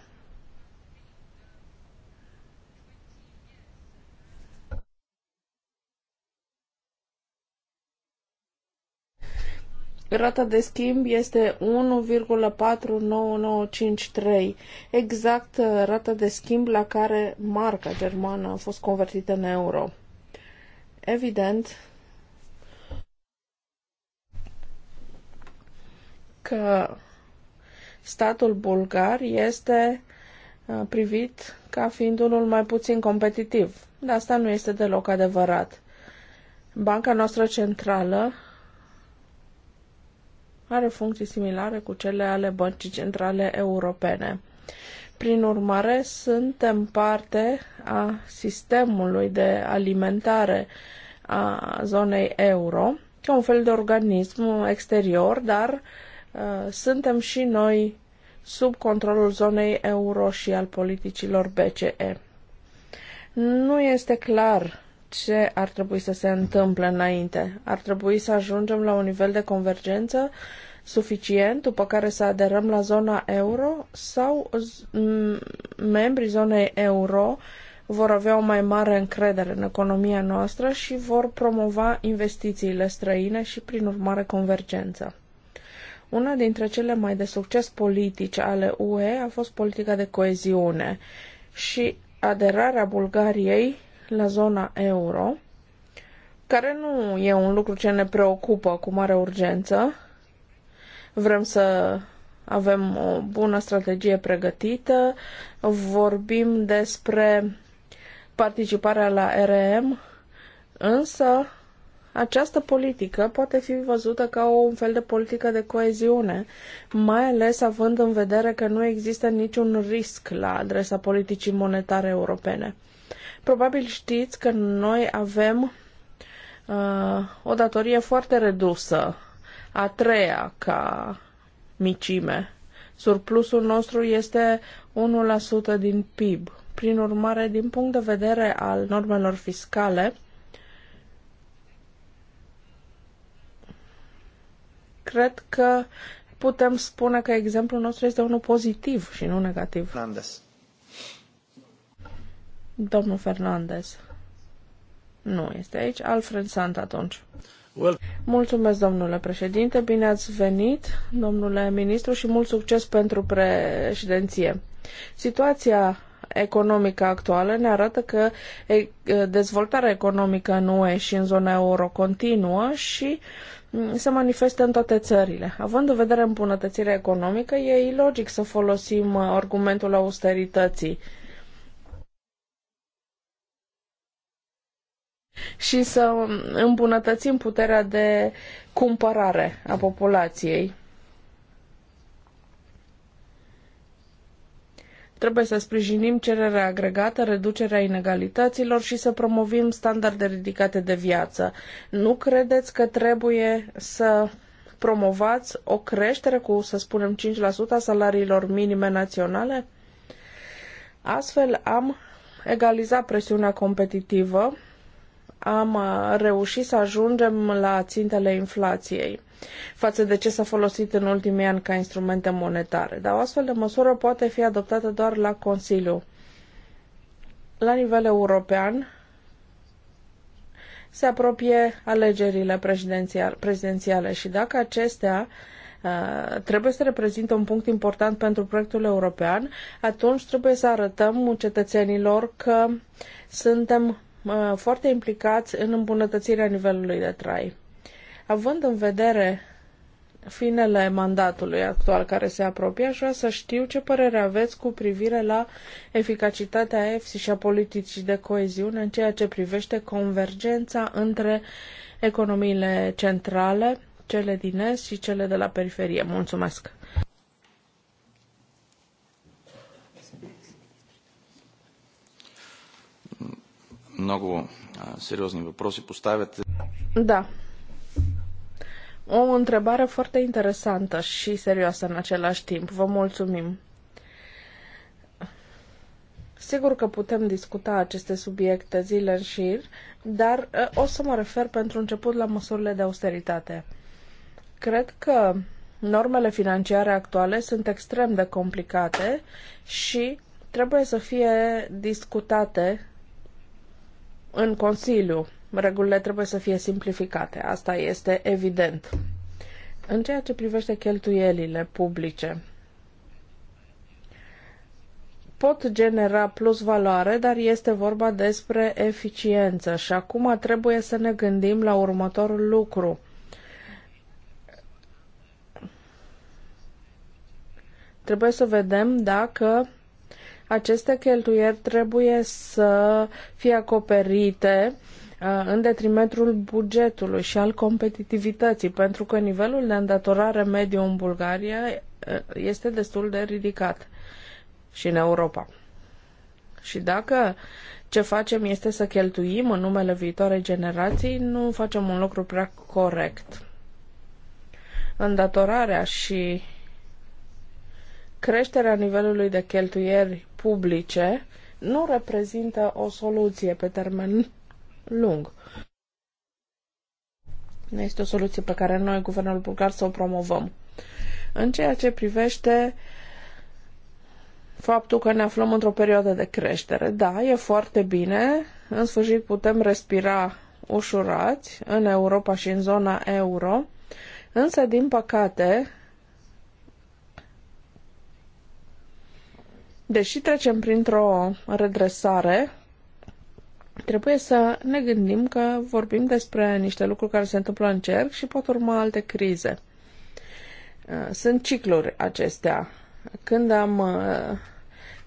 Rata de schimb este 1,49953, exact uh, rata de schimb la care marca germană a fost convertită în euro. Evident că statul bulgar este uh, privit ca fiind unul mai puțin competitiv. Dar asta nu este deloc adevărat. Banca noastră centrală are funcții similare cu cele ale Băncii Centrale Europene. Prin urmare, suntem parte a sistemului de alimentare a zonei euro, ca un fel de organism exterior, dar uh, suntem și noi sub controlul zonei euro și al politicilor BCE. Nu este clar ce ar trebui să se întâmple înainte? Ar trebui să ajungem la un nivel de convergență suficient după care să aderăm la zona euro sau membrii zonei euro vor avea o mai mare încredere în economia noastră și vor promova investițiile străine și, prin urmare, convergența. Una dintre cele mai de succes politici ale UE a fost politica de coeziune și aderarea Bulgariei la zona euro, care nu e un lucru ce ne preocupă cu mare urgență. Vrem să avem o bună strategie pregătită, vorbim despre participarea la RM, însă această politică poate fi văzută ca o, un fel de politică de coeziune, mai ales având în vedere că nu există niciun risc la adresa politicii monetare europene. Probabil știți că noi avem uh, o datorie foarte redusă, a treia ca micime. Surplusul nostru este 1% din PIB. Prin urmare, din punct de vedere al normelor fiscale, cred că putem spune că exemplul nostru este unul pozitiv și nu negativ. Landes. Domnul Fernandez. Nu este aici. Alfred Sant atunci. Well. Mulțumesc, domnule președinte. Bine ați venit, domnule ministru, și mult succes pentru președinție. Situația economică actuală ne arată că dezvoltarea economică în UE și în zona euro continuă și se manifestă în toate țările. Având în vedere îmbunătățirea economică, e ilogic să folosim uh, argumentul austerității și să îmbunătățim puterea de cumpărare a populației. Trebuie să sprijinim cererea agregată, reducerea inegalităților și să promovim standarde ridicate de viață. Nu credeți că trebuie să promovați o creștere cu, să spunem, 5% a salariilor minime naționale? Astfel am egalizat presiunea competitivă am uh, reușit să ajungem la țintele inflației față de ce s-a folosit în ultimii ani ca instrumente monetare. Dar o astfel de măsură poate fi adoptată doar la Consiliu. La nivel european, se apropie alegerile prezidențiale și dacă acestea uh, trebuie să reprezintă un punct important pentru proiectul european, atunci trebuie să arătăm cetățenilor că suntem foarte implicați în îmbunătățirea nivelului de trai. Având în vedere finele mandatului actual care se apropie, aș vrea să știu ce părere aveți cu privire la eficacitatea EFSI și a politicii de coeziune în ceea ce privește convergența între economiile centrale, cele din est și cele de la periferie. Mulțumesc! много сериозни въпроси поставяте. Да. O întrebare foarte interesantă și serioasă în același timp. Vă mulțumim. Sigur că putem discuta aceste subiecte zile în șir, dar ă, o să mă refer pentru început la măsurile de austeritate. Cred că normele financiare actuale sunt extrem de complicate și trebuie să fie discutate în Consiliu regulile trebuie să fie simplificate. Asta este evident. În ceea ce privește cheltuielile publice, pot genera plus valoare, dar este vorba despre eficiență și acum trebuie să ne gândim la următorul lucru. Trebuie să vedem dacă aceste cheltuieri trebuie să fie acoperite uh, în detrimentul bugetului și al competitivității, pentru că nivelul de îndatorare mediu în Bulgaria uh, este destul de ridicat și în Europa. Și dacă ce facem este să cheltuim în numele viitoarei generații, nu facem un lucru prea corect. Îndatorarea și creșterea nivelului de cheltuieri publice nu reprezintă o soluție pe termen lung. Nu este o soluție pe care noi, guvernul bulgar, să o promovăm. În ceea ce privește faptul că ne aflăm într-o perioadă de creștere, da, e foarte bine, în sfârșit putem respira ușurați în Europa și în zona euro, însă, din păcate, deși trecem printr-o redresare, trebuie să ne gândim că vorbim despre niște lucruri care se întâmplă în cerc și pot urma alte crize. Uh, sunt cicluri acestea. Când am uh,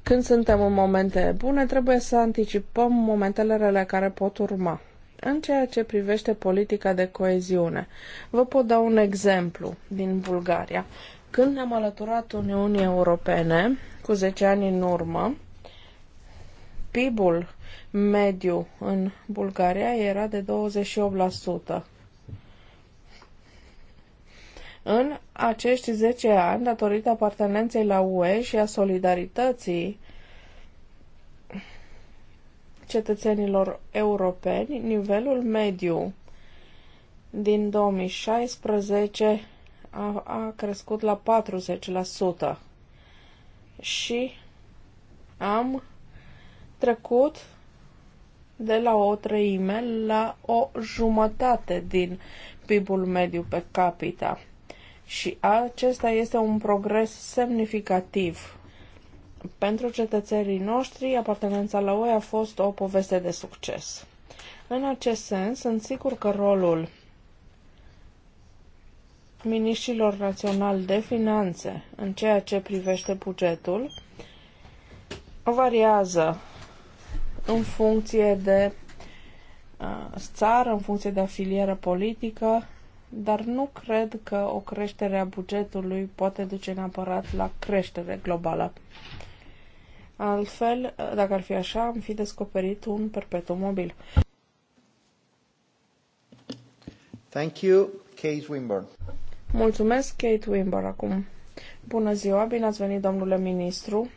când suntem în momente bune, trebuie să anticipăm momentele rele care pot urma. În ceea ce privește politica de coeziune, vă pot da un exemplu din Bulgaria. Când ne-am alăturat Uniunii Europene, cu 10 ani în urmă, PIB-ul mediu în Bulgaria era de 28%. În acești 10 ani, datorită apartenenței la UE și a solidarității cetățenilor europeni, nivelul mediu din 2016 a, a crescut la 40% și am trecut de la o treime la o jumătate din PIB-ul mediu pe capita. Și acesta este un progres semnificativ. Pentru cetățenii noștri, apartenența la UE a fost o poveste de succes. În acest sens, sunt sigur că rolul miniștrilor naționali de finanțe în ceea ce privește bugetul variază în funcție de țară, în funcție de afilieră politică, dar nu cred că o creștere a bugetului poate duce neapărat la creștere globală. Altfel, dacă ar fi așa, am fi descoperit un perpetuum mobil. Thank you, Case Wimborne. Mulțumesc, Kate Wimber, acum. Bună ziua, bine ați venit, domnule ministru.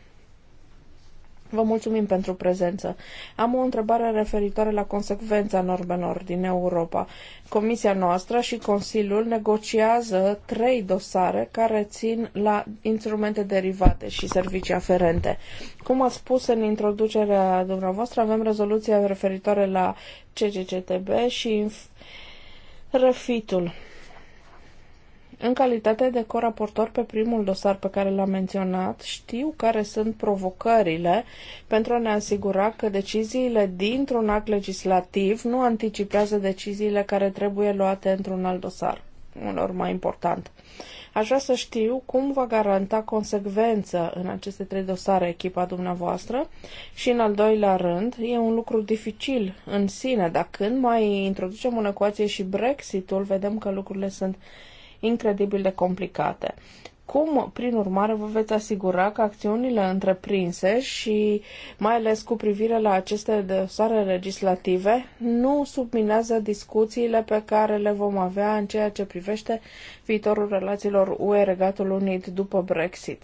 Vă mulțumim pentru prezență. Am o întrebare referitoare la consecvența normelor din Europa. Comisia noastră și Consiliul negociază trei dosare care țin la instrumente derivate și servicii aferente. Cum ați spus în introducerea dumneavoastră, avem rezoluția referitoare la CCCTB și refitul. În calitate de coraportor pe primul dosar pe care l-am menționat, știu care sunt provocările pentru a ne asigura că deciziile dintr-un act legislativ nu anticipează deciziile care trebuie luate într-un alt dosar, unor mai important. Aș vrea să știu cum va garanta consecvență în aceste trei dosare echipa dumneavoastră și, în al doilea rând, e un lucru dificil în sine, dar când mai introducem în ecuație și Brexitul, vedem că lucrurile sunt incredibil de complicate. Cum, prin urmare, vă veți asigura că acțiunile întreprinse și mai ales cu privire la aceste dosare legislative nu subminează discuțiile pe care le vom avea în ceea ce privește viitorul relațiilor UE-Regatul Unit după Brexit?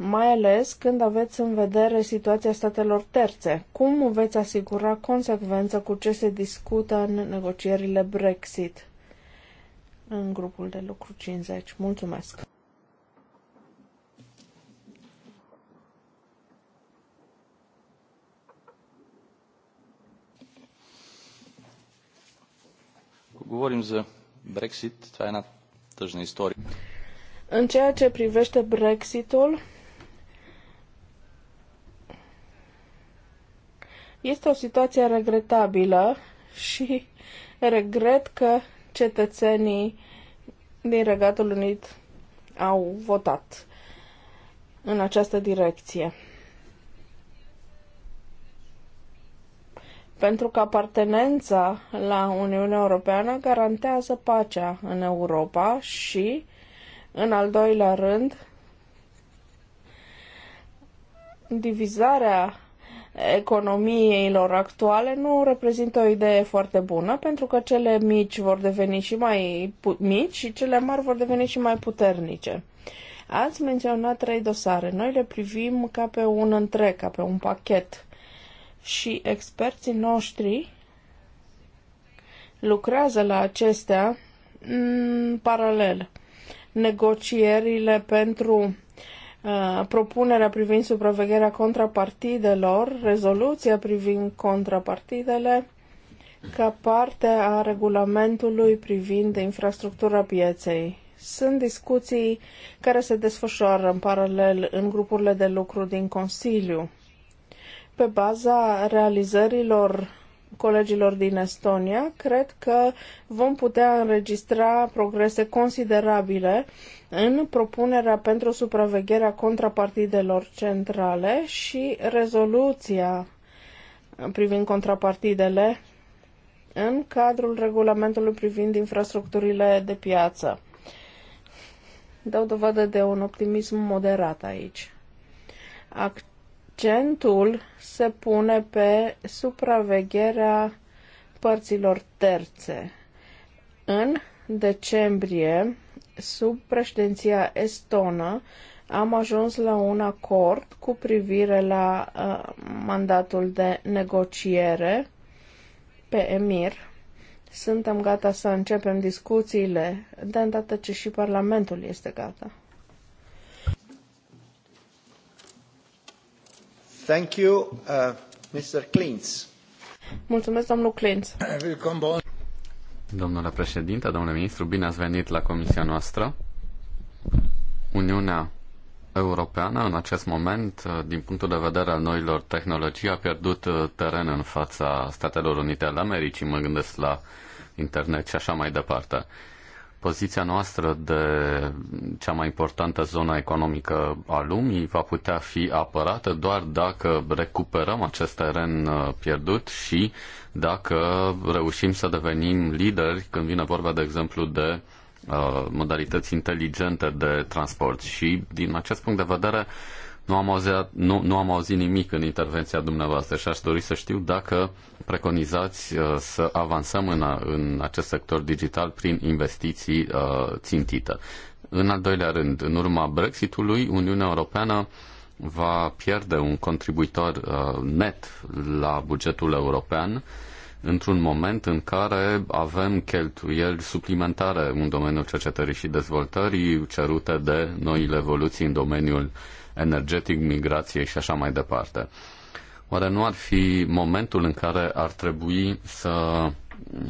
mai ales când aveți în vedere situația statelor terțe. Cum veți asigura consecvență cu ce se discută în negocierile Brexit? în grupul de lucru 50. Mulțumesc! Govorim za Brexit, to je jedna tržna istorija. În ceea ce privește Brexitul, este o situație regretabilă și regret că cetățenii din Regatul Unit au votat în această direcție. Pentru că apartenența la Uniunea Europeană garantează pacea în Europa și, în al doilea rând, divizarea economiilor actuale nu reprezintă o idee foarte bună, pentru că cele mici vor deveni și mai mici și cele mari vor deveni și mai puternice. Ați menționat trei dosare. Noi le privim ca pe un întreg, ca pe un pachet. Și experții noștri lucrează la acestea în paralel. Negocierile pentru Uh, propunerea privind supravegherea contrapartidelor, rezoluția privind contrapartidele, ca parte a regulamentului privind infrastructura pieței. Sunt discuții care se desfășoară în paralel în grupurile de lucru din Consiliu. Pe baza realizărilor colegilor din Estonia, cred că vom putea înregistra progrese considerabile în propunerea pentru supravegherea contrapartidelor centrale și rezoluția privind contrapartidele în cadrul regulamentului privind infrastructurile de piață. Dau dovadă de un optimism moderat aici. Ac Accentul se pune pe supravegherea părților terțe. În decembrie, sub președinția estonă, am ajuns la un acord cu privire la uh, mandatul de negociere pe Emir. Suntem gata să începem discuțiile de îndată ce și Parlamentul este gata. Uh, domnul Domnule președinte, domnule ministru, bine ați venit la comisia noastră. Uniunea europeană în acest moment, uh, din punctul de vedere al noilor tehnologii, a pierdut uh, teren în fața Statelor Unite ale Americii, mă gândesc la internet și așa mai departe poziția noastră de cea mai importantă zonă economică a lumii va putea fi apărată doar dacă recuperăm acest teren uh, pierdut și dacă reușim să devenim lideri când vine vorba, de exemplu, de uh, modalități inteligente de transport. Și din acest punct de vedere, nu am, auzit, nu, nu am auzit nimic în intervenția dumneavoastră și aș dori să știu dacă preconizați uh, să avansăm în, în acest sector digital prin investiții uh, țintită. În al doilea rând, în urma Brexitului, Uniunea Europeană va pierde un contribuitor uh, net la bugetul european într-un moment în care avem cheltuieli suplimentare în domeniul cercetării și dezvoltării cerute de noile evoluții în domeniul uh, energetic, migrație și așa mai departe. Oare nu ar fi momentul în care ar trebui să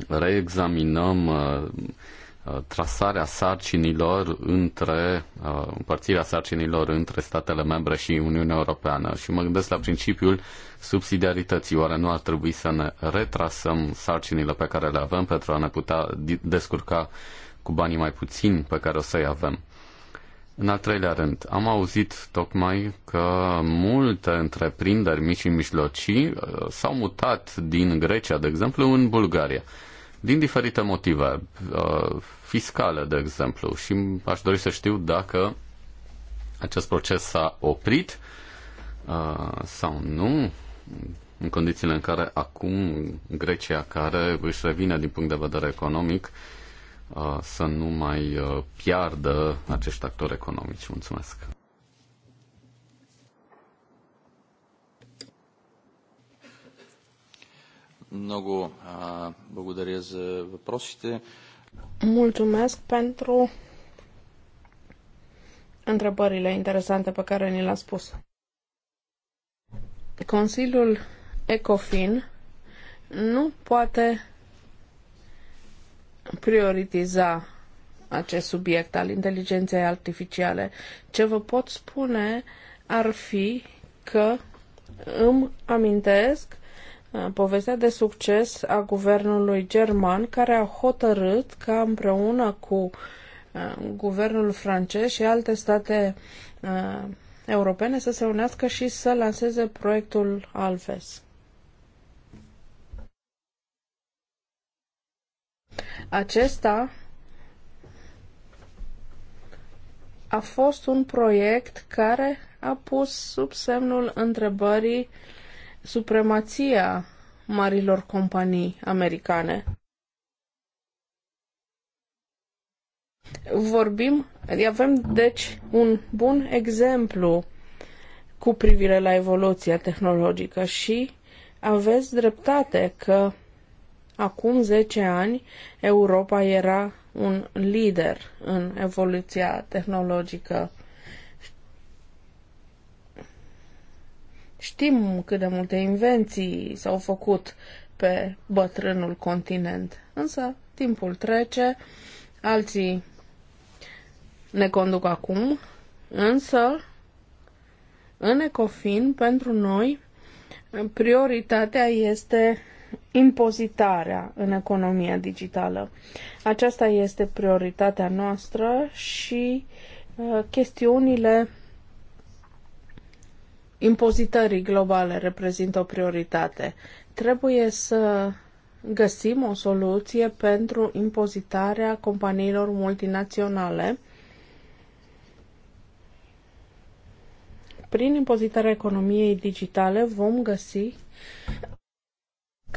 reexaminăm uh, uh, trasarea sarcinilor între, uh, împărțirea sarcinilor între statele membre și Uniunea Europeană. Și mă gândesc la principiul subsidiarității. Oare nu ar trebui să ne retrasăm sarcinile pe care le avem pentru a ne putea descurca cu banii mai puțini pe care o să-i avem? În al treilea rând, am auzit tocmai că multe întreprinderi mici și mijlocii uh, s-au mutat din Grecia, de exemplu, în Bulgaria. Din diferite motive, uh, fiscale, de exemplu, și aș dori să știu dacă acest proces s-a oprit uh, sau nu, în condițiile în care acum Grecia, care își revine din punct de vedere economic, Uh, să nu mai uh, piardă acești actori economici. Mulțumesc! Много uh, благодаря за въпросите. Mulțumesc pentru întrebările interesante pe care ni le a spus. Consiliul ECOFIN nu poate prioritiza acest subiect al inteligenței artificiale. Ce vă pot spune ar fi că îmi amintesc uh, povestea de succes a guvernului german care a hotărât ca împreună cu uh, guvernul francez și alte state uh, europene să se unească și să lanseze proiectul Alves. Acesta a fost un proiect care a pus sub semnul întrebării supremația marilor companii americane. Vorbim, avem deci un bun exemplu cu privire la evoluția tehnologică și aveți dreptate că Acum 10 ani, Europa era un lider în evoluția tehnologică. Știm cât de multe invenții s-au făcut pe bătrânul continent, însă timpul trece, alții ne conduc acum, însă în Ecofin pentru noi prioritatea este impozitarea în economia digitală. Aceasta este prioritatea noastră și uh, chestiunile impozitării globale reprezintă o prioritate. Trebuie să găsim o soluție pentru impozitarea companiilor multinaționale prin impozitarea economiei digitale vom găsi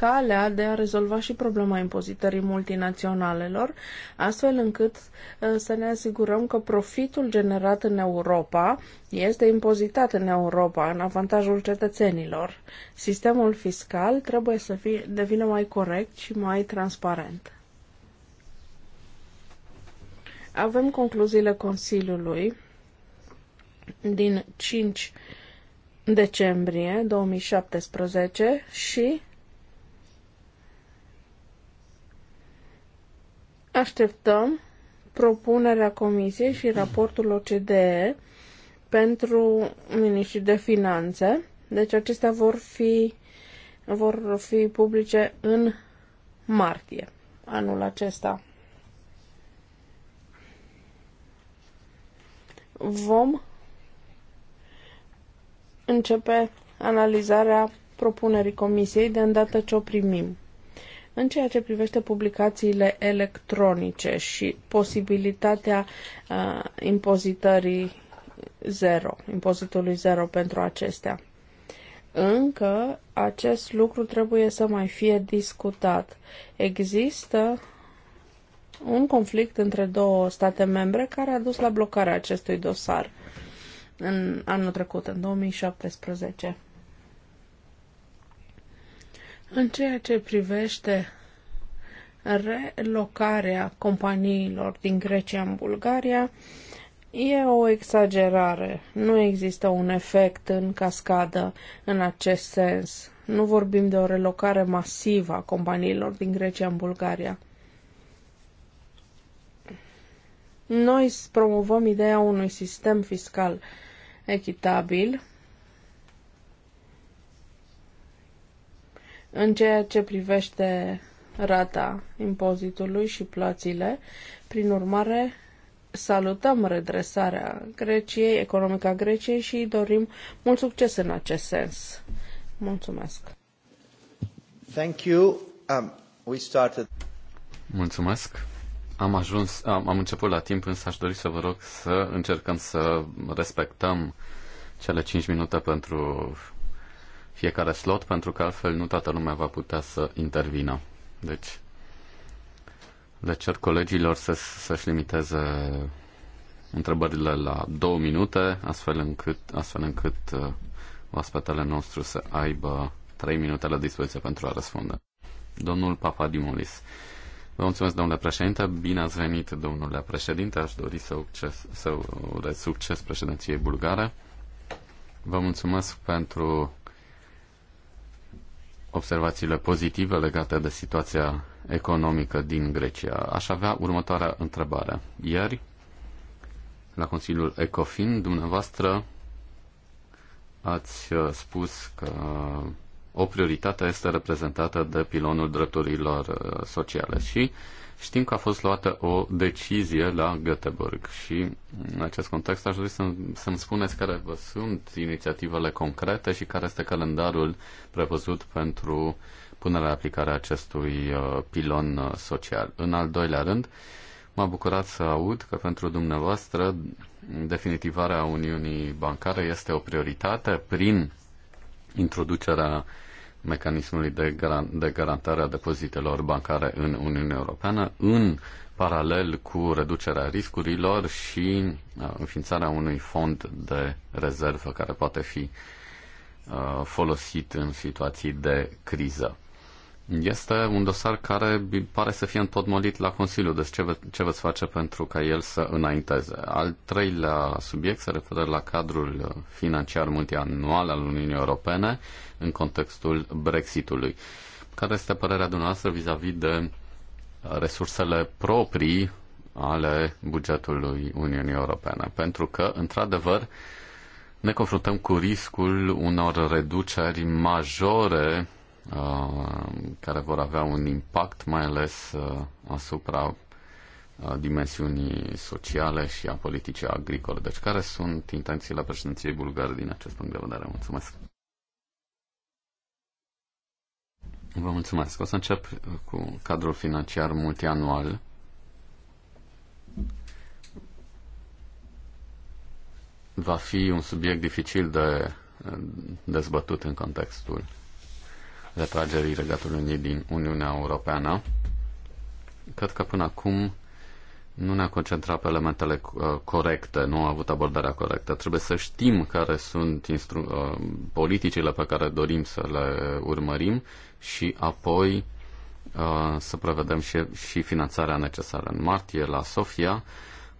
calea de a rezolva și problema impozitării multinaționalelor, astfel încât ă, să ne asigurăm că profitul generat în Europa este impozitat în Europa în avantajul cetățenilor. Sistemul fiscal trebuie să fie, devină mai corect și mai transparent. Avem concluziile Consiliului din 5 decembrie 2017 și Așteptăm propunerea Comisiei și raportul OCDE pentru ministrii de finanțe. Deci acestea vor fi, vor fi publice în martie anul acesta. Vom începe analizarea propunerii Comisiei de îndată ce o primim. În ceea ce privește publicațiile electronice și posibilitatea uh, impozitării zero, impozitului zero pentru acestea. Încă acest lucru trebuie să mai fie discutat. Există un conflict între două state membre care a dus la blocarea acestui dosar în anul trecut, în 2017. În ceea ce privește relocarea companiilor din Grecia în Bulgaria, E o exagerare. Nu există un efect în cascadă în acest sens. Nu vorbim de o relocare masivă a companiilor din Grecia în Bulgaria. Noi promovăm ideea unui sistem fiscal echitabil În ceea ce privește rata impozitului și plățile, prin urmare, salutăm redresarea Greciei, economica Greciei și dorim mult succes în acest sens. Mulțumesc. Thank you. Um, we started... Mulțumesc. Am ajuns, am, am început la timp, însă aș dori să vă rog să încercăm să respectăm cele 5 minute pentru fiecare slot, pentru că altfel nu toată lumea va putea să intervină. Deci, le cer colegilor să, să-și limiteze întrebările la două minute, astfel încât, astfel încât uh, oaspetele nostru să aibă trei minute la dispoziție pentru a răspunde. Domnul Papadimulis. Vă mulțumesc, domnule președinte. Bine ați venit, domnule președinte. Aș dori să, succes, să urez succes președinției bulgare. Vă mulțumesc pentru observațiile pozitive legate de situația economică din Grecia. Aș avea următoarea întrebare. Ieri, la Consiliul ECOFIN, dumneavoastră ați uh, spus că o prioritate este reprezentată de pilonul drepturilor uh, sociale și uh, Știm că a fost luată o decizie la Göteborg și în acest context aș dori să-mi, să-mi spuneți care vă sunt inițiativele concrete și care este calendarul prevăzut pentru punerea în aplicare acestui uh, pilon uh, social. În al doilea rând, m-a bucurat să aud că pentru dumneavoastră definitivarea Uniunii Bancare este o prioritate prin introducerea uh, mecanismului de, garan- de garantare a depozitelor bancare în Uniunea Europeană, în paralel cu reducerea riscurilor și uh, înființarea unui fond de rezervă care poate fi uh, folosit în situații de criză. Este un dosar care pare să fie întotmolit la Consiliu, deci ce, ve- ce veți face pentru ca el să înainteze? Al treilea subiect se referă la cadrul financiar multianual al Uniunii Europene în contextul Brexitului. Care este părerea dumneavoastră vis-a-vis -vis de resursele proprii ale bugetului Uniunii Europene? Pentru că, într-adevăr, ne confruntăm cu riscul unor reduceri majore Uh, care vor avea un impact mai ales uh, asupra uh, dimensiunii sociale și a politicii agricole. Deci care sunt intențiile președinției bulgare din acest punct de vedere? Mulțumesc! Vă mulțumesc. O să încep cu cadrul financiar multianual. Va fi un subiect dificil de dezbătut în contextul retragerii Regatului Unit din Uniunea Europeană. Cred că până acum nu ne-a concentrat pe elementele uh, corecte, nu a avut abordarea corectă. Trebuie să știm care sunt instru- uh, politicile pe care dorim să le urmărim și apoi uh, să prevedem și, și finanțarea necesară. În martie, la Sofia,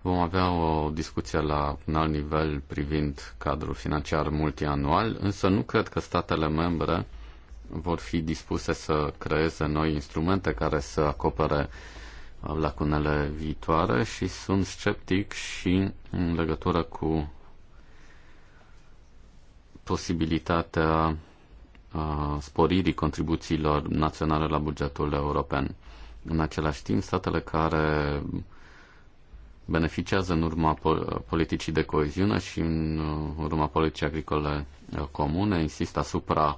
vom avea o discuție la un alt nivel privind cadrul financiar multianual, însă nu cred că statele membre vor fi dispuse să creeze noi instrumente care să acopere uh, lacunele viitoare și sunt sceptic și în legătură cu posibilitatea uh, sporirii contribuțiilor naționale la bugetul european. În același timp, statele care beneficiază în urma politicii de coeziune și în uh, urma politicii agricole comune, insistă asupra uh,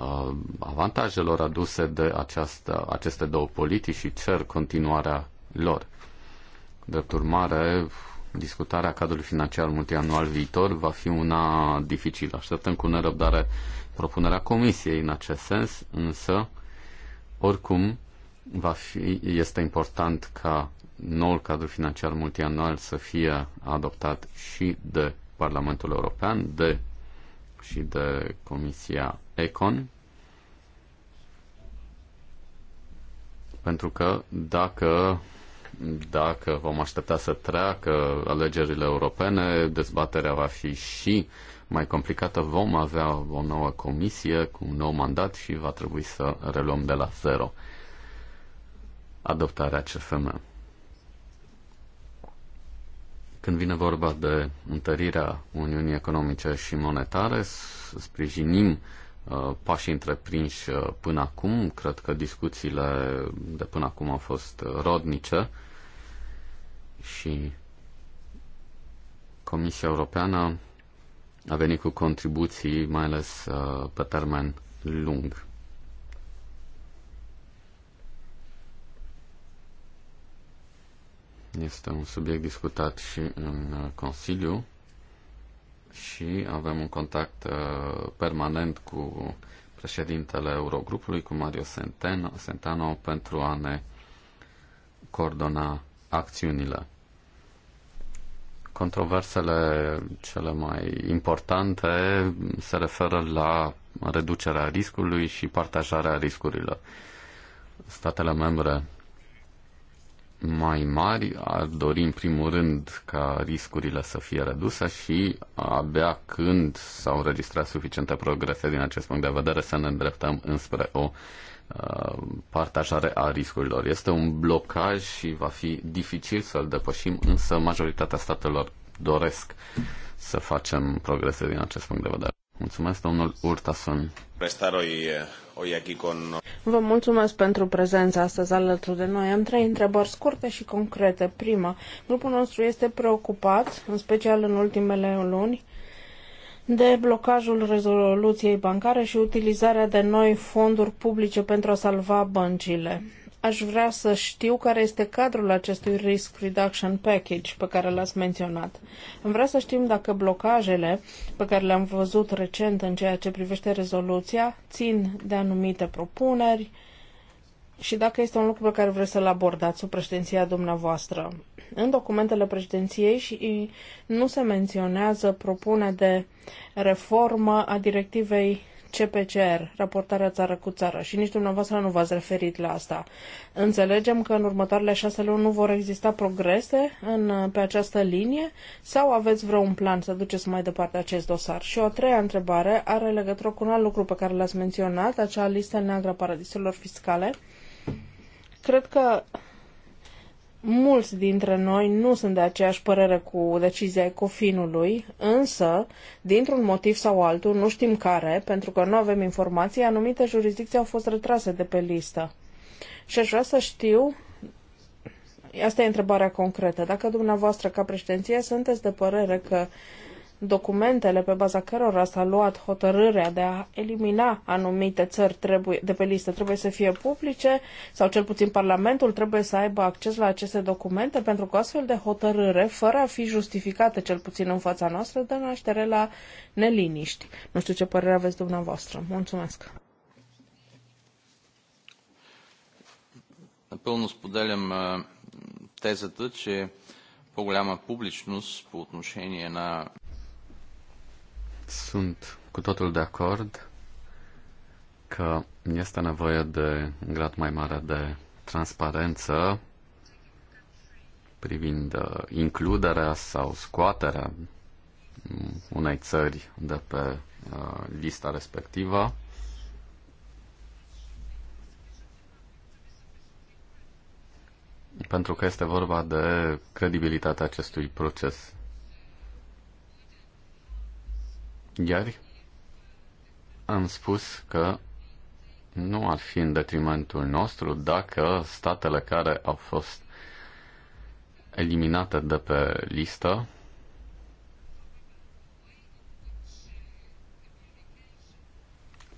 Uh, avantajelor aduse de această, aceste două politici și cer continuarea lor. Drept urmare, discutarea cadrului financiar multianual viitor va fi una dificilă. Așteptăm cu nerăbdare propunerea Comisiei în acest sens, însă, oricum, va fi, este important ca noul cadru financiar multianual să fie adoptat și de Parlamentul European, de și de Comisia Econ, pentru că dacă dacă vom aștepta să treacă alegerile europene, dezbaterea va fi și mai complicată. Vom avea o nouă comisie cu un nou mandat și va trebui să reluăm de la zero adoptarea CFM. Când vine vorba de întărirea Uniunii Economice și Monetare, sprijinim uh, pașii întreprinși uh, până acum. Cred că discuțiile de până acum au fost uh, rodnice și Comisia Europeană a venit cu contribuții, mai ales pe termen lung. Este un subiect discutat și în uh, Consiliu și avem un contact uh, permanent cu președintele Eurogrupului, cu Mario Centeno, pentru a ne coordona acțiunile. Controversele cele mai importante se referă la reducerea riscului și partajarea riscurilor. Statele membre mai mari, ar dori în primul rând ca riscurile să fie reduse și abia când s-au înregistrat suficiente progrese din acest punct de vedere să ne îndreptăm înspre o uh, partajare a riscurilor. Este un blocaj și va fi dificil să-l depășim, însă majoritatea statelor doresc să facem progrese din acest punct de vedere. Mulțumesc, domnul Urtason. prestaroi. Vă mulțumesc pentru prezența astăzi alături de noi. Am trei întrebări scurte și concrete. Prima, grupul nostru este preocupat, în special în ultimele luni, de blocajul rezoluției bancare și utilizarea de noi fonduri publice pentru a salva băncile. Aș vrea să știu care este cadrul acestui Risk Reduction Package pe care l-ați menționat. Îmi vrea să știm dacă blocajele pe care le-am văzut recent în ceea ce privește rezoluția țin de anumite propuneri și dacă este un lucru pe care vreți să-l abordați sub președinția dumneavoastră. În documentele președinției și nu se menționează propune de reformă a directivei CPCR, raportarea țară cu țară, și nici dumneavoastră nu v-ați referit la asta. Înțelegem că în următoarele șase luni nu vor exista progrese în, pe această linie sau aveți vreun plan să duceți mai departe acest dosar? Și o treia întrebare are legătură cu un alt lucru pe care l-ați menționat, acea listă neagră a paradiselor fiscale. Cred că Mulți dintre noi nu sunt de aceeași părere cu decizia Ecofinului, însă, dintr-un motiv sau altul, nu știm care, pentru că nu avem informații, anumite jurisdicții au fost retrase de pe listă. Și aș vrea să știu, asta e întrebarea concretă, dacă dumneavoastră ca președinție sunteți de părere că uh, documentele pe baza cărora s-a luat hotărârea de a elimina anumite țări trebuie, de pe listă trebuie să fie publice sau cel puțin Parlamentul trebuie să aibă acces la aceste documente pentru că astfel de hotărâre, fără a fi justificată cel puțin în fața noastră, dă naștere la neliniști. Nu știu ce părere aveți dumneavoastră. Mulțumesc! Напълно споделям тезата, че по-голяма публичност по отношение на sunt cu totul de acord că este nevoie de un grad mai mare de transparență privind uh, includerea sau scoaterea unei țări de pe uh, lista respectivă. Pentru că este vorba de credibilitatea acestui proces Iar am spus că nu ar fi în detrimentul nostru dacă statele care au fost eliminate de pe listă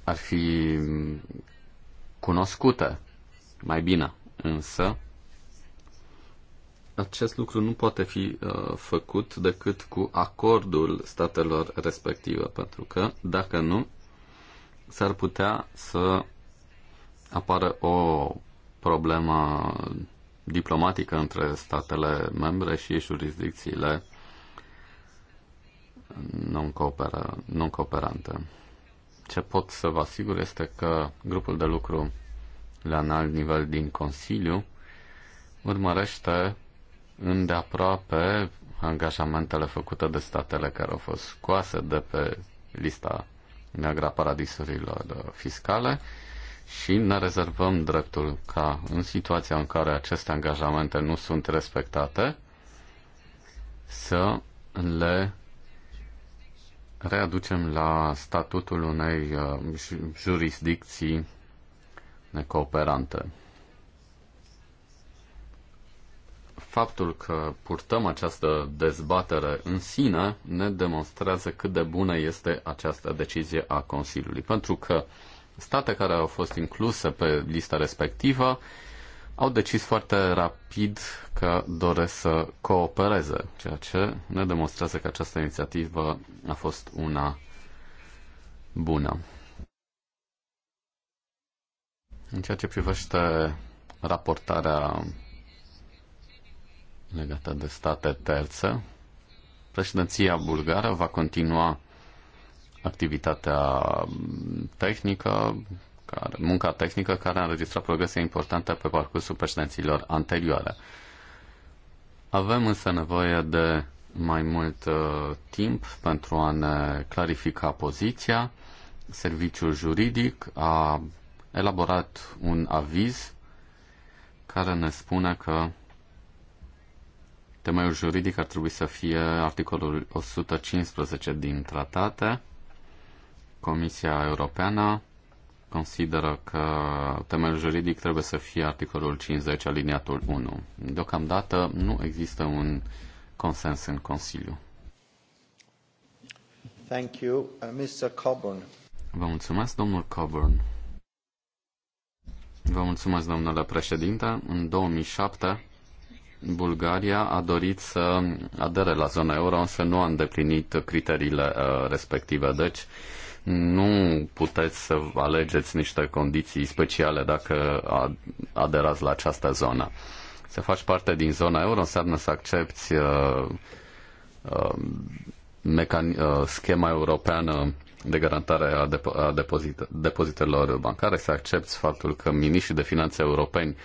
ar fi cunoscute mai bine, însă acest lucru nu poate fi uh, făcut decât cu acordul statelor respective, pentru că, dacă nu, s-ar putea să apară o problemă diplomatică între statele membre și jurisdicțiile non-cooperante. Ce pot să vă asigur este că grupul de lucru la înalt nivel din Consiliu urmărește îndeaproape angajamentele făcute de statele care au fost scoase de pe lista neagra paradisurilor uh, fiscale și ne rezervăm dreptul ca în situația în care aceste angajamente nu sunt respectate să le readucem la statutul unei uh, jurisdicții necooperante. faptul că purtăm această dezbatere în sine ne demonstrează cât de bună este această decizie a Consiliului. Pentru că state care au fost incluse pe lista respectivă au decis foarte rapid că doresc să coopereze, ceea ce ne demonstrează că această inițiativă a fost una bună. În ceea ce privește raportarea legată de state terțe. Președinția bulgară va continua activitatea tehnică, care, munca tehnică care a înregistrat progrese importante pe parcursul președinților anterioare. Avem însă nevoie de mai mult uh, timp pentru a ne clarifica poziția. Serviciul juridic a elaborat un aviz care ne spune că Temeiul juridic ar trebui să fie articolul 115 din tratate. Comisia Europeană consideră că temeiul juridic trebuie să fie articolul 50 aliniatul 1. Deocamdată nu există un consens în Consiliu. Thank you. Uh, Mr. Coburn. Vă mulțumesc, domnul Coburn. Vă mulțumesc, domnule președinte. În 2007, Bulgaria a dorit să adere la zona euro, însă nu a îndeplinit criteriile uh, respective. Deci, nu puteți să alegeți niște condiții speciale dacă aderați la această zonă. Să faci parte din zona euro înseamnă să accepti uh, uh, mecan- uh, schema europeană de garantare a, depo- a depozit- depozitelor bancare, să accepti faptul că miniștrii de finanțe europeni uh,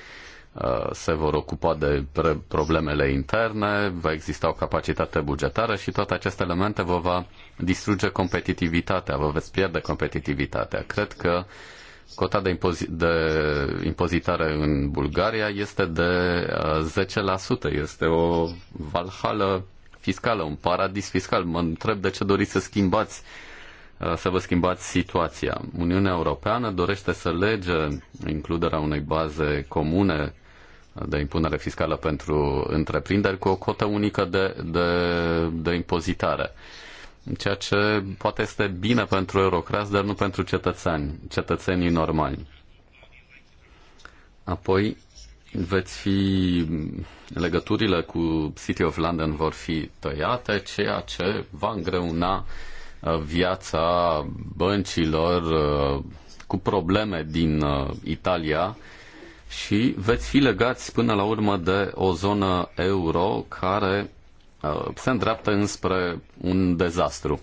Uh, se vor ocupa de problemele interne, va exista o capacitate bugetară și toate aceste elemente vă va distruge competitivitatea, vă veți pierde competitivitatea. Cred că cota de, impozi- de impozitare în Bulgaria este de 10%, uh, este o valhală fiscală, un paradis fiscal. Mă întreb de ce doriți să schimbați uh, să vă schimbați situația. Uniunea Europeană dorește să lege includerea unei baze comune de impunere fiscală pentru întreprinderi cu o cotă unică de, de, de impozitare. Ceea ce poate este bine pentru eurocrați, dar nu pentru cetățeni, cetățenii normali. Apoi veți fi legăturile cu City of London vor fi tăiate, ceea ce va îngreuna uh, viața băncilor uh, cu probleme din uh, Italia și veți fi legați până la urmă de o zonă euro care uh, se îndreaptă înspre un dezastru.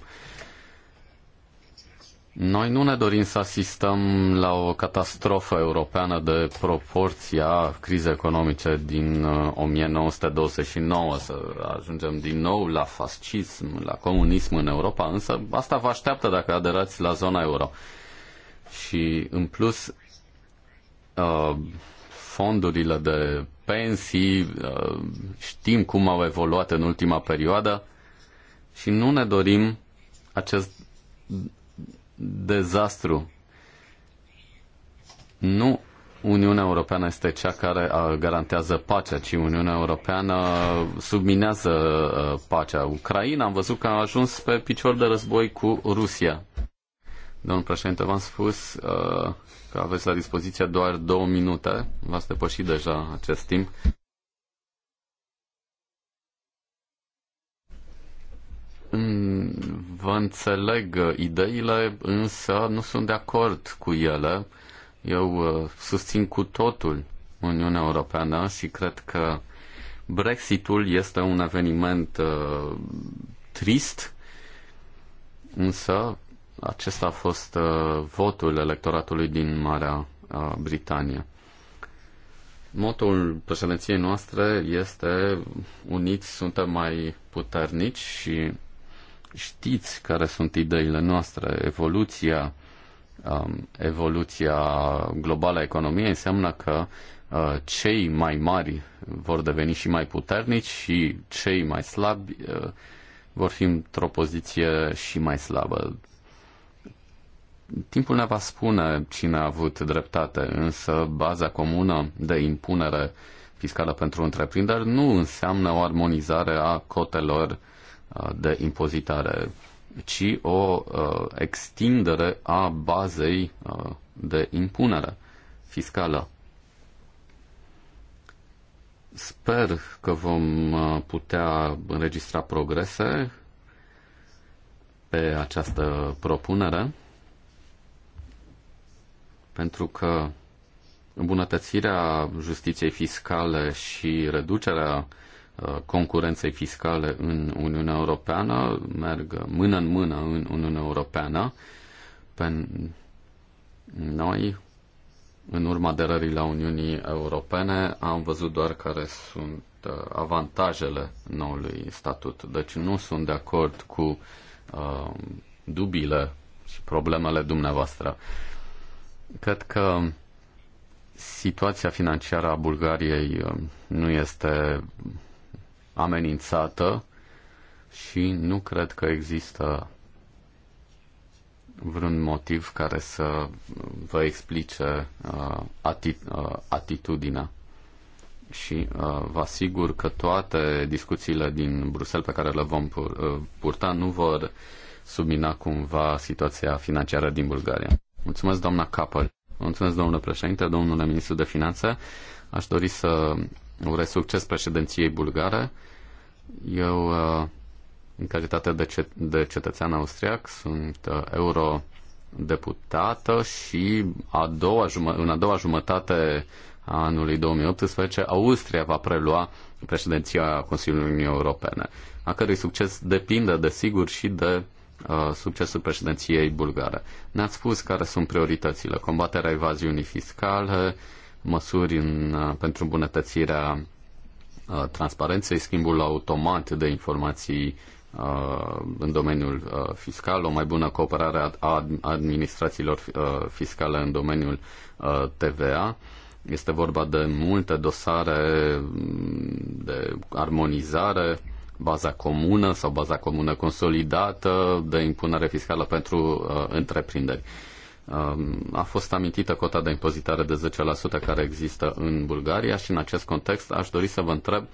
Noi nu ne dorim să asistăm la o catastrofă europeană de proporția crizei economice din 1929, uh, să ajungem din nou la fascism, la comunism în Europa, însă asta vă așteaptă dacă aderați la zona euro. Și în plus, uh, fondurile de pensii, uh, știm cum au evoluat în ultima perioadă și nu ne dorim acest dezastru. Nu Uniunea Europeană este cea care uh, garantează pacea, ci Uniunea Europeană subminează uh, pacea. Ucraina am văzut că a ajuns pe picior de război cu Rusia. Domnul președinte, v-am spus, că aveți la dispoziție doar două minute. V-ați depășit deja acest timp. Mm, vă înțeleg ideile, însă nu sunt de acord cu ele. Eu uh, susțin cu totul Uniunea Europeană și cred că Brexitul este un eveniment uh, trist, însă acesta a fost uh, votul electoratului din Marea uh, Britanie. Motul președinției noastre este uniți suntem mai puternici și știți care sunt ideile noastre. Evoluția, um, evoluția globală a economiei înseamnă că uh, cei mai mari vor deveni și mai puternici și cei mai slabi vor fi într-o poziție și mai slabă. Timpul ne va spune cine a avut dreptate, însă baza comună de impunere fiscală pentru întreprinderi nu înseamnă o armonizare a cotelor uh, de impozitare, ci o uh, extindere a bazei uh, de impunere fiscală. Sper că vom putea înregistra progrese pe această propunere pentru că îmbunătățirea justiției fiscale și reducerea uh, concurenței fiscale în Uniunea Europeană merg mână în mână în Uniunea Europeană. Pe noi, în urma aderării la Uniunii Europene, am văzut doar care sunt uh, avantajele noului statut. Deci nu sunt de acord cu uh, dubile și problemele dumneavoastră. Uh, Cred că situația financiară a Bulgariei um, nu este amenințată și nu cred că există vreun motiv care să vă explice uh, ati- uh, atitudinea. Și uh, vă asigur că toate discuțiile din Bruxelles pe care le vom pur- uh, purta nu vor submina cumva situația financiară din Bulgaria. Mulțumesc, doamna Capăl. Mulțumesc, domnule președinte, domnule ministru de finanțe. Aș dori să urez succes președinției bulgare. Eu, uh, în calitate de, cet- de cetățean austriac, sunt uh, eurodeputată și a doua jumă- în a doua jumătate a anului 2018, Austria va prelua președinția Consiliului Uniunii Europene, a cărui succes depinde, desigur, și de Uh, succesul președinției bulgare. Ne-ați spus care sunt prioritățile. Combaterea evaziunii fiscale, măsuri în, uh, pentru îmbunătățirea uh, transparenței, schimbul automat de informații în domeniul fiscal, o mai bună cooperare a administrațiilor fiscale în domeniul TVA. Este vorba de multe dosare mm, de armonizare baza comună sau baza comună consolidată de impunere fiscală pentru uh, întreprinderi. Um, a fost amintită cota de impozitare de 10% care există în Bulgaria și în acest context aș dori să vă întreb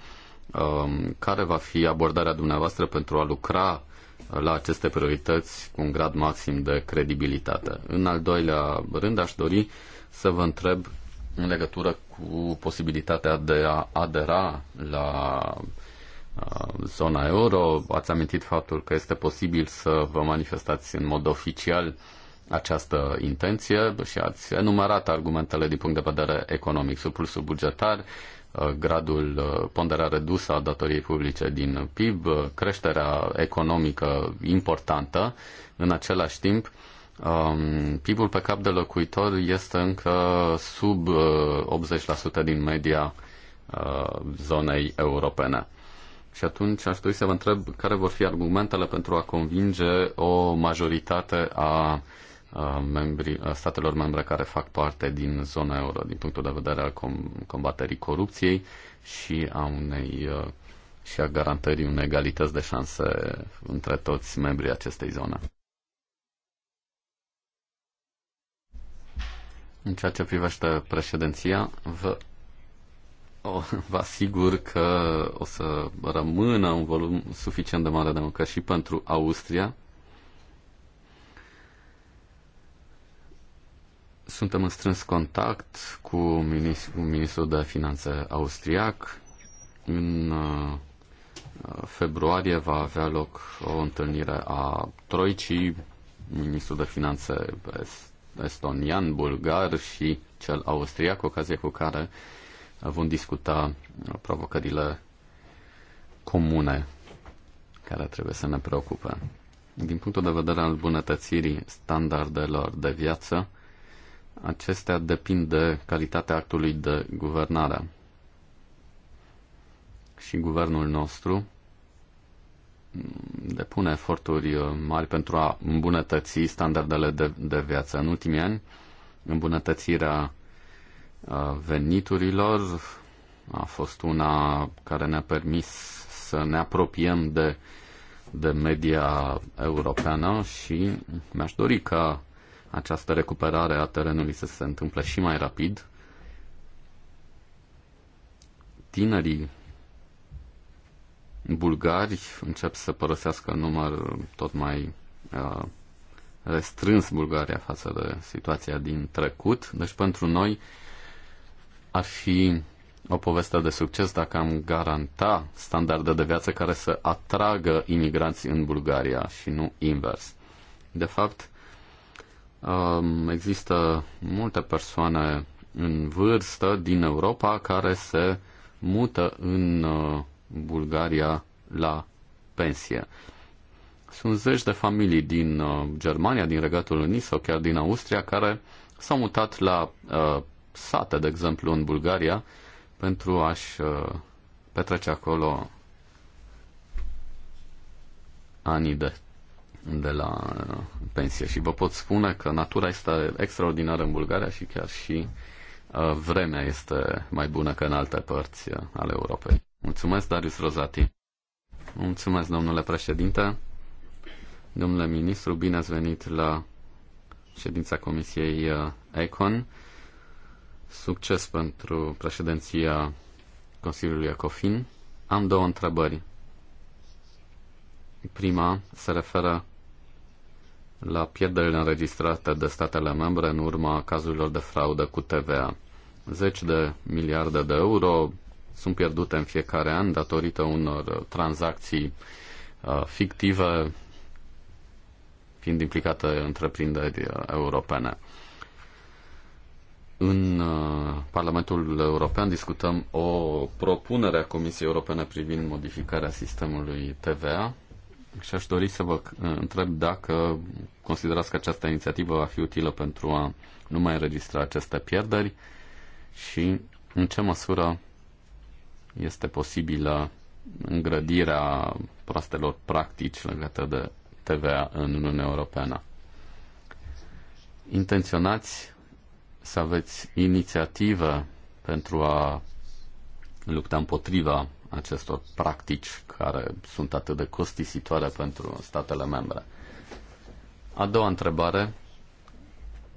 um, care va fi abordarea dumneavoastră pentru a lucra la aceste priorități cu un grad maxim de credibilitate. În al doilea rând aș dori să vă întreb în legătură cu posibilitatea de a adera la Uh, zona euro. Ați amintit faptul că este posibil să vă manifestați în mod oficial această intenție și ați enumerat argumentele din punct de vedere economic, surplusul bugetar, uh, gradul, uh, ponderea redusă a datoriei publice din PIB, creșterea economică importantă. În același timp, um, PIB-ul pe cap de locuitor este încă sub 80% din media zonei europene. Și atunci aș dori să vă întreb care vor fi argumentele pentru a convinge o majoritate a membrii, statelor membre care fac parte din zona euro din punctul de vedere al com- combaterii corupției și a unei și a garantării unei egalități de șanse între toți membrii acestei zone. În ceea ce privește președinția, vă o, vă asigur că o să rămână un volum suficient de mare de muncă și pentru Austria. Suntem în strâns contact cu ministrul, ministru de finanțe austriac. În uh, februarie va avea loc o întâlnire a Troicii, ministrul de finanțe estonian, bulgar și cel austriac, ocazie cu care uh, vom discuta provocările comune care trebuie să ne preocupe. Din punctul de vedere al bunătățirii standardelor de viață, acestea depind de calitatea actului de guvernare. Și guvernul nostru depune eforturi mari pentru a îmbunătăți standardele de, de viață. În ultimii ani, îmbunătățirea veniturilor a fost una care ne-a permis să ne apropiem de, de media europeană și mi-aș dori ca această recuperare a terenului să se întâmple și mai rapid. Tinerii bulgari încep să părăsească număr tot mai uh, restrâns Bulgaria față de situația din trecut. Deci pentru noi ar fi o poveste de succes dacă am garanta standarde de viață care să atragă imigranți în Bulgaria și nu invers. De fapt, um, există multe persoane în vârstă din Europa care se mută în uh, Bulgaria la pensie. Sunt zeci de familii din uh, Germania, din Regatul Unit sau chiar din Austria care s-au mutat la uh, sate, de exemplu, în Bulgaria, pentru a-și uh, petrece acolo anii de, de la uh, pensie. Și vă pot spune că natura este extraordinară în Bulgaria și chiar și uh, vremea este mai bună ca în alte părți ale Europei. Mulțumesc, Darius Rozati. Mulțumesc, domnule președinte. Domnule ministru, bine ați venit la ședința Comisiei ECON. Succes pentru președinția Consiliului Ecofin. Am două întrebări. Prima se referă la pierderile înregistrate de statele membre în urma cazurilor de fraudă cu TVA. Zeci de miliarde de euro sunt pierdute în fiecare an datorită unor tranzacții uh, fictive fiind implicate întreprinderi uh, europene în uh, Parlamentul European discutăm o propunere a Comisiei Europene privind modificarea sistemului TVA și aș dori să vă uh, întreb dacă considerați că această inițiativă va fi utilă pentru a nu mai înregistra aceste pierderi și în ce măsură este posibilă îngrădirea proastelor practici legate de TVA în Uniunea Europeană. Intenționați să aveți inițiative pentru a lupta împotriva acestor practici care sunt atât de costisitoare pentru statele membre. A doua întrebare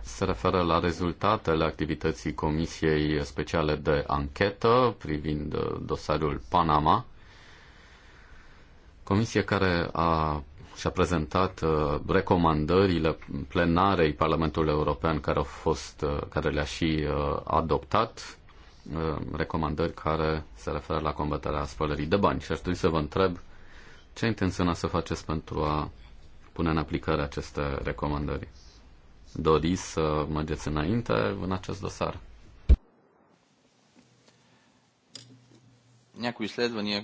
se referă la rezultatele activității Comisiei Speciale de Anchetă privind dosarul Panama, comisie care a și-a prezentat uh, recomandările plenarei Parlamentului European care au fost, uh, care le-a și uh, adoptat, uh, recomandări care se referă la combaterea spălării de bani. Și aș trebui să vă întreb ce intenționa să faceți pentru a pune în aplicare aceste recomandări. Doriți să mergeți înainte în acest dosar? Някои изследвания,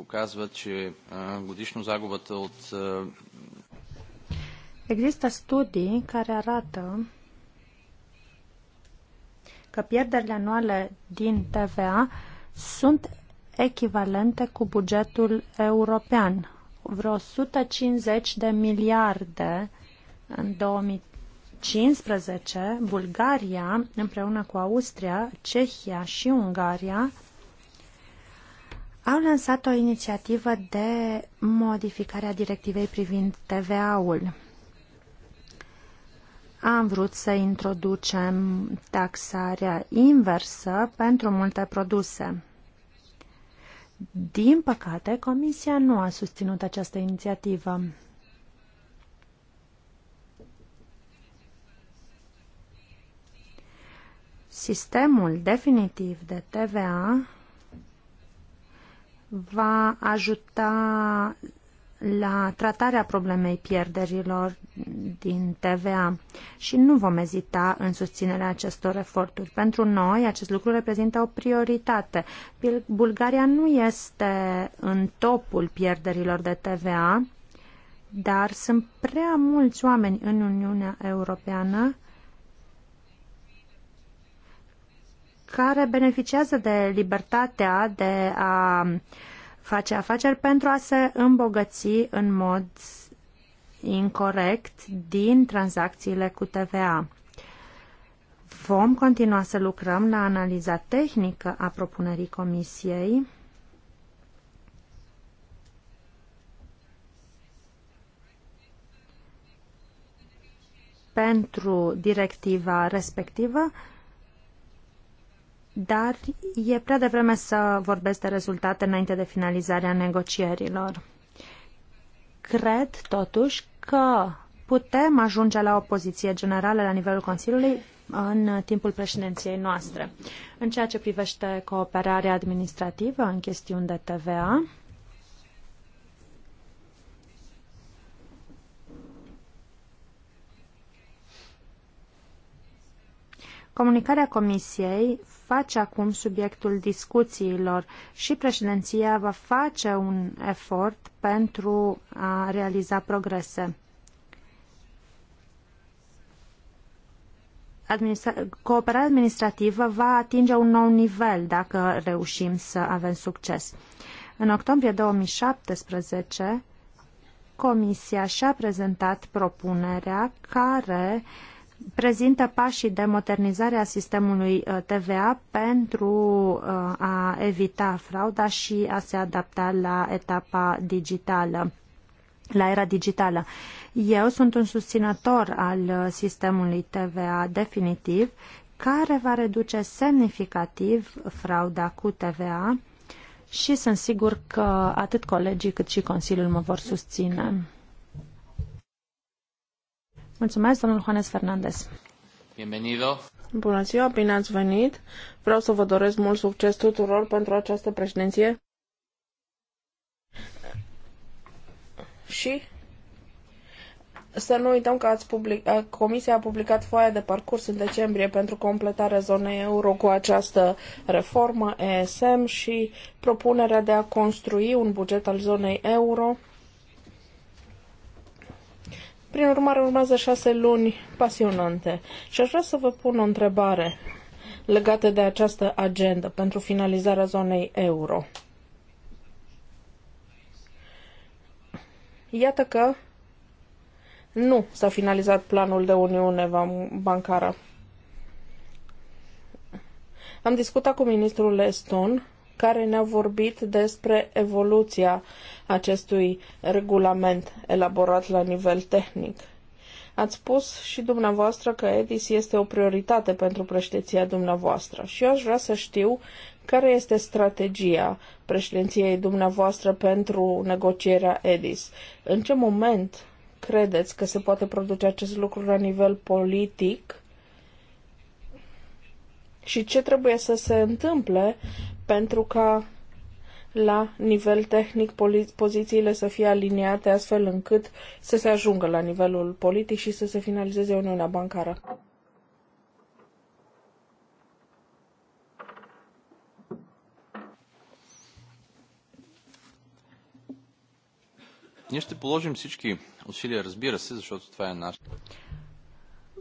показва, че годишно загубата от... Există studii care arată că pierderile anuale din TVA sunt echivalente cu bugetul european, vreo 150 de miliarde în 2015, Bulgaria, împreună cu Austria, Cehia și Ungaria, au lansat o inițiativă de modificare a directivei privind TVA-ul. Am vrut să introducem taxarea inversă pentru multe produse. Din păcate, Comisia nu a susținut această inițiativă. Sistemul definitiv de TVA va ajuta la tratarea problemei pierderilor din TVA și nu vom ezita în susținerea acestor eforturi. Pentru noi, acest lucru reprezintă o prioritate. Bulgaria nu este în topul pierderilor de TVA, dar sunt prea mulți oameni în Uniunea Europeană care beneficiază de libertatea de a face afaceri pentru a se îmbogăți în mod incorrect din tranzacțiile cu TVA. Vom continua să lucrăm la analiza tehnică a propunerii Comisiei. pentru directiva respectivă dar e prea devreme să vorbesc de rezultate înainte de finalizarea negocierilor. Cred, totuși, că putem ajunge la o poziție generală la nivelul Consiliului în timpul președinției noastre. În ceea ce privește cooperarea administrativă în chestiuni de TVA, Comunicarea Comisiei face acum subiectul discuțiilor și președinția va face un efort pentru a realiza progrese. Administra- cooperarea administrativă va atinge un nou nivel dacă reușim să avem succes. În octombrie 2017, Comisia și-a prezentat propunerea care uh, prezintă pașii de modernizare a sistemului uh, TVA pentru uh, a evita frauda și a se adapta la etapa digitală, la era digitală. Eu sunt un susținător al uh, sistemului TVA definitiv, care va reduce semnificativ frauda cu TVA și sunt sigur că atât colegii cât și Consiliul mă vor susține. Mulțumesc, domnul Juanes Fernandez. Bienvenido. Bună ziua, bine ați venit. Vreau să vă doresc mult succes tuturor pentru această președinție. Și să nu uităm că ați public... Comisia a publicat foaia de parcurs în decembrie pentru completarea zonei euro cu această reformă ESM și propunerea de a construi un buget al zonei euro prin urmare, urmează șase luni pasionante. Și aș vrea să vă pun o întrebare legată de această agendă pentru finalizarea zonei euro. Iată că nu s-a finalizat planul de Uniune Bancară. Am discutat cu ministrul Eston care ne-a vorbit despre evoluția acestui regulament elaborat la nivel tehnic. Ați spus și dumneavoastră că EDIS este o prioritate pentru președinția dumneavoastră și eu aș vrea să știu care este strategia președinției dumneavoastră pentru negocierea EDIS. În ce moment credeți că se poate produce acest lucru la nivel politic și ce trebuie să se întâmple pentru ca la nivel tehnic pozițiile să fie aliniate astfel încât să se ajungă la nivelul politic și să se finalizeze Uniunea Bancară. Ние ще положим всички усилия, разбира се, защото това е наш.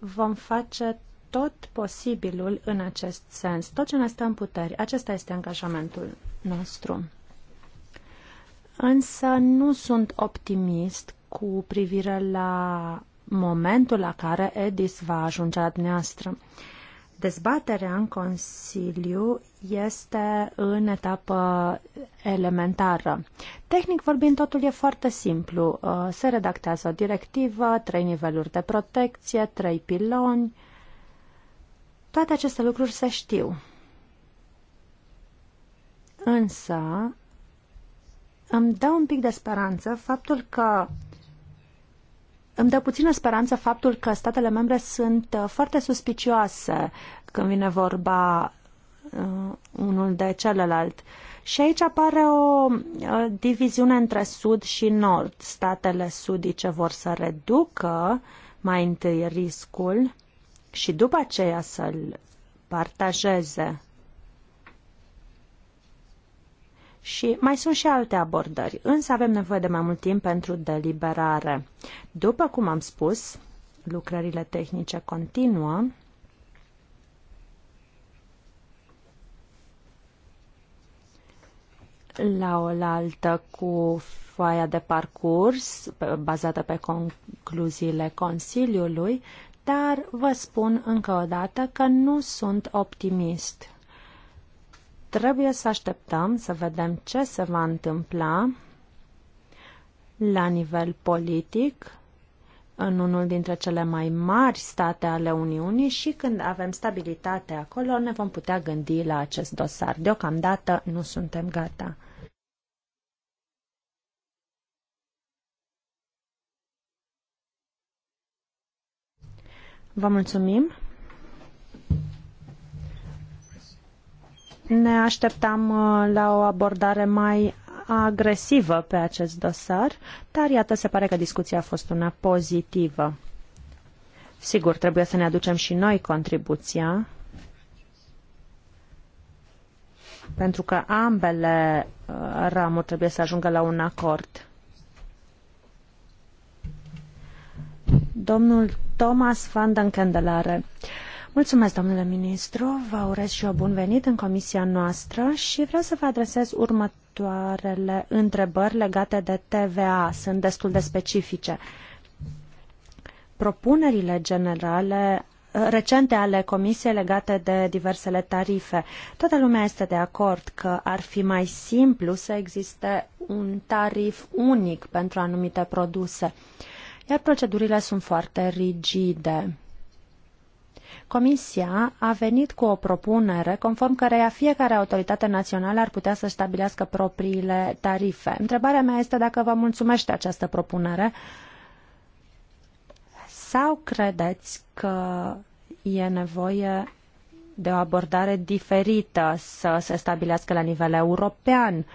Vom face tot posibilul în acest sens, tot ce ne stă în puteri. Acesta este angajamentul nostru. Însă nu sunt optimist cu privire la momentul la care Edis va ajunge la dumneavoastră. Dezbaterea în Consiliu este în etapă elementară. Tehnic vorbind, totul e foarte simplu. Uh, se redactează o directivă, trei niveluri de protecție, trei piloni, toate aceste lucruri se știu. Însă, îmi dă un pic de speranță faptul că îmi dă puțină speranță faptul că statele membre sunt uh, foarte suspicioase când vine vorba uh, unul de celălalt. Și aici apare o uh, diviziune între sud și nord. Statele sudice vor să reducă mai întâi riscul și după aceea să-l partajeze. Și mai sunt și alte abordări, însă avem nevoie de mai mult timp pentru deliberare. După cum am spus, lucrările tehnice continuă. la oaltă cu foaia de parcurs bazată pe concluziile Consiliului dar vă spun încă o dată că nu sunt optimist. Trebuie să așteptăm să vedem ce se va întâmpla la nivel politic în unul dintre cele mai mari state ale Uniunii și când avem stabilitate acolo ne vom putea gândi la acest dosar. Deocamdată nu suntem gata. Vă mulțumim. Ne așteptam uh, la o abordare mai agresivă pe acest dosar, dar iată, se pare că discuția a fost una pozitivă. Sigur, trebuie să ne aducem și noi contribuția, pentru că ambele uh, ramuri trebuie să ajungă la un acord. Domnul Thomas van den Kendelare. Mulțumesc, domnule ministru, vă urez și eu bun venit în comisia noastră și vreau să vă adresez următoarele întrebări legate de TVA. Sunt destul de specifice. Propunerile generale recente ale Comisiei legate de diversele tarife. Toată lumea este de acord că ar fi mai simplu să existe un tarif unic pentru anumite produse. Uh, iar procedurile sunt foarte rigide. Comisia a venit cu o propunere conform căreia fiecare autoritate națională ar putea să stabilească propriile tarife. Întrebarea mea este dacă vă mulțumește această propunere sau credeți că e nevoie de o abordare diferită să se stabilească la nivel european?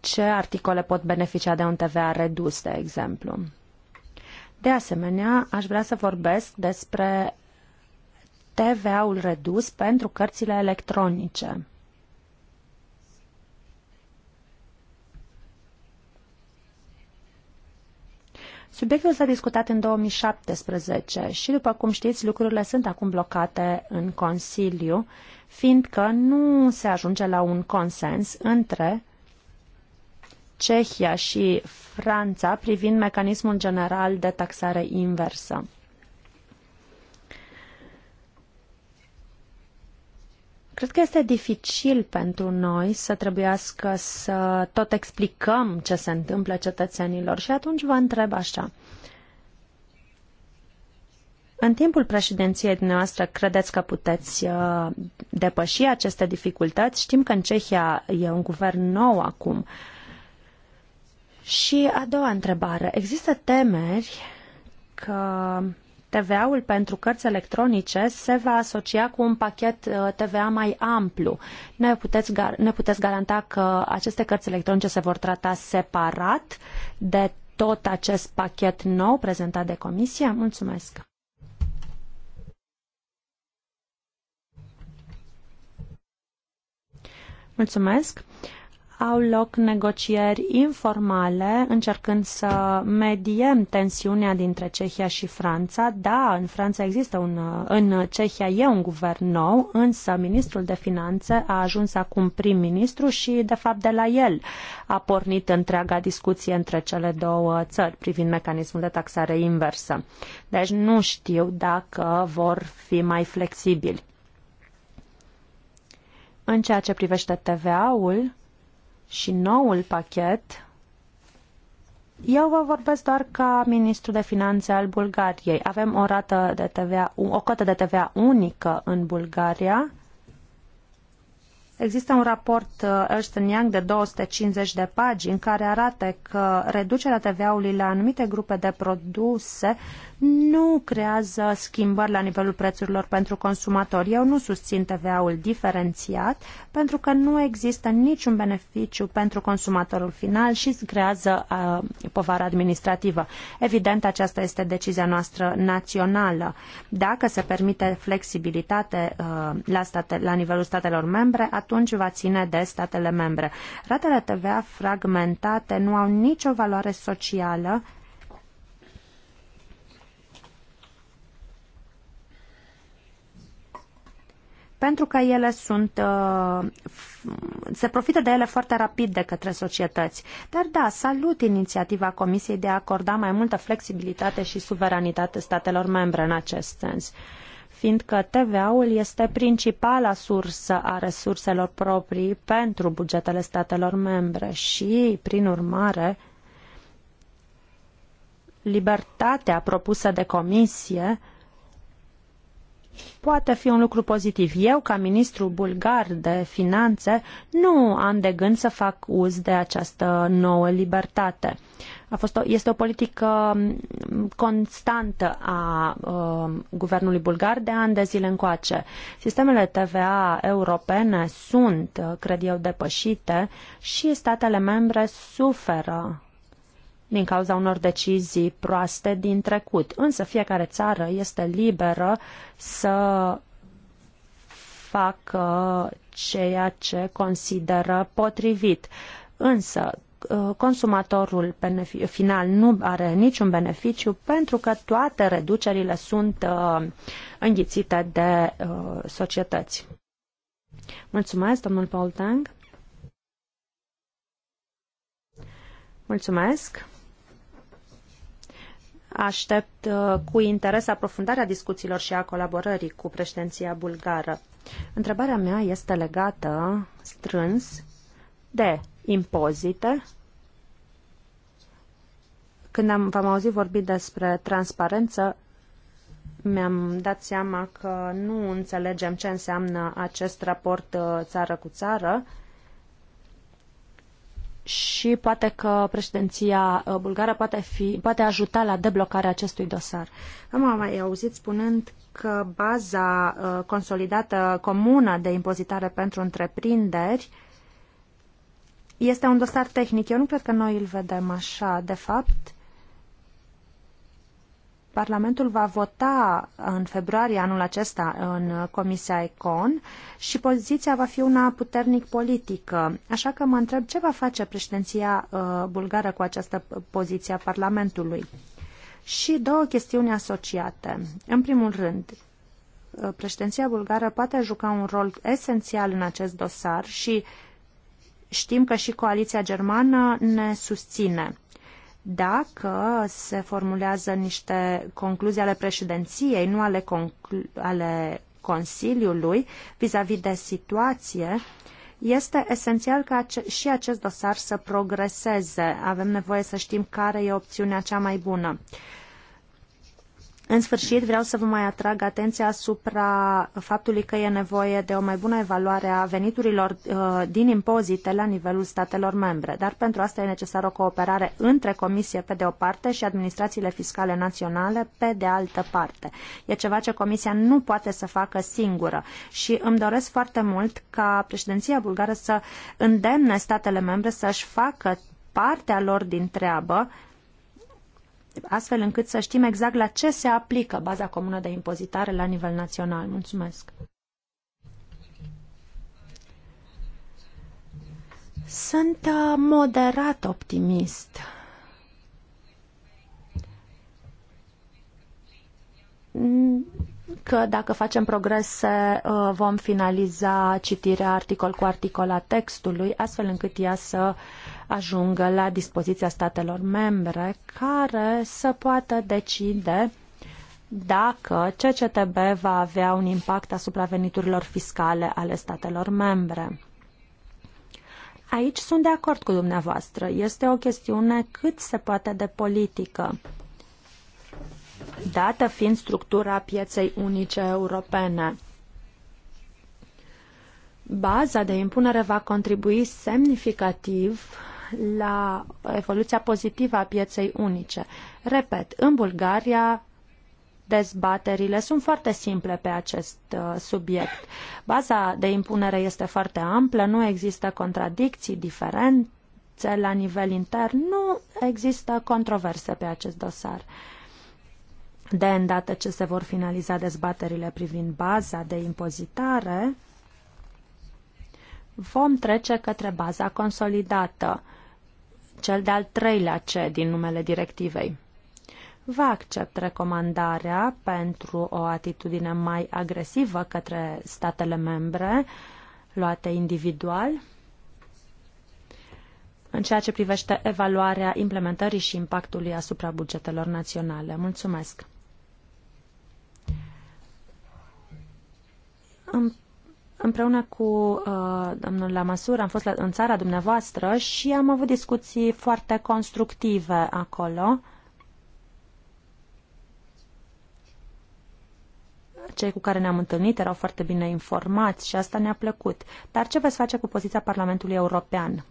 Ce articole pot beneficia de un TVA redus, de exemplu? De asemenea, aș vrea să vorbesc despre TVA-ul redus pentru cărțile electronice. Subiectul s-a discutat în 2017 și, după cum știți, lucrurile sunt acum blocate în Consiliu, fiindcă nu se ajunge la un consens între Cehia și Franța privind mecanismul general de taxare inversă. Cred că este dificil pentru noi să trebuiască să tot explicăm ce se întâmplă cetățenilor și atunci vă întreb așa. În timpul președinției dumneavoastră credeți că puteți uh, depăși aceste dificultăți? Știm că în Cehia e un guvern nou acum. Uh, și a doua întrebare. Există temeri că TVA-ul pentru cărți electronice se va asocia cu un pachet uh, TVA mai amplu. Ne puteți, ne puteți garanta că aceste cărți electronice se vor trata separat de tot acest pachet nou prezentat de Comisie? Mulțumesc! Mulțumesc! au loc negocieri informale încercând să mediem tensiunea dintre Cehia și Franța. Da, în Franța există un, în Cehia e un guvern nou, însă ministrul de finanțe a ajuns acum prim-ministru și de fapt de la el a pornit întreaga discuție între cele două țări privind mecanismul de taxare inversă. Deci nu știu dacă vor fi mai flexibili. În ceea ce privește TVA-ul, și noul pachet, eu vă vorbesc doar ca ministru de finanțe al Bulgariei. Avem o rată de TVA, o cotă de TVA unică în Bulgaria. Există un raport uh, Ernst Young de 250 de pagini care arată că reducerea TVA-ului la anumite grupe de produse nu creează schimbări la nivelul prețurilor pentru consumatori. Eu nu susțin TVA-ul diferențiat pentru că nu există niciun beneficiu pentru consumatorul final și creează uh, povară administrativă. Evident, aceasta este decizia noastră națională. Dacă se permite flexibilitate uh, la, state, la nivelul statelor membre, atunci va ține de statele membre. Ratele TVA fragmentate nu au nicio valoare socială pentru că ele sunt, uh, se profită de ele foarte rapid de către societăți. Dar da, salut inițiativa Comisiei de a acorda mai multă flexibilitate și suveranitate statelor membre în acest sens fiindcă TVA-ul este principala sursă a resurselor proprii pentru bugetele statelor membre și, prin urmare, libertatea propusă de comisie poate fi un lucru pozitiv. Eu, ca ministru bulgar de finanțe, nu am de gând să fac uz de această nouă libertate. A fost o, este o politică um, constantă a uh, guvernului bulgar de ani de zile încoace. Sistemele TVA europene sunt, uh, cred eu, depășite și statele membre suferă din cauza unor decizii proaste din trecut. Însă fiecare țară este liberă să facă ceea ce consideră potrivit. Însă uh, consumatorul final nu are niciun beneficiu pentru că toate reducerile sunt uh, înghițite de uh, societăți. Mulțumesc, domnul Paul Tang. Mulțumesc. Aștept uh, cu interes aprofundarea discuțiilor și a colaborării cu președinția bulgară. Întrebarea mea este legată strâns de impozite. Când am, v-am auzit vorbit despre transparență, mi-am dat seama că nu înțelegem ce înseamnă acest raport uh, țară cu țară și poate că președinția uh, bulgară poate, fi, poate ajuta la deblocarea acestui dosar. Am mai auzit spunând că baza uh, consolidată comună de impozitare pentru întreprinderi este un dosar tehnic. Eu nu cred că noi îl vedem așa. De fapt, Parlamentul va vota în februarie anul acesta în Comisia Econ și poziția va fi una puternic politică. Așa că mă întreb ce va face președinția uh, bulgară cu această poziție a Parlamentului. Și două chestiuni asociate. În primul rând, uh, președinția bulgară poate juca un rol esențial în acest dosar și știm că și coaliția germană ne susține dacă se formulează niște concluzii ale președinției, nu ale, ale Consiliului, vis-a-vis -vis de situație, este esențial ca ace- și acest dosar să progreseze. Avem nevoie să știm care e opțiunea cea mai bună. Uh, în sfârșit, vreau să vă mai atrag atenția asupra faptului că e nevoie de o mai bună evaluare a veniturilor uh, din impozite la nivelul statelor membre, dar pentru asta e necesară o cooperare între Comisie pe de o parte și administrațiile fiscale naționale pe de altă parte. E ceva ce Comisia nu poate să facă singură și îmi doresc foarte mult ca președinția bulgară să îndemne statele membre să-și facă partea lor din treabă astfel încât să știm exact la ce se aplică baza comună de impozitare la nivel național. Mulțumesc! Sunt uh, moderat optimist că dacă facem progrese uh, vom finaliza citirea articol cu articol a textului, astfel încât ea să ajungă la dispoziția statelor membre care să poată decide dacă CCTB va avea un impact asupra veniturilor fiscale ale statelor membre. Aici sunt de acord cu dumneavoastră. Este o chestiune cât se poate de politică dată fiind structura pieței unice europene. Baza de impunere va contribui semnificativ la evoluția pozitivă a pieței unice. Repet, în Bulgaria dezbaterile sunt foarte simple pe acest uh, subiect. Baza de impunere este foarte amplă, nu există contradicții, diferențe la nivel intern, nu există controverse pe acest dosar. Uh, de îndată ce se vor finaliza dezbaterile privind baza de impozitare, vom trece către baza consolidată, cel de-al treilea C din numele directivei. Vă accept recomandarea pentru o atitudine mai agresivă către statele membre luate individual în ceea ce privește evaluarea implementării și impactului asupra bugetelor naționale. Mulțumesc! împreună cu uh, domnul Lamasur am fost la, în țara dumneavoastră și am avut discuții foarte constructive acolo. Cei cu care ne-am întâlnit erau foarte bine informați și asta ne-a plăcut. Dar ce veți face cu poziția Parlamentului European?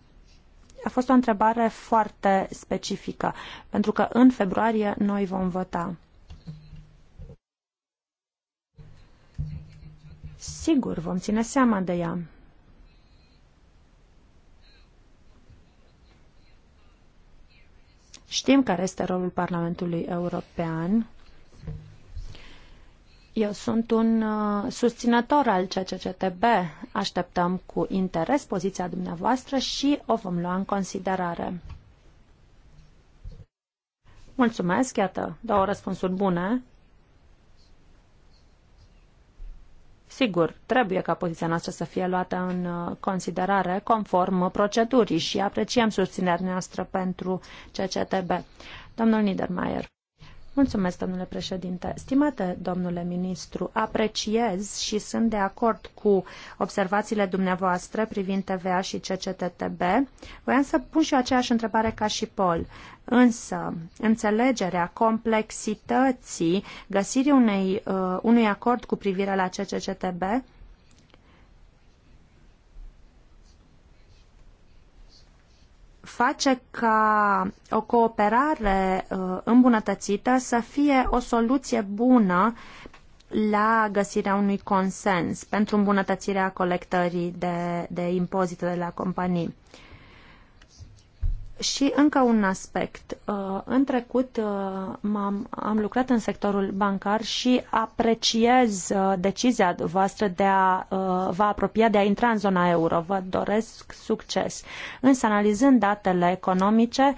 A fost o întrebare foarte specifică, pentru că în februarie noi vom vota. Sigur, vom ține seama de ea. Știm care este rolul Parlamentului European. Eu sunt un uh, susținător al CCCTB. Așteptăm cu interes poziția dumneavoastră și o vom lua în considerare. Mulțumesc, iată, două răspunsuri bune. Sigur, trebuie ca poziția noastră să fie luată în uh, considerare conform procedurii și apreciem susținerea noastră pentru CCTB. Domnul Niedermayer. Mulțumesc, domnule președinte. Stimate domnule ministru, apreciez și sunt de acord cu observațiile dumneavoastră privind TVA și CCTTB. Voiam să pun și aceeași întrebare ca și Paul. Însă, înțelegerea complexității găsirii unei, uh, unui acord cu privire la CCCTB face ca o cooperare uh, îmbunătățită să fie o soluție bună la găsirea unui consens pentru îmbunătățirea colectării de, de impozite de la companii. Uh, și încă un aspect. Uh, în trecut uh, am am lucrat în sectorul bancar și apreciez uh, decizia voastră de a vă apropia, de a intra în zona euro. Vă doresc succes. Însă, analizând datele economice,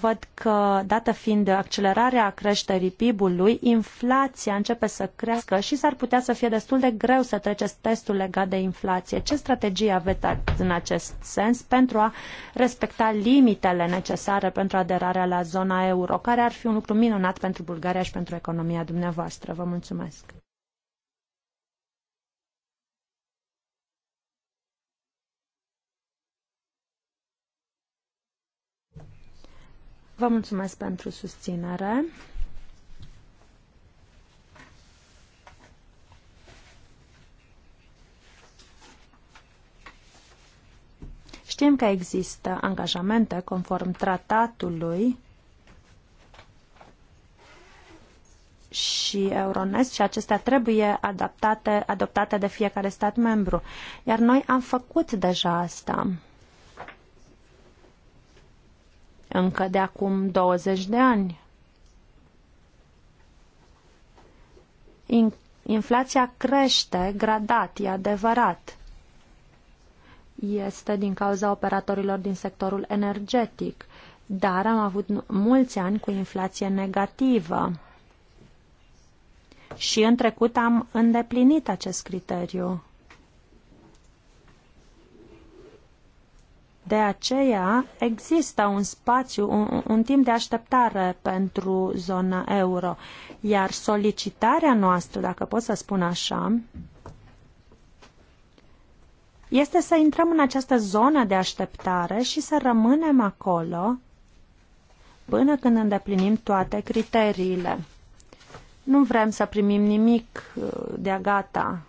văd că, dată fiind accelerarea creșterii PIB-ului, inflația începe să crească și s-ar putea să fie destul de greu să treceți testul legat de inflație. Ce strategie aveți în acest sens pentru a respecta limite? limitele necesare pentru aderarea la zona euro, care ar fi un lucru minunat pentru Bulgaria și pentru economia dumneavoastră. Vă mulțumesc! Vă mulțumesc pentru susținere. Știm că există angajamente conform tratatului și Euronest și acestea trebuie adaptate, adoptate de fiecare stat membru. Iar noi am făcut deja asta încă de acum 20 de ani. inflația crește gradat, e adevărat este din cauza operatorilor din sectorul energetic, dar am avut mulți ani cu inflație negativă. Și în trecut am îndeplinit acest criteriu. De aceea există un spațiu, un, un timp de așteptare pentru zona euro, iar solicitarea noastră, dacă pot să spun așa, este să intrăm în această zonă de așteptare și să rămânem acolo până când îndeplinim toate criteriile. Nu vrem să primim nimic uh, de-a gata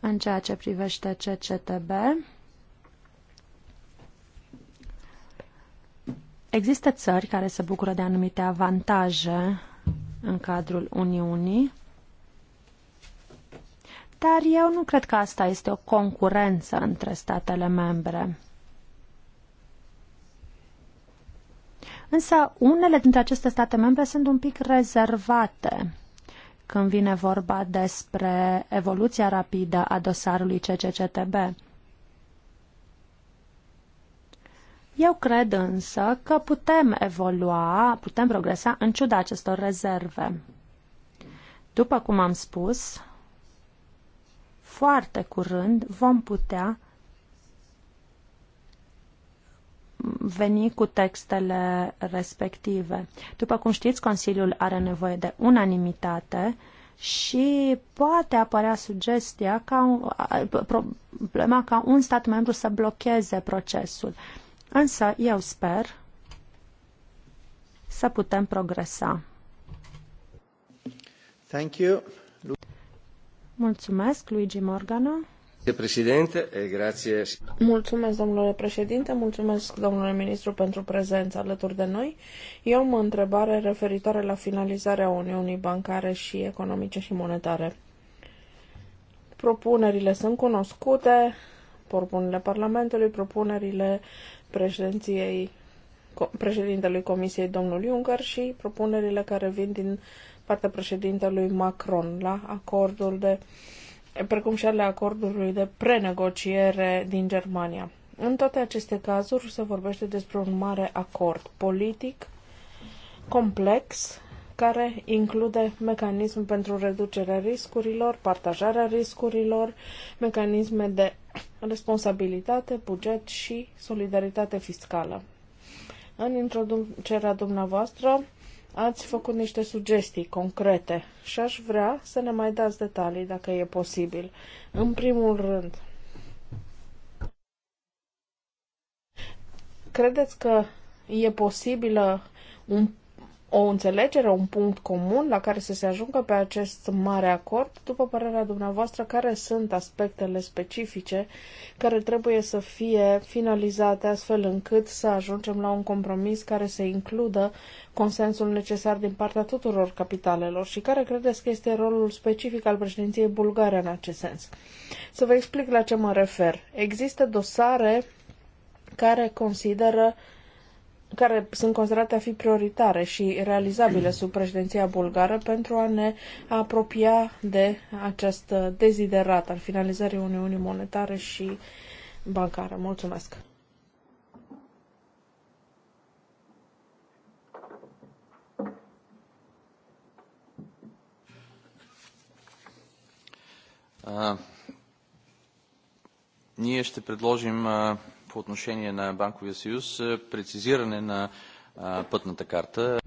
în ceea ce privește CCTB. Există țări care se bucură de anumite avantaje în cadrul Uniunii, dar eu nu cred că asta este o concurență între statele membre. Însă unele dintre aceste state membre sunt un pic rezervate când vine vorba despre evoluția rapidă a dosarului CCCTB. Eu cred însă că putem evolua, putem progresa în ciuda acestor rezerve. După cum am spus, foarte curând vom putea veni cu textele respective. După cum știți, Consiliul are nevoie de unanimitate și poate apărea sugestia ca problema ca un stat membru să blocheze procesul. Însă eu sper să putem progresa. Thank you. Mulțumesc, Luigi Morgano. Președinte, grație. Mulțumesc, domnule președinte, mulțumesc, domnule ministru, pentru prezența alături de noi. Eu am o întrebare referitoare la finalizarea Uniunii Bancare și Economice și Monetare. Propunerile sunt cunoscute, propunerile Parlamentului, propunerile președinției președintelui Comisiei, domnul Juncker, și propunerile care vin din partea președintelui Macron la acordul de precum și ale acordului de prenegociere din Germania. În toate aceste cazuri se vorbește despre un mare acord politic complex care include mecanism pentru reducerea riscurilor, partajarea riscurilor, mecanisme de responsabilitate, buget și solidaritate fiscală. În introducerea dumneavoastră ați făcut niște sugestii concrete și aș vrea să ne mai dați detalii, dacă e posibil. În primul rând, credeți că e posibilă un o înțelegere, un punct comun la care să se ajungă pe acest mare acord? După părerea dumneavoastră, care sunt aspectele specifice care trebuie să fie finalizate astfel încât să ajungem la un compromis care să includă consensul necesar din partea tuturor capitalelor și care credeți că este rolul specific al președinției bulgare în acest sens? Să vă explic la ce mă refer. Există dosare care consideră uh, care sunt considerate a fi prioritare și realizabile sub președinția bulgară pentru a ne apropia de acest deziderat al finalizării Uniunii Monetare și Bancare. Mulțumesc! Uh, ние ще предложим uh, по отношение на Банковия съюз, прецизиране на пътната карта.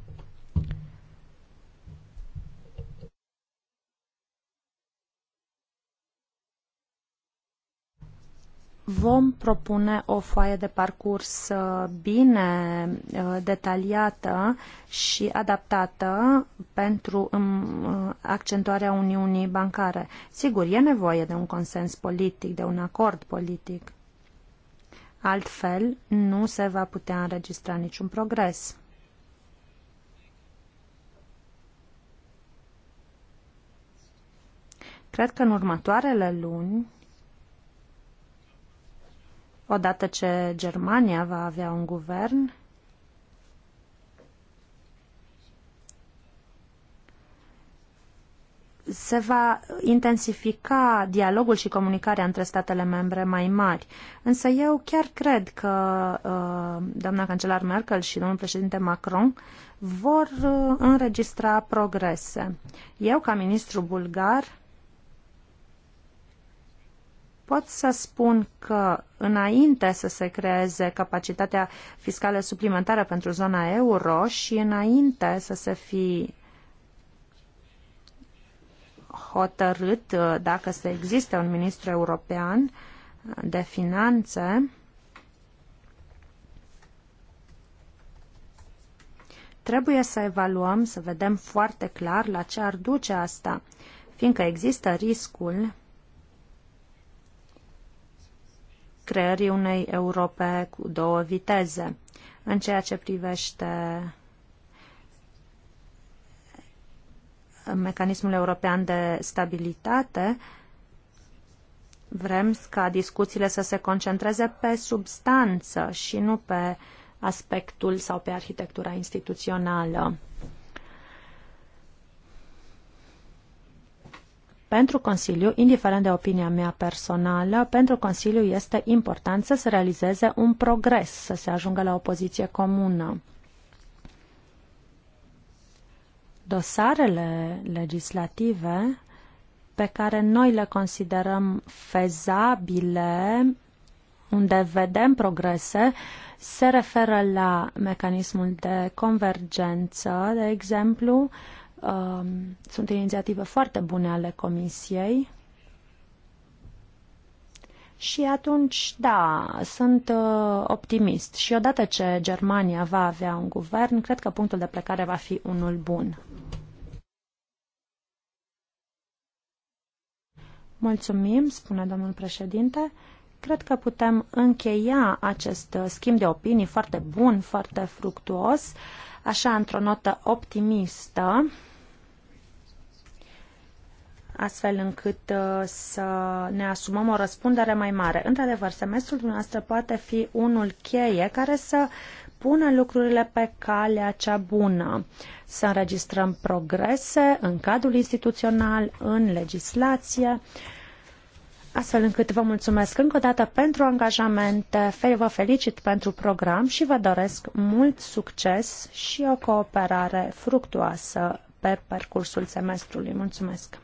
Vom propune o foaie de parcurs uh, bine uh, detaliată și adaptată pentru um, uh, accentuarea Uniunii Bancare. Sigur, e nevoie de un consens politic, de un acord politic. Altfel, nu se va putea înregistra niciun progres. Cred că în următoarele luni, odată ce Germania va avea un guvern, se va intensifica dialogul și comunicarea între statele membre mai mari. Însă eu chiar cred că uh, doamna cancelar Merkel și domnul președinte Macron vor uh, înregistra progrese. Eu, ca ministru bulgar, pot să spun că înainte să se creeze capacitatea fiscală suplimentară pentru zona euro și înainte să se fi uh, hotărât uh, dacă să existe un ministru european uh, de finanțe. Trebuie să evaluăm, să vedem foarte clar la ce ar duce asta, fiindcă există riscul creării unei Europe cu două viteze. În ceea ce privește mecanismul european de stabilitate, vrem ca discuțiile să se concentreze pe substanță și nu pe aspectul sau pe arhitectura instituțională. Pentru Consiliu, indiferent de opinia mea personală, pentru Consiliu este important să se realizeze un progres, să se ajungă la o poziție comună. dosarele legislative pe care noi le considerăm fezabile, unde vedem progrese, se referă la mecanismul de convergență, de exemplu. Um, sunt inițiative foarte bune ale Comisiei. Și atunci, da, sunt uh, optimist. Și odată ce Germania va avea un guvern, cred că punctul de plecare va fi unul bun. Mulțumim, spune domnul președinte. Cred că putem încheia acest uh, schimb de opinii foarte bun, foarte fructuos, așa într-o notă optimistă, astfel încât uh, să ne asumăm o răspundere mai mare. Într-adevăr, semestrul dumneavoastră poate fi unul cheie care să pune lucrurile pe calea cea bună, să înregistrăm progrese în cadrul instituțional, în legislație, astfel încât vă mulțumesc încă o dată pentru angajamente, vă felicit pentru program și vă doresc mult succes și o cooperare fructuoasă pe parcursul semestrului. Mulțumesc!